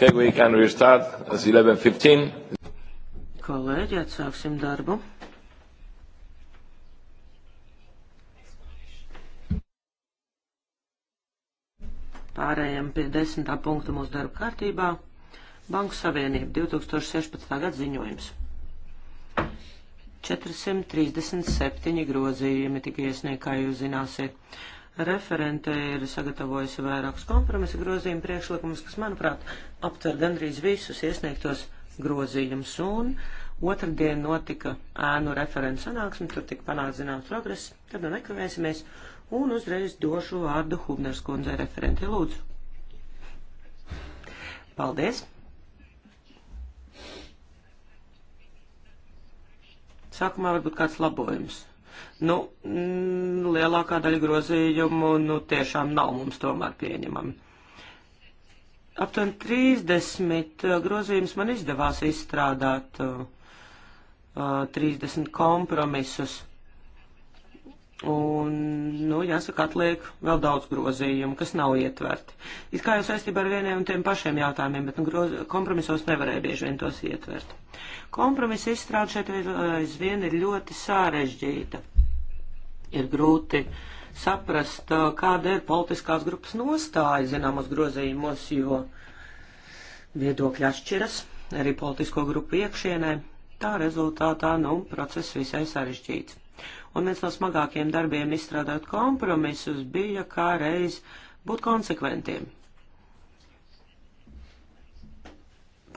Okay, we can restart as 11.15.
Kolēģi, atsāksim darbu. Pārējām pie desmitā punkta mūsu darba kārtībā. Banku Savienība 2016. gada ziņojums. 437 grozījumi tika iesniegti, kā jūs zināsiet. Referente ir sagatavojusi vairākus kompromisa grozījumu priekšlikumus, kas, manuprāt, aptver gandrīz visus iesniegtos grozījumus. Un otrdien notika ēnu referentu sanāksme, tur tika panākt zināms progress, tad nu nekavēsimies. Un uzreiz došu vārdu Hubners kundzei referente. Lūdzu. Paldies! Sākumā varbūt kāds labojums. Nu, mm, lielākā daļa grozījumu nu, tiešām nav mums tomēr pieņemami. Aptuveni 30 uh, grozījumus man izdevās izstrādāt, uh, 30 uh, kompromisus. Un, nu, jāsaka, atliek vēl daudz grozījumu, kas nav ietverti. It kā jau saistībā ar vieniem un tiem pašiem jautājumiem, bet nu, groz, kompromisos nevarēja bieži vien tos ietvert. Kompromisa izstrāde šeit aizvien ir ļoti sarežģīta. Ir grūti saprast, kāda ir politiskās grupas nostāja zināmos grozījumos, jo viedokļi atšķiras arī politisko grupu iekšienē. Tā rezultātā, nu, process visai sarežģīts un viens no smagākiem darbiem izstrādāt kompromisus bija kā reiz būt konsekventiem.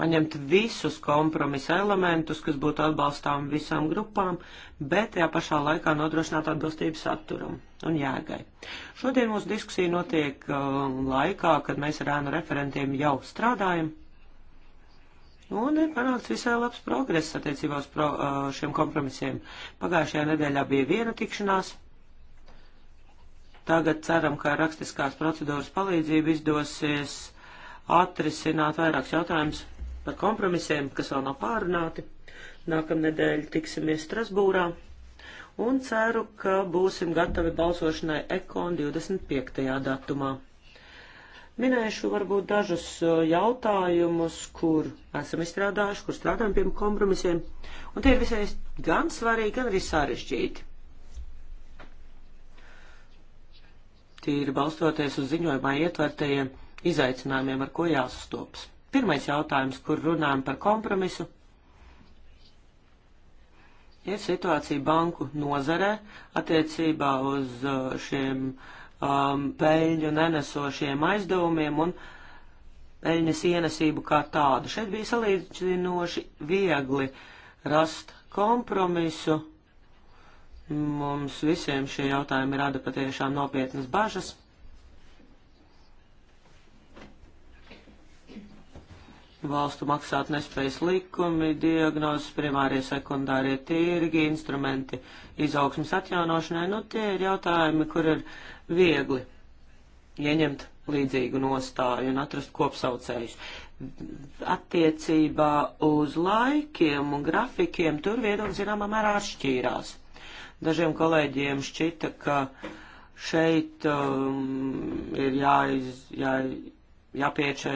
Paņemt visus kompromisa elementus, kas būtu atbalstām visām grupām, bet tajā pašā laikā nodrošināt atbilstību saturumu un jēgai. Šodien mūsu diskusija notiek uh, laikā, kad mēs ar ēnu referentiem jau strādājam Un ir panākts visai labs progress attiecībā uz pro, šiem kompromisiem. Pagājušajā nedēļā bija viena tikšanās. Tagad ceram, ka rakstiskās procedūras palīdzība izdosies atrisināt vairākus jautājumus par kompromisiem, kas vēl nav pārunāti. Nākamnedēļ tiksimies Strasbūrā un ceru, ka būsim gatavi balsošanai ECON 25. datumā. Minēšu varbūt dažus jautājumus, kur esam izstrādājuši, kur strādājam pie kompromisiem, un tie ir visai gan svarīgi, gan arī sarežģīti. Tīri balstoties uz ziņojumā ietvertajiem izaicinājumiem, ar ko jāsastops. Pirmais jautājums, kur runājam par kompromisu, ir situācija banku nozarē attiecībā uz šiem uh, um, peļņu nenesošiem aizdevumiem un peļņas ienesību kā tādu. Šeit bija salīdzinoši viegli rast kompromisu. Mums visiem šie jautājumi rada patiešām nopietnas bažas. valstu maksāt nespējas likumi, diagnozes, primārie sekundārie tirgi, instrumenti izaugsmas atjaunošanai. Nu, tie ir jautājumi, kur ir viegli ieņemt līdzīgu nostāju un atrast kopsaucējus. Attiecībā uz laikiem un grafikiem tur viedokļi zināmā mērā atšķīrās. Dažiem kolēģiem šķita, ka šeit um, ir jāiz, jā, jāpieiet šai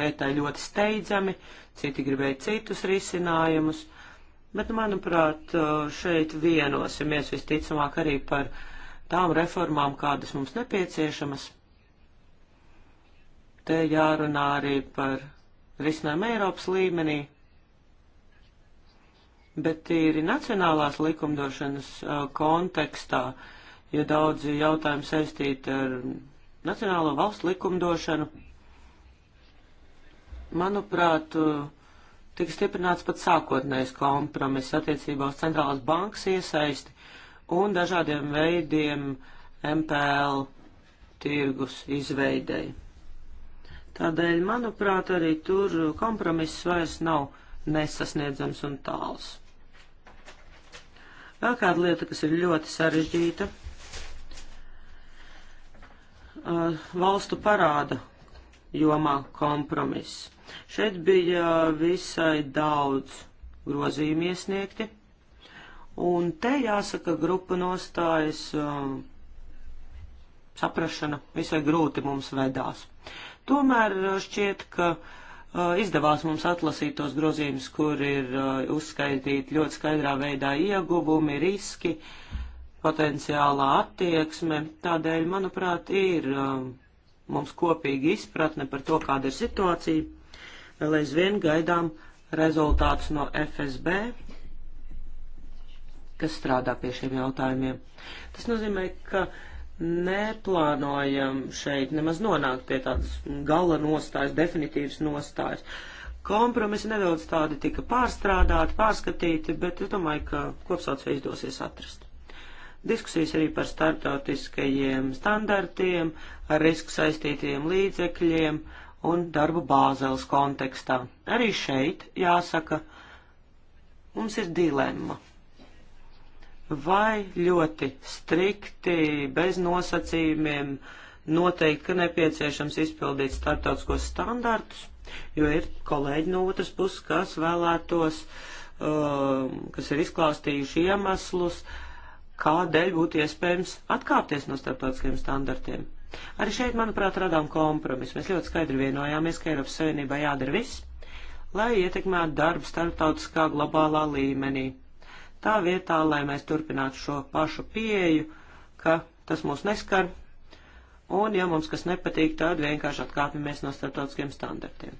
lietai ļoti steidzami, citi gribēja citus risinājumus, bet, manuprāt, uh, šeit vienosimies visticamāk arī par uh, tām reformām, kādas mums nepieciešamas. Te jārunā arī par risinājumu Eiropas līmenī, bet tīri nacionālās likumdošanas uh, kontekstā, jo daudzi jautājumi saistīti ar nacionālo valstu likumdošanu, manuprāt, uh, tika stiprināts pat sākotnējs kompromiss attiecībā uz centrālās bankas iesaisti un dažādiem veidiem MPL tirgus izveidei. Tādēļ, manuprāt, arī tur kompromiss vairs nav nesasniedzams un tāls. Vēl kāda lieta, kas ir ļoti sarežģīta - valstu parāda jomā kompromiss. Šeit bija visai daudz grozījumu iesniegti Un te jāsaka, grupa nostājas um, saprašana visai grūti mums vedās. Tomēr uh, šķiet, ka uh, izdevās mums atlasīt tos grozījumus, kur ir uh, uzskaitīti ļoti skaidrā veidā ieguvumi, riski, potenciālā attieksme. Tādēļ, manuprāt, ir uh, mums kopīga izpratne par to, kāda ir situācija. Vēl aizvien gaidām rezultātus no FSB kas strādā pie šiem jautājumiem. Tas nozīmē, ka neplānojam šeit nemaz nonākt pie tādas gala nostājas, definitīvas nostājas. Kompromisi nedaudz tādi tika pārstrādāti, pārskatīti, bet es domāju, ka kopsaucēji izdosies atrast. Diskusijas arī par startautiskajiem standartiem, ar risku saistītiem līdzekļiem un darbu bāzeles kontekstā. Arī šeit, jāsaka, mums ir dilemma vai ļoti strikti, bez nosacījumiem noteikti, ka nepieciešams izpildīt startautiskos standartus, jo ir kolēģi no otras puses, kas vēlētos, um, kas ir izklāstījuši iemeslus, kādēļ būtu iespējams atkāpties no starptautiskiem standartiem. Arī šeit, manuprāt, radām kompromisu. Mēs ļoti skaidri vienojāmies, ka Eiropas Savienībā jādara viss, lai ietekmētu darbu starptautiskā globālā līmenī Tā vietā, lai mēs turpinātu šo pašu pieeju, ka tas mūs neskar, un ja mums kas nepatīk, tad vienkārši atkāpjamies no starptautiskiem standartiem.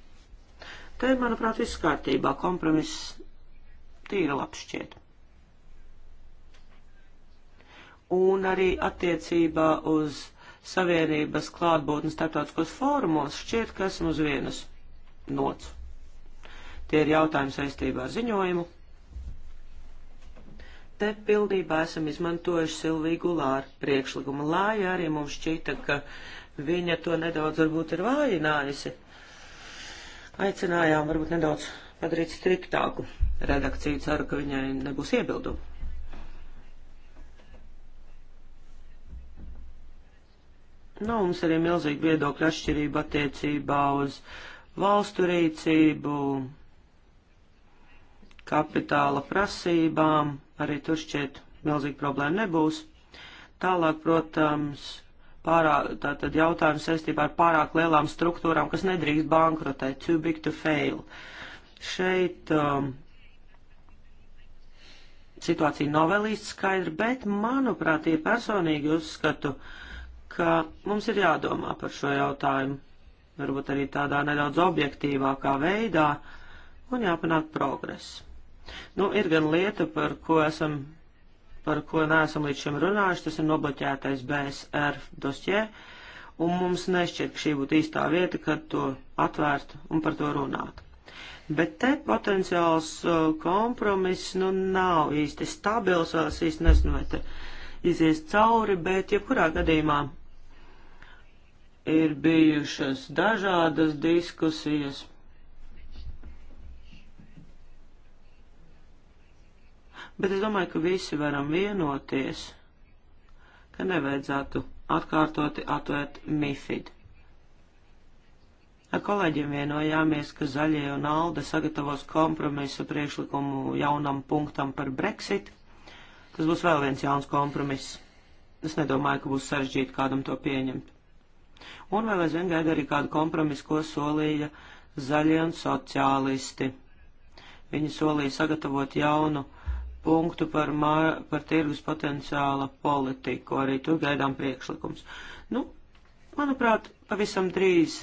Te ir, manuprāt, viss kārtībā, kompromiss tīri labs šķiet. Un arī attiecībā uz savienības klātbūtni starptautiskos fórumos šķiet, ka esam uz vienas nots. Tie ir jautājumi saistībā ar ziņojumu te pildībā esam izmantojuši Silviju Gulāru priekšlikumu, lai arī mums šķita, ka viņa to nedaudz varbūt ir vājinājusi. Aicinājām varbūt nedaudz padarīt striktāku redakciju, ceru, ka viņai nebūs iebildumu. Nu, mums arī milzīgi viedokļa atšķirība attiecībā uz valstu rīcību, kapitāla prasībām arī tur šķiet milzīga problēma nebūs. Tālāk, protams, pārāk, tātad jautājums saistībā ar pārāk lielām struktūrām, kas nedrīkst bankrotēt, too big to fail. Šeit um, situācija nav vēl īsti skaidra, bet, manuprāt, ir personīgi uzskatu, ka mums ir jādomā par šo jautājumu, varbūt arī tādā nedaudz objektīvākā veidā, un jāpanāk progress. Nu, ir gan lieta, par ko esam par ko neesam līdz šim runājuši, tas ir nobloķētais BSR dosjē, un mums nešķiet, ka šī būtu īstā vieta, kad to atvērt un par to runāt. Bet te potenciāls uh, kompromiss, nu, nav īsti stabils, vēl es īsti nezinu, vai te izies cauri, bet jebkurā gadījumā ir bijušas dažādas diskusijas bet es domāju, ka visi varam vienoties, ka nevajadzētu atkārtoti atvērt MIFID. Ar kolēģiem vienojāmies, ka Zaļie un Alde sagatavos kompromisu priekšlikumu jaunam punktam par Brexit. Tas būs vēl viens jauns kompromiss. Es nedomāju, ka būs sarežģīti kādam to pieņemt. Un vēl aizvien gaida arī kādu kompromisu, ko solīja Zaļie un sociālisti. Viņi solīja sagatavot jaunu uh, punktu par, mā, par tirgus potenciāla politiku. Arī tur gaidām priekšlikums. Nu, manuprāt, pavisam drīz.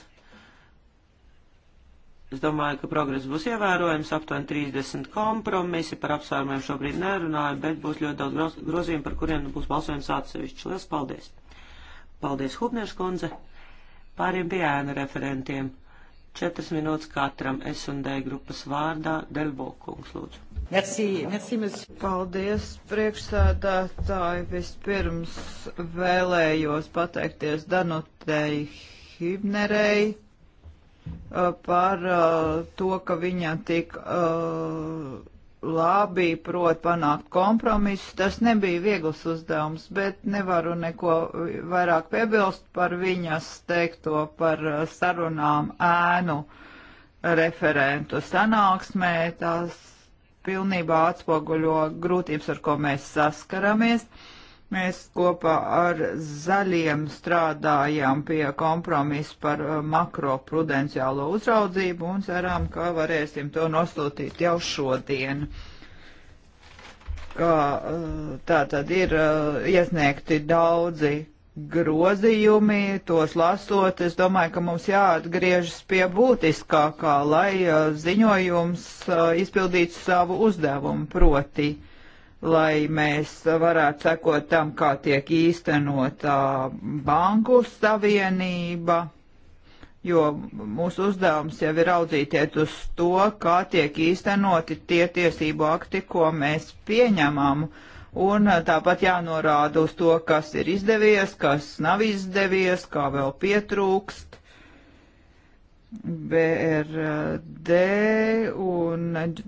Es domāju, ka progress būs ievērojams, aptuveni 30 kompromisi, par apsvērumiem šobrīd nerunāju, bet būs ļoti daudz grozījumu, par kuriem būs balsojums atsevišķi. Lielas paldies! Paldies, Hubnieša kundze! Pāriem pie ēnu referentiem. Četras minūtes katram S&D grupas vārdā Delbokungs, lūdzu.
Merci, merci, monsieur. Paldies, priekšsēdētāji. Vispirms vēlējos pateikties Danutei Hibnerei uh, par uh, to, ka viņa tik uh, labi prot panākt kompromisu. Tas nebija viegls uzdevums, bet nevaru neko vairāk piebilst par viņas teikto par sarunām ēnu referentu sanāksmē. Tas pilnībā atspoguļo grūtības, ar ko mēs saskaramies. Mēs kopā ar zaļiem strādājām pie kompromisa par uh, makroprudenciālo uzraudzību un cerām, ka varēsim to nosūtīt jau šodien ka uh, tā tad ir uh, iesniegti daudzi grozījumi, tos lasot, es domāju, ka mums jāatgriežas pie būtiskākā, lai uh, ziņojums uh, izpildītu savu uzdevumu, proti, lai mēs varētu sekot tam, kā tiek īstenotā banku savienība, jo mūsu uzdevums jau ir raudzīties uz to, kā tiek īstenoti tie tiesību akti, ko mēs pieņemam. Uh, un eh, tāpat jānorāda uz to, kas ir izdevies, kas nav izdevies, kā vēl pietrūkst. BRD un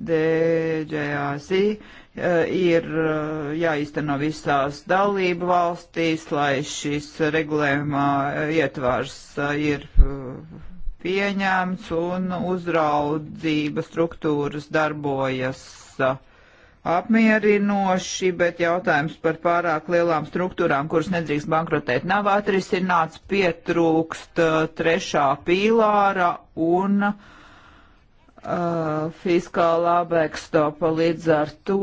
DJAC eh, ir eh, jāizteno visās dalību valstīs, lai šis regulējumā ietvars ir pieņēmts un uzraudzība struktūras darbojas uh, apmierinoši, bet jautājums par pārāk lielām struktūrām, kuras nedrīkst bankrotēt, nav atrisināts, pietrūkst uh, trešā pīlāra un uh, fiskālā backstopa. Līdz ar to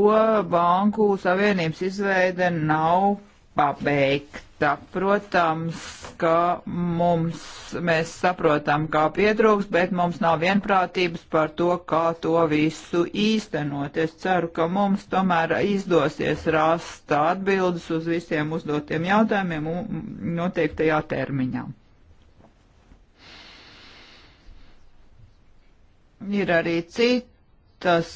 banku savienības izveide nav pabeigta lieta. Protams, ka mums, mēs saprotam, kā pietrūks, bet mums nav vienprātības par to, kā to visu īstenot. Es ceru, ka mums tomēr izdosies rast atbildes uz visiem uzdotiem jautājumiem noteiktajā termiņā. Ir arī citas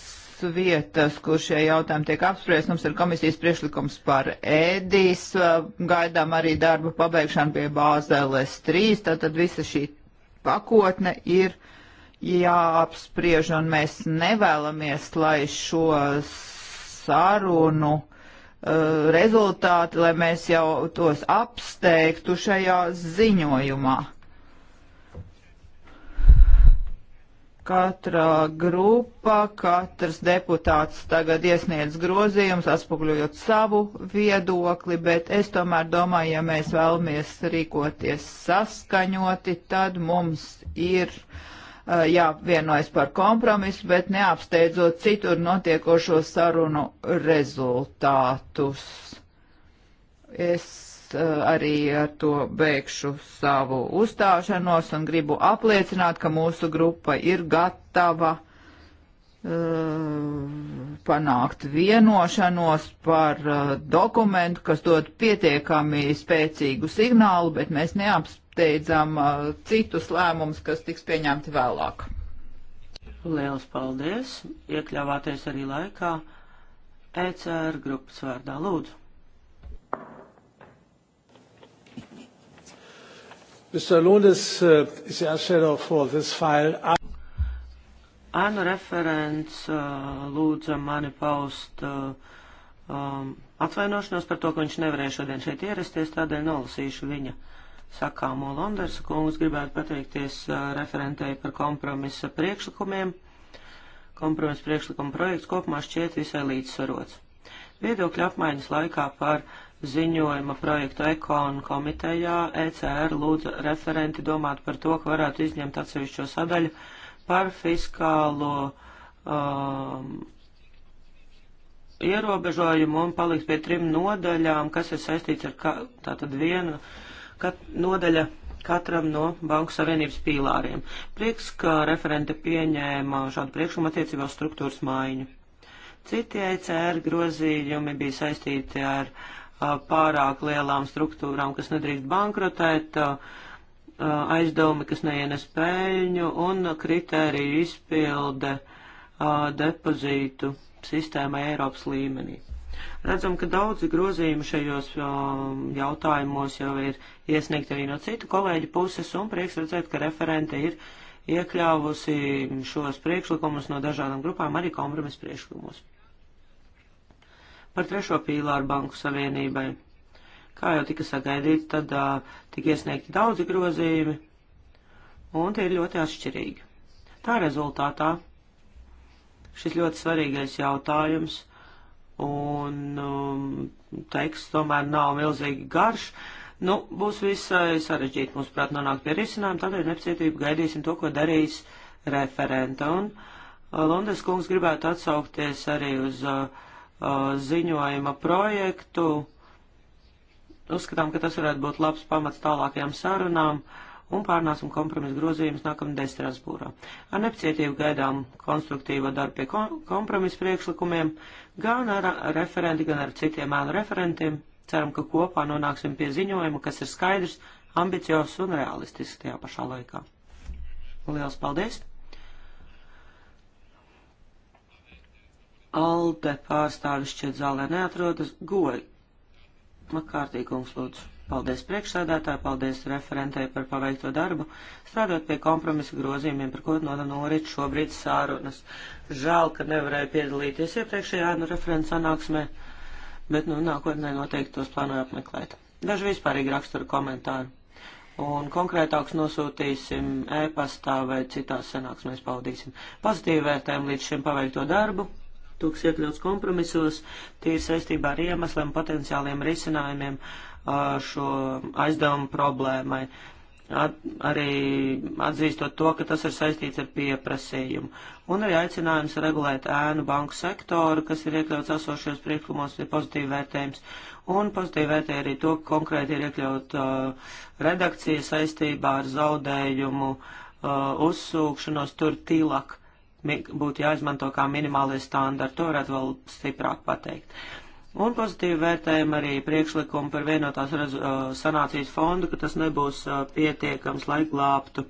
vietas, kur šie jautājumi tiek apspriest. Mums ir komisijas priešlikums par ēdīs, gaidām arī darba pabeigšanu pie Bāzeles 3, tātad visa šī pakotne ir jāapspriež, un mēs nevēlamies, lai šo sarunu uh, rezultāti, lai mēs jau tos apsteigtu šajā ziņojumā. Katrā grupa, katrs deputāts tagad iesniedz grozījumus, atspoguļojot savu viedokli, bet es tomēr domāju, ja mēs vēlamies rīkoties saskaņoti, tad mums ir uh, jāvienojas par kompromisu, bet neapsteidzot citur notiekošo sarunu rezultātus. Es Eh, arī ar to beigšu savu uzstāšanos un gribu apliecināt, ka mūsu grupa ir gatava eh, panākt vienošanos par eh, dokumentu, kas dod pietiekami spēcīgu signālu, bet mēs neapsteidzam citus lēmumus, kas tiks pieņemti vēlāk.
Liels paldies! Iekļāvāties arī laikā ECR grupas vārdā lūdzu. Mr. Lunes uh, is the shadow for this file. I Ēnu referents uh, lūdza mani paust uh, um, atvainošanos par to, ka viņš nevarēja šodien šeit ierasties, tādēļ nolasīšu viņa sakāmo Londers kungs. Gribētu pateikties uh, referentei par kompromisa priekšlikumiem. Kompromisa priekšlikuma projekts kopumā šķiet visai līdzsvarots. Viedokļu apmaiņas laikā par uh, ziņojuma projektu ekonu komitejā ECR lūdza referenti domāt par to, ka varētu izņemt atsevišķo sadaļu par fiskālo um, ierobežojumu un palikt pie trim nodaļām, kas ir saistīts ar ka, tātad vienu kat, nodaļa katram no Banku Savienības pīlāriem. Prieks, ka referente pieņēma šādu priekšlikumu attiecībā uz struktūras maiņu. Citi ECR grozījumi bija saistīti ar uh, pārāk lielām struktūrām, kas nedrīkst bankrotēt, aizdevumi, kas neienes peļņu un kritēriju izpilde depozītu sistēmai Eiropas līmenī. Redzam, ka daudzi grozījumi šajos jautājumos jau ir iesniegti arī no citu kolēģu puses, un prieks redzēt, ka referente ir iekļāvusi šos priekšlikumus no dažādām grupām arī kompromisu priekšlikumus. Par trešo pīlāru Banku Savienībai. Kā jau tika sagaidīts, tad uh, tika iesniegti daudzi grozījumi, un tie ir ļoti atšķirīgi. Tā rezultātā šis ļoti svarīgais jautājums, un um, teksts tomēr nav milzīgi garš, nu, būs visai sarežģīti mums prāt nonākt pie risinājuma, tādēļ nepacietību gaidīsim to, ko darīs referenta. Un Lundes kungs gribētu atsaukties arī uz uh, ziņojuma projektu. Uzskatām, ka tas varētu būt labs pamats tālākajām sarunām un pārnāsim kompromisu grozījumus nākamnedēļ Strasbūrā. Ar nepacietību gaidām konstruktīvo darbu pie kompromisu priekšlikumiem, gan ar referenti, gan ar citiem ēnu referentiem. Ceram, ka kopā nonāksim pie ziņojuma, kas ir skaidrs, ambiciozs un realistisks tajā pašā laikā. Lielas paldies! Alde pārstāvis šķiet zālē neatrodas. Goļ. Makārtīgums lūdzu. Paldies priekšsēdētāji, paldies referentei par paveikto darbu, strādājot pie kompromisa grozījumiem, par ko norit šobrīd sārunas. Žēl, ka nevarēju piedalīties iepriekšējā nu, referents sanāksmē, bet nu, nākotnē noteikti tos plānoju apmeklēt. Daži vispārīgi rakstura komentāri. Un konkrētāks nosūtīsim e-pastā vai citās sanāksmēs paudīsim. Pozitīvi vērtējam līdz šim paveikto darbu tiks iekļauts kompromisos, tie ir saistībā ar iemesliem, potenciāliem risinājumiem uh, šo aizdevumu problēmai. At, arī atzīstot to, ka tas ir saistīts ar pieprasījumu. Un arī aicinājums regulēt ēnu banku sektoru, kas ir iekļauts esošajos priekšlikumos, ir pozitīvi vērtējums. Un pozitīvi vērtē arī to, ka konkrēti ir iekļaut uh, redakcija saistībā ar zaudējumu uh, uzsūkšanos tur tīlāk būtu jāizmanto kā minimālais standarts. To varētu vēl stiprāk pateikt. Un pozitīvi vērtējam arī priekšlikumu par vienotās uh, sanācijas fondu, ka tas nebūs uh, pietiekams, lai glābtu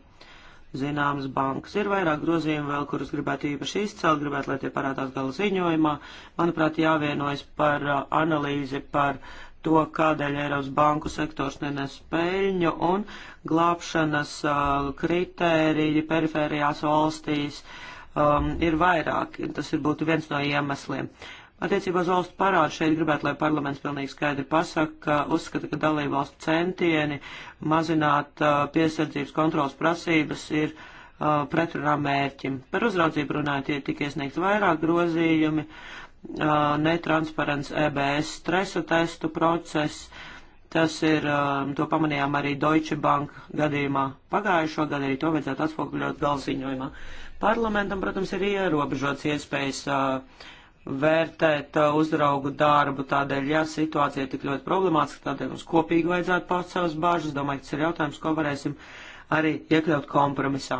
zināmas bankas. Ir vairāk grozījumi vēl, kurus gribētu īpaši izcelt, gribētu, lai tie parādās gala ziņojumā. Manuprāt, jāvienojas par uh, analīzi par to, kādēļ Eiropas banku sektors nenes peļņu un glābšanas kritēriji perifērijās valstīs. Uh, um, ir vairāk. Tas ir būtu viens no iemesliem. Attiecībā uz valstu parādu šeit gribētu, lai parlaments pilnīgi skaidri pasaka, ka uzskata, ka dalību valstu centieni mazināt uh, piesardzības kontrolas prasības ir uh, pretrunā mērķim. Par uzraudzību runājot, ir tik iesniegt vairāk grozījumi, uh, netransparents EBS stresa testu process, uh, Tas ir, um, to pamanījām arī Deutsche Bank gadījumā pagājušo gadu, arī to vajadzētu atspoguļot galziņojumā. Parlamentam, protams, ir ierobežots iespējas uh, vērtēt uh, uzraugu darbu, tādēļ, ja situācija ir tik ļoti problemātiska, tādēļ mums kopīgi vajadzētu paust savas bāžas. Domāju, tas ir jautājums, ko varēsim arī iekļaut kompromisā.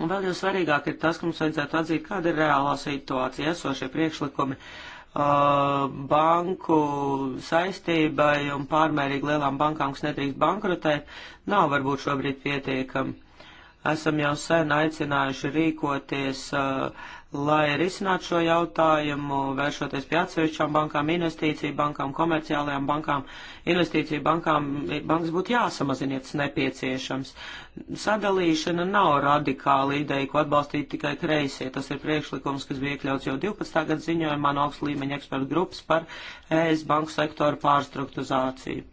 Un vēl jau svarīgāk ir tas, ka mums vajadzētu atzīt, kāda ir reālā situācija, esošie priekšlikumi uh, banku saistībai un pārmērīgi lielām bankām, kas nedrīkst bankrotēt, nav varbūt šobrīd pietiekami esam jau sen aicinājuši rīkoties, eh, lai risinātu šo jautājumu, vēršoties pie atsevišķām bankām, investīciju bankām, komerciālajām bankām. Investīciju bankām bankas būtu jāsamazina, ja tas nepieciešams. Sadalīšana nav radikāla ideja, ko atbalstīt tikai kreisie. Tas ir priekšlikums, kas bija iekļauts jau 12. gadu ziņojumā no augsts līmeņa ekspertu grupas par ES banku sektoru pārstruktuzāciju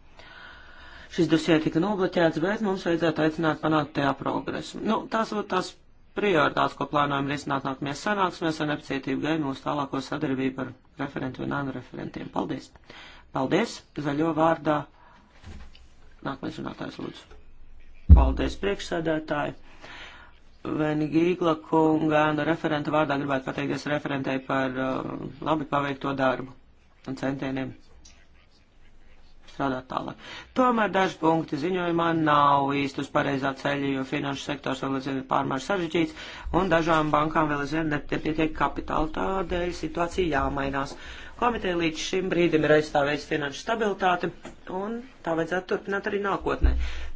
šis dosie tika nobloķēts, bet mums vajadzētu aicināt panākt tajā progresu. Nu, tās būtu tās prioritātes, ko plānojam risināt nākamajās sanāksmēs, un nepacietību gaidu mūsu tālāko sadarbību ar referentu un nānu referentiem. Paldies! Paldies! Zaļo vārdā! Nākamais runātājs lūdzu. Paldies, priekšsēdētāji! Venigīgla kunga un referenta vārdā gribētu pateikties referentei par uh, labi paveikto darbu un centieniem strādāt tālāk. Tomēr daži punkti ziņojumā nav īsti uz pareizā ceļa, jo finanšu sektors vēl aizvien ir pārmēr sarežģīts un dažām bankām vēl aizvien nepietiek kapitāla. Tādēļ situācija jāmainās. Komiteja līdz šim brīdim ir aizstāvējusi finanšu stabilitāti, un tā vajadzētu turpināt arī nākotnē.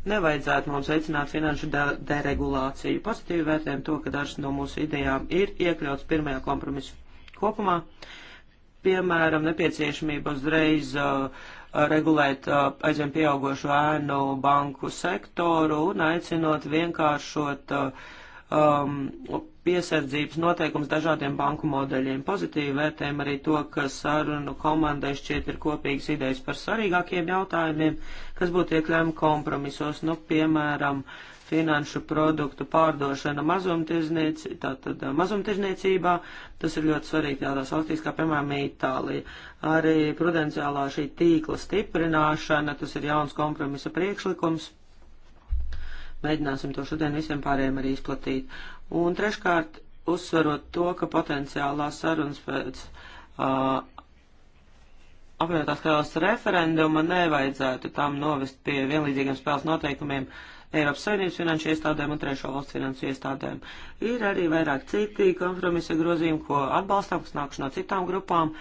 Nevajadzētu mums veicināt finanšu de deregulāciju. Pozitīvi vērtējam to, ka dažas no mūsu idejām ir iekļauts pirmajā kompromisu kopumā. Piemēram, nepieciešamība uzreiz uh, regulēt aizvien pieaugošu ēnu banku sektoru un aicinot vienkāršot um, piesardzības noteikums dažādiem banku modeļiem. Pozitīvi vērtējam arī to, ka sarunu komandai šķiet ir kopīgas idejas par svarīgākiem jautājumiem, kas būtu iekļaujami kompromisos, nu, piemēram, uh, finanšu produktu pārdošana mazumtirzniecībā, tātad mazumtirzniecībā, tas ir ļoti svarīgi tādās valstīs kā, piemēram, Itālija. Arī prudenciālā šī tīkla stiprināšana, tas ir jauns kompromisa priekšlikums. Mēģināsim to šodien visiem pārējiem arī izplatīt. Un treškārt, uzsverot to, ka potenciālās sarunas pēc uh, apvienotās karalists referenduma nevajadzētu tam novest pie vienlīdzīgiem spēles noteikumiem uh, Eiropas Savienības finanšu iestādēm un trešo valstu finanšu iestādēm. Ir arī vairāk citi kompromisa grozījumi, ko atbalstām, kas nākuši no citām grupām.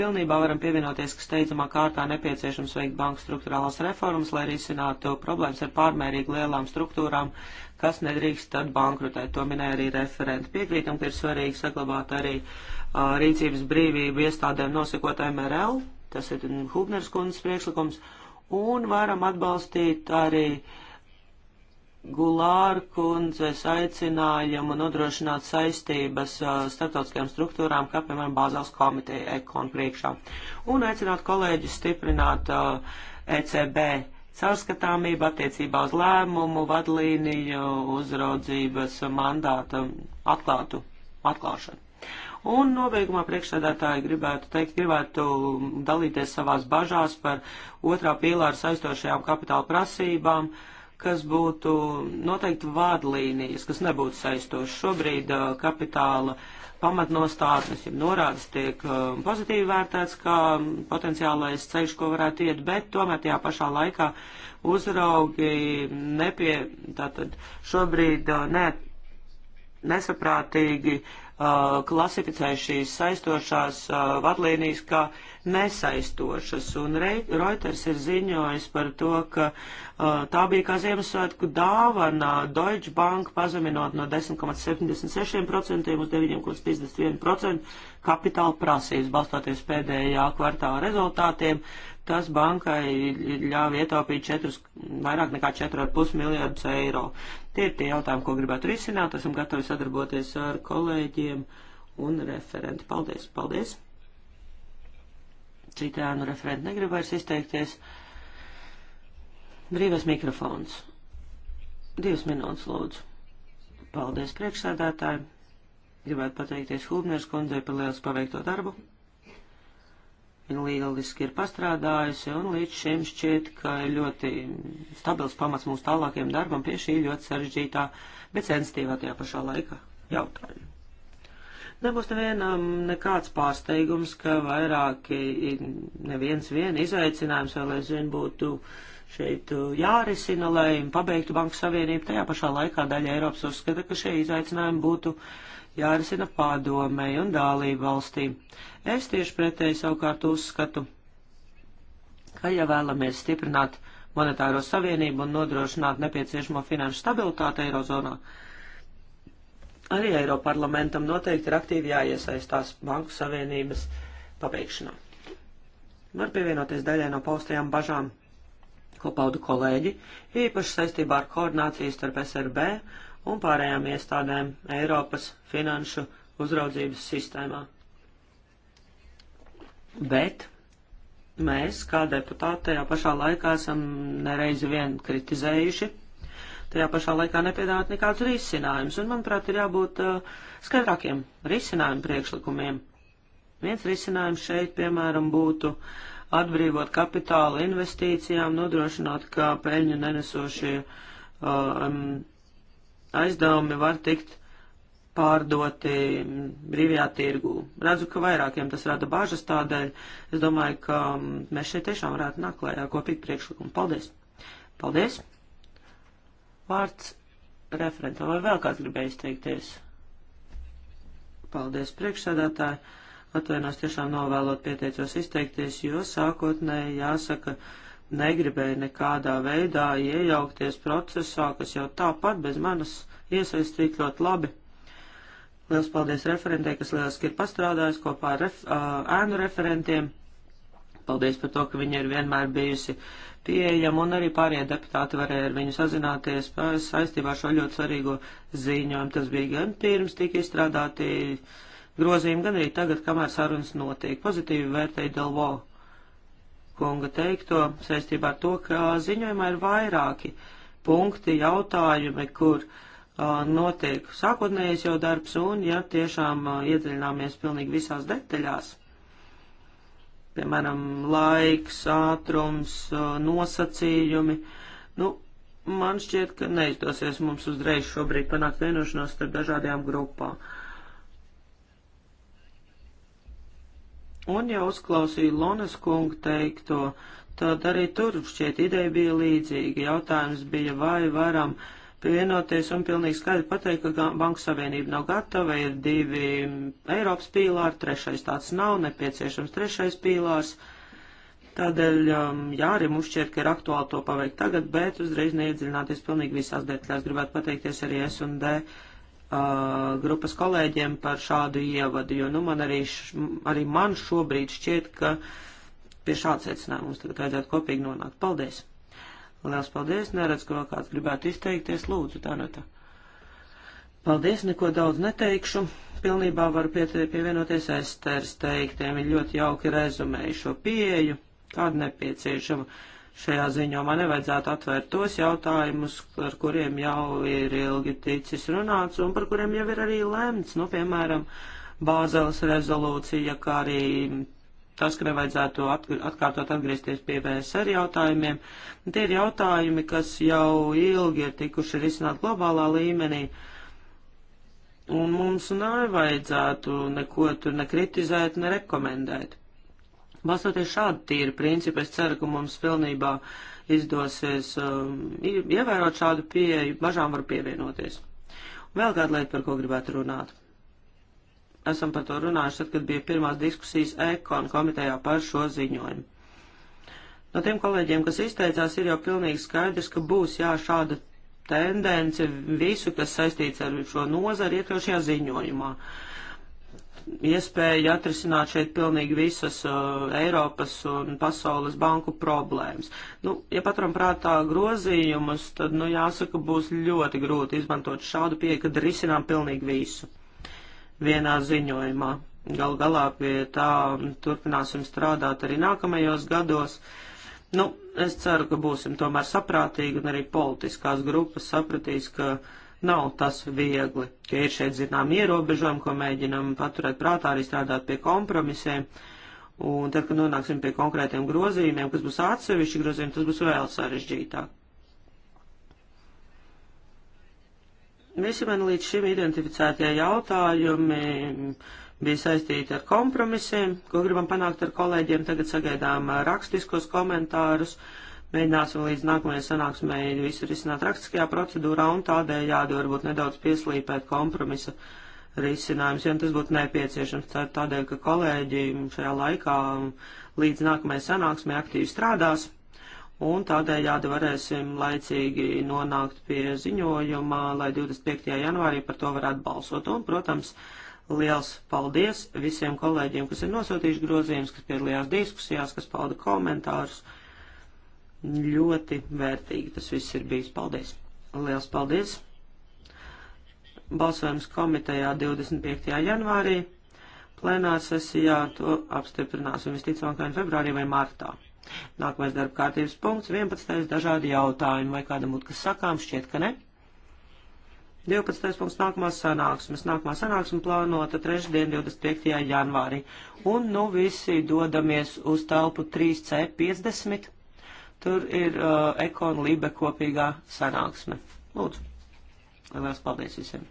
Pilnībā varam pievienoties, ka steidzamā kārtā nepieciešams veikt banku struktūrālās reformas, lai risinātu problēmas ar pārmērīgi lielām struktūrām, kas nedrīkst tad bankrutēt. To minēja arī referenti. Piekrītam, ka ir svarīgi saglabāt arī uh, rīcības brīvību iestādēm nosakot MRL, tas ir Hubners kundzes priekšlikums, un varam atbalstīt arī uh, Gulāra kundzes aicinājumu nodrošināt saistības uh, starptautiskajām struktūrām, kā piemēram Bāzels komiteja ekon priekšā, un aicināt kolēģus stiprināt uh, ECB caurskatāmību attiecībā uz lēmumu, vadlīniju, uzraudzības mandātu atklātu, atklāšanu. Un nobeigumā priekšsēdētāji gribētu teikt, gribētu dalīties savās bažās par otrā pīlāra saistošajām kapitāla prasībām. Uh, kas būtu noteikti vārdlīnijas, kas nebūtu saistošas. Šobrīd uh, kapitāla pamatnostādnes, ja norādes tiek uh, pozitīvi vērtēts kā potenciālais ceļš, ko varētu iet, bet tomēr tajā pašā laikā uzraugi nepie, tātad šobrīd uh, ne, nesaprātīgi uh, Uh, klasificēja šīs saistošās uh, vadlīnijas kā nesaistošas, un Reuters ir ziņojis par to, ka uh, tā bija kā Ziemassvētku dāvana Deutsche Bank pazeminot no 10,76% uz 9,51% kapitāla prasības, balstoties pēdējā kvartāla rezultātiem, Tas bankai ļāva ietaupīt četrus, vairāk nekā 4,5 miljardus eiro. Tie ir tie jautājumi, ko gribētu risināt. Esam gatavi sadarboties ar kolēģiem un referenti. Paldies! Paldies! Citēnu referenti negrib vairs izteikties. Brīvais mikrofons. Divas minūtes, lūdzu. Paldies priekšsēdētāji. Gribētu pateikties Hūbners kundzei par lielas paveikto darbu. Viņa lieliski ir pastrādājusi un līdz šim šķiet, ka ir ļoti stabils pamats mūsu tālākiem darbam pie šī ļoti sarežģītā, bet sensitīvā tajā pašā laikā jautājuma. Nebūs nevienam nekāds pārsteigums, ka vairāki neviens vien izaicinājums vēl aizvien būtu šeit jārisina, lai pabeigtu Banku Savienību. Tajā pašā laikā daļa Eiropas uzskata, ka šie izaicinājumi būtu jārisina padomēji un dālību valstīm. Es tieši pretēji savukārt uzskatu, ka ja vēlamies stiprināt monetāro savienību un nodrošināt nepieciešamo finanšu stabilitāti Eirozonā, arī Eiroparlamentam noteikti ir aktīvi jāiesaistās Banku Savienības pabeigšanā. Var pievienoties daļai no paustajām bažām, ko pauda kolēģi, īpaši saistībā ar koordināciju starp SRB un pārējām iestādēm Eiropas finanšu uzraudzības sistēmā bet mēs, kā deputāti, tajā pašā laikā esam nereizi vien kritizējuši, tajā pašā laikā nepiedāvāt nekādus risinājumus, un, manuprāt, ir jābūt uh, skaidrākiem risinājumu priekšlikumiem. Viens risinājums šeit, piemēram, būtu atbrīvot kapitāla investīcijām, nodrošināt, ka peļņu nenesošie uh, um, aizdevumi var tikt pārdoti brīvajā tirgū. Redzu, ka vairākiem tas rada bāžas, tādēļ es domāju, ka mēs šeit tiešām varētu naklējā kopīgi priekšlikumu. Paldies! Paldies! Vārds referentam. Vai vēl kāds gribēja izteikties? Paldies priekšsēdētāji. Atvainās tiešām novēlot pieteicos izteikties, jo sākotnēji jāsaka, negribēju nekādā veidā iejaukties procesā, kas jau tāpat bez manas iesaistīt ļoti labi Liels paldies referentē, kas lieliski ir pastrādājis kopā ar ref, uh, ēnu referentiem. Paldies par to, ka viņa ir vienmēr bijusi pieejama un arī pārējie deputāti varēja ar viņu sazināties saistībā ar šo ļoti svarīgo ziņojumu. Tas bija gan pirms tika izstrādāti grozījumi, gan arī tagad, kamēr sarunas notiek. Pozitīvi vērtēja Delvo kunga teikto saistībā ar to, ka ziņojumā ir vairāki punkti, jautājumi, kur uh, notiek sākotnējais jau darbs, un ja tiešām iedziļināmies pilnīgi visās detaļās, piemēram, laiks, ātrums, nosacījumi, nu, man šķiet, ka neizdosies mums uzreiz šobrīd panākt vienošanos starp dažādajām grupām. Un, ja uzklausīju Lonas kungu teikto, tad arī tur šķiet ideja bija līdzīga. Jautājums bija, vai varam uh, vienoties un pilnīgi skaidri pateikt, ka Banku Savienība nav gatava, ir divi Eiropas pīlāri, trešais tāds nav, nepieciešams trešais pīlārs. Tādēļ, um, jā, arī mums šķiet, ka ir aktuāli to paveikt tagad, bet uzreiz neiedziļināties pilnīgi visās detaļās. Gribētu pateikties arī S&D uh, grupas kolēģiem par šādu ievadu, jo, nu, man arī, š, arī man šobrīd šķiet, ka pie šāds secinājums tagad vajadzētu kopīgi nonākt. Paldies! Lielas paldies, neredz, ka vēl kāds gribētu izteikties, lūdzu, Tanata. Paldies, neko daudz neteikšu. Pilnībā varu pievienoties Esteras teiktiem, viņi ļoti jauki rezumēja šo pieeju, kāda nepieciešama šajā ziņomā nevajadzētu atvērt tos jautājumus, par kuriem jau ir ilgi ticis runāts un par kuriem jau ir arī lemts, nu, piemēram, Bāzeles rezolūcija, kā arī tas, ka nevajadzētu atkārtot atgriezties pie VSR jautājumiem. Tie ir jautājumi, kas jau ilgi ir tikuši risināt globālā līmenī. Un mums nevajadzētu neko tur nekritizēt, nerekomendēt. Balstoties šādi tīri principi, es ceru, ka mums pilnībā izdosies um, ievērot šādu pieeju, bažām var pievienoties. Un vēl kāda lieta, par ko gribētu runāt esam par to runājuši, tad, kad bija pirmās diskusijas ekon komitejā par šo ziņojumu. No tiem kolēģiem, kas izteicās, ir jau pilnīgi skaidrs, ka būs jā šāda tendence visu, kas saistīts ar šo nozari, iekļaut šajā ziņojumā. Iespēja atrisināt šeit pilnīgi visas uh, Eiropas un pasaules banku problēmas. Nu, ja paturam prātā grozījumus, tad, nu, jāsaka, būs ļoti grūti izmantot šādu pieeju, kad risinām pilnīgi visu vienā ziņojumā. Gal galā pie tā turpināsim strādāt arī nākamajos gados. Nu, es ceru, ka būsim tomēr saprātīgi un arī politiskās grupas sapratīs, ka nav tas viegli, ka ir šeit zinām ierobežojumi, ko mēģinam paturēt prātā, arī strādāt pie kompromisiem. Un tad, kad nonāksim pie konkrētiem grozījumiem, kas būs atsevišķi grozījumi, tas būs vēl sarežģītāk. Visi man līdz šim identificētie jautājumi bija saistīti ar kompromisiem, ko gribam panākt ar kolēģiem. Tagad sagaidām uh, rakstiskos komentārus. Mēģināsim līdz nākamajai sanāksmēji visu risināt rakstiskajā procedūrā un tādējādi varbūt nedaudz pieslīpēt kompromisa risinājums, ja tas būtu nepieciešams. Tādēļ, ka kolēģi šajā laikā līdz nākamajai sanāksmē aktīvi strādās un tādējādi varēsim laicīgi nonākt pie ziņojumā, lai 25. janvārī par to varētu balsot. Un, protams, liels paldies visiem kolēģiem, kas ir nosūtījuši grozījumus, kas piedalījās diskusijās, kas pauda komentārus. Ļoti vērtīgi tas viss ir bijis. Paldies! Liels paldies! Balsojums komitejā 25. janvārī. Plenārsesijā to apstiprinās un visticamāk vien nu februārī vai martā. Nākamais darba kārtības punkts, 11. dažādi jautājumi, vai kādam būtu kas sakām, šķiet, ka ne. 12. punkts nākamā sanāksmes. Nākamā sanāksme plānota trešdien 25. janvārī. Un nu visi dodamies uz telpu 3C50. Tur ir uh, Ekon Libe kopīgā sanāksme. Lūdzu. Lielās paldies visiem.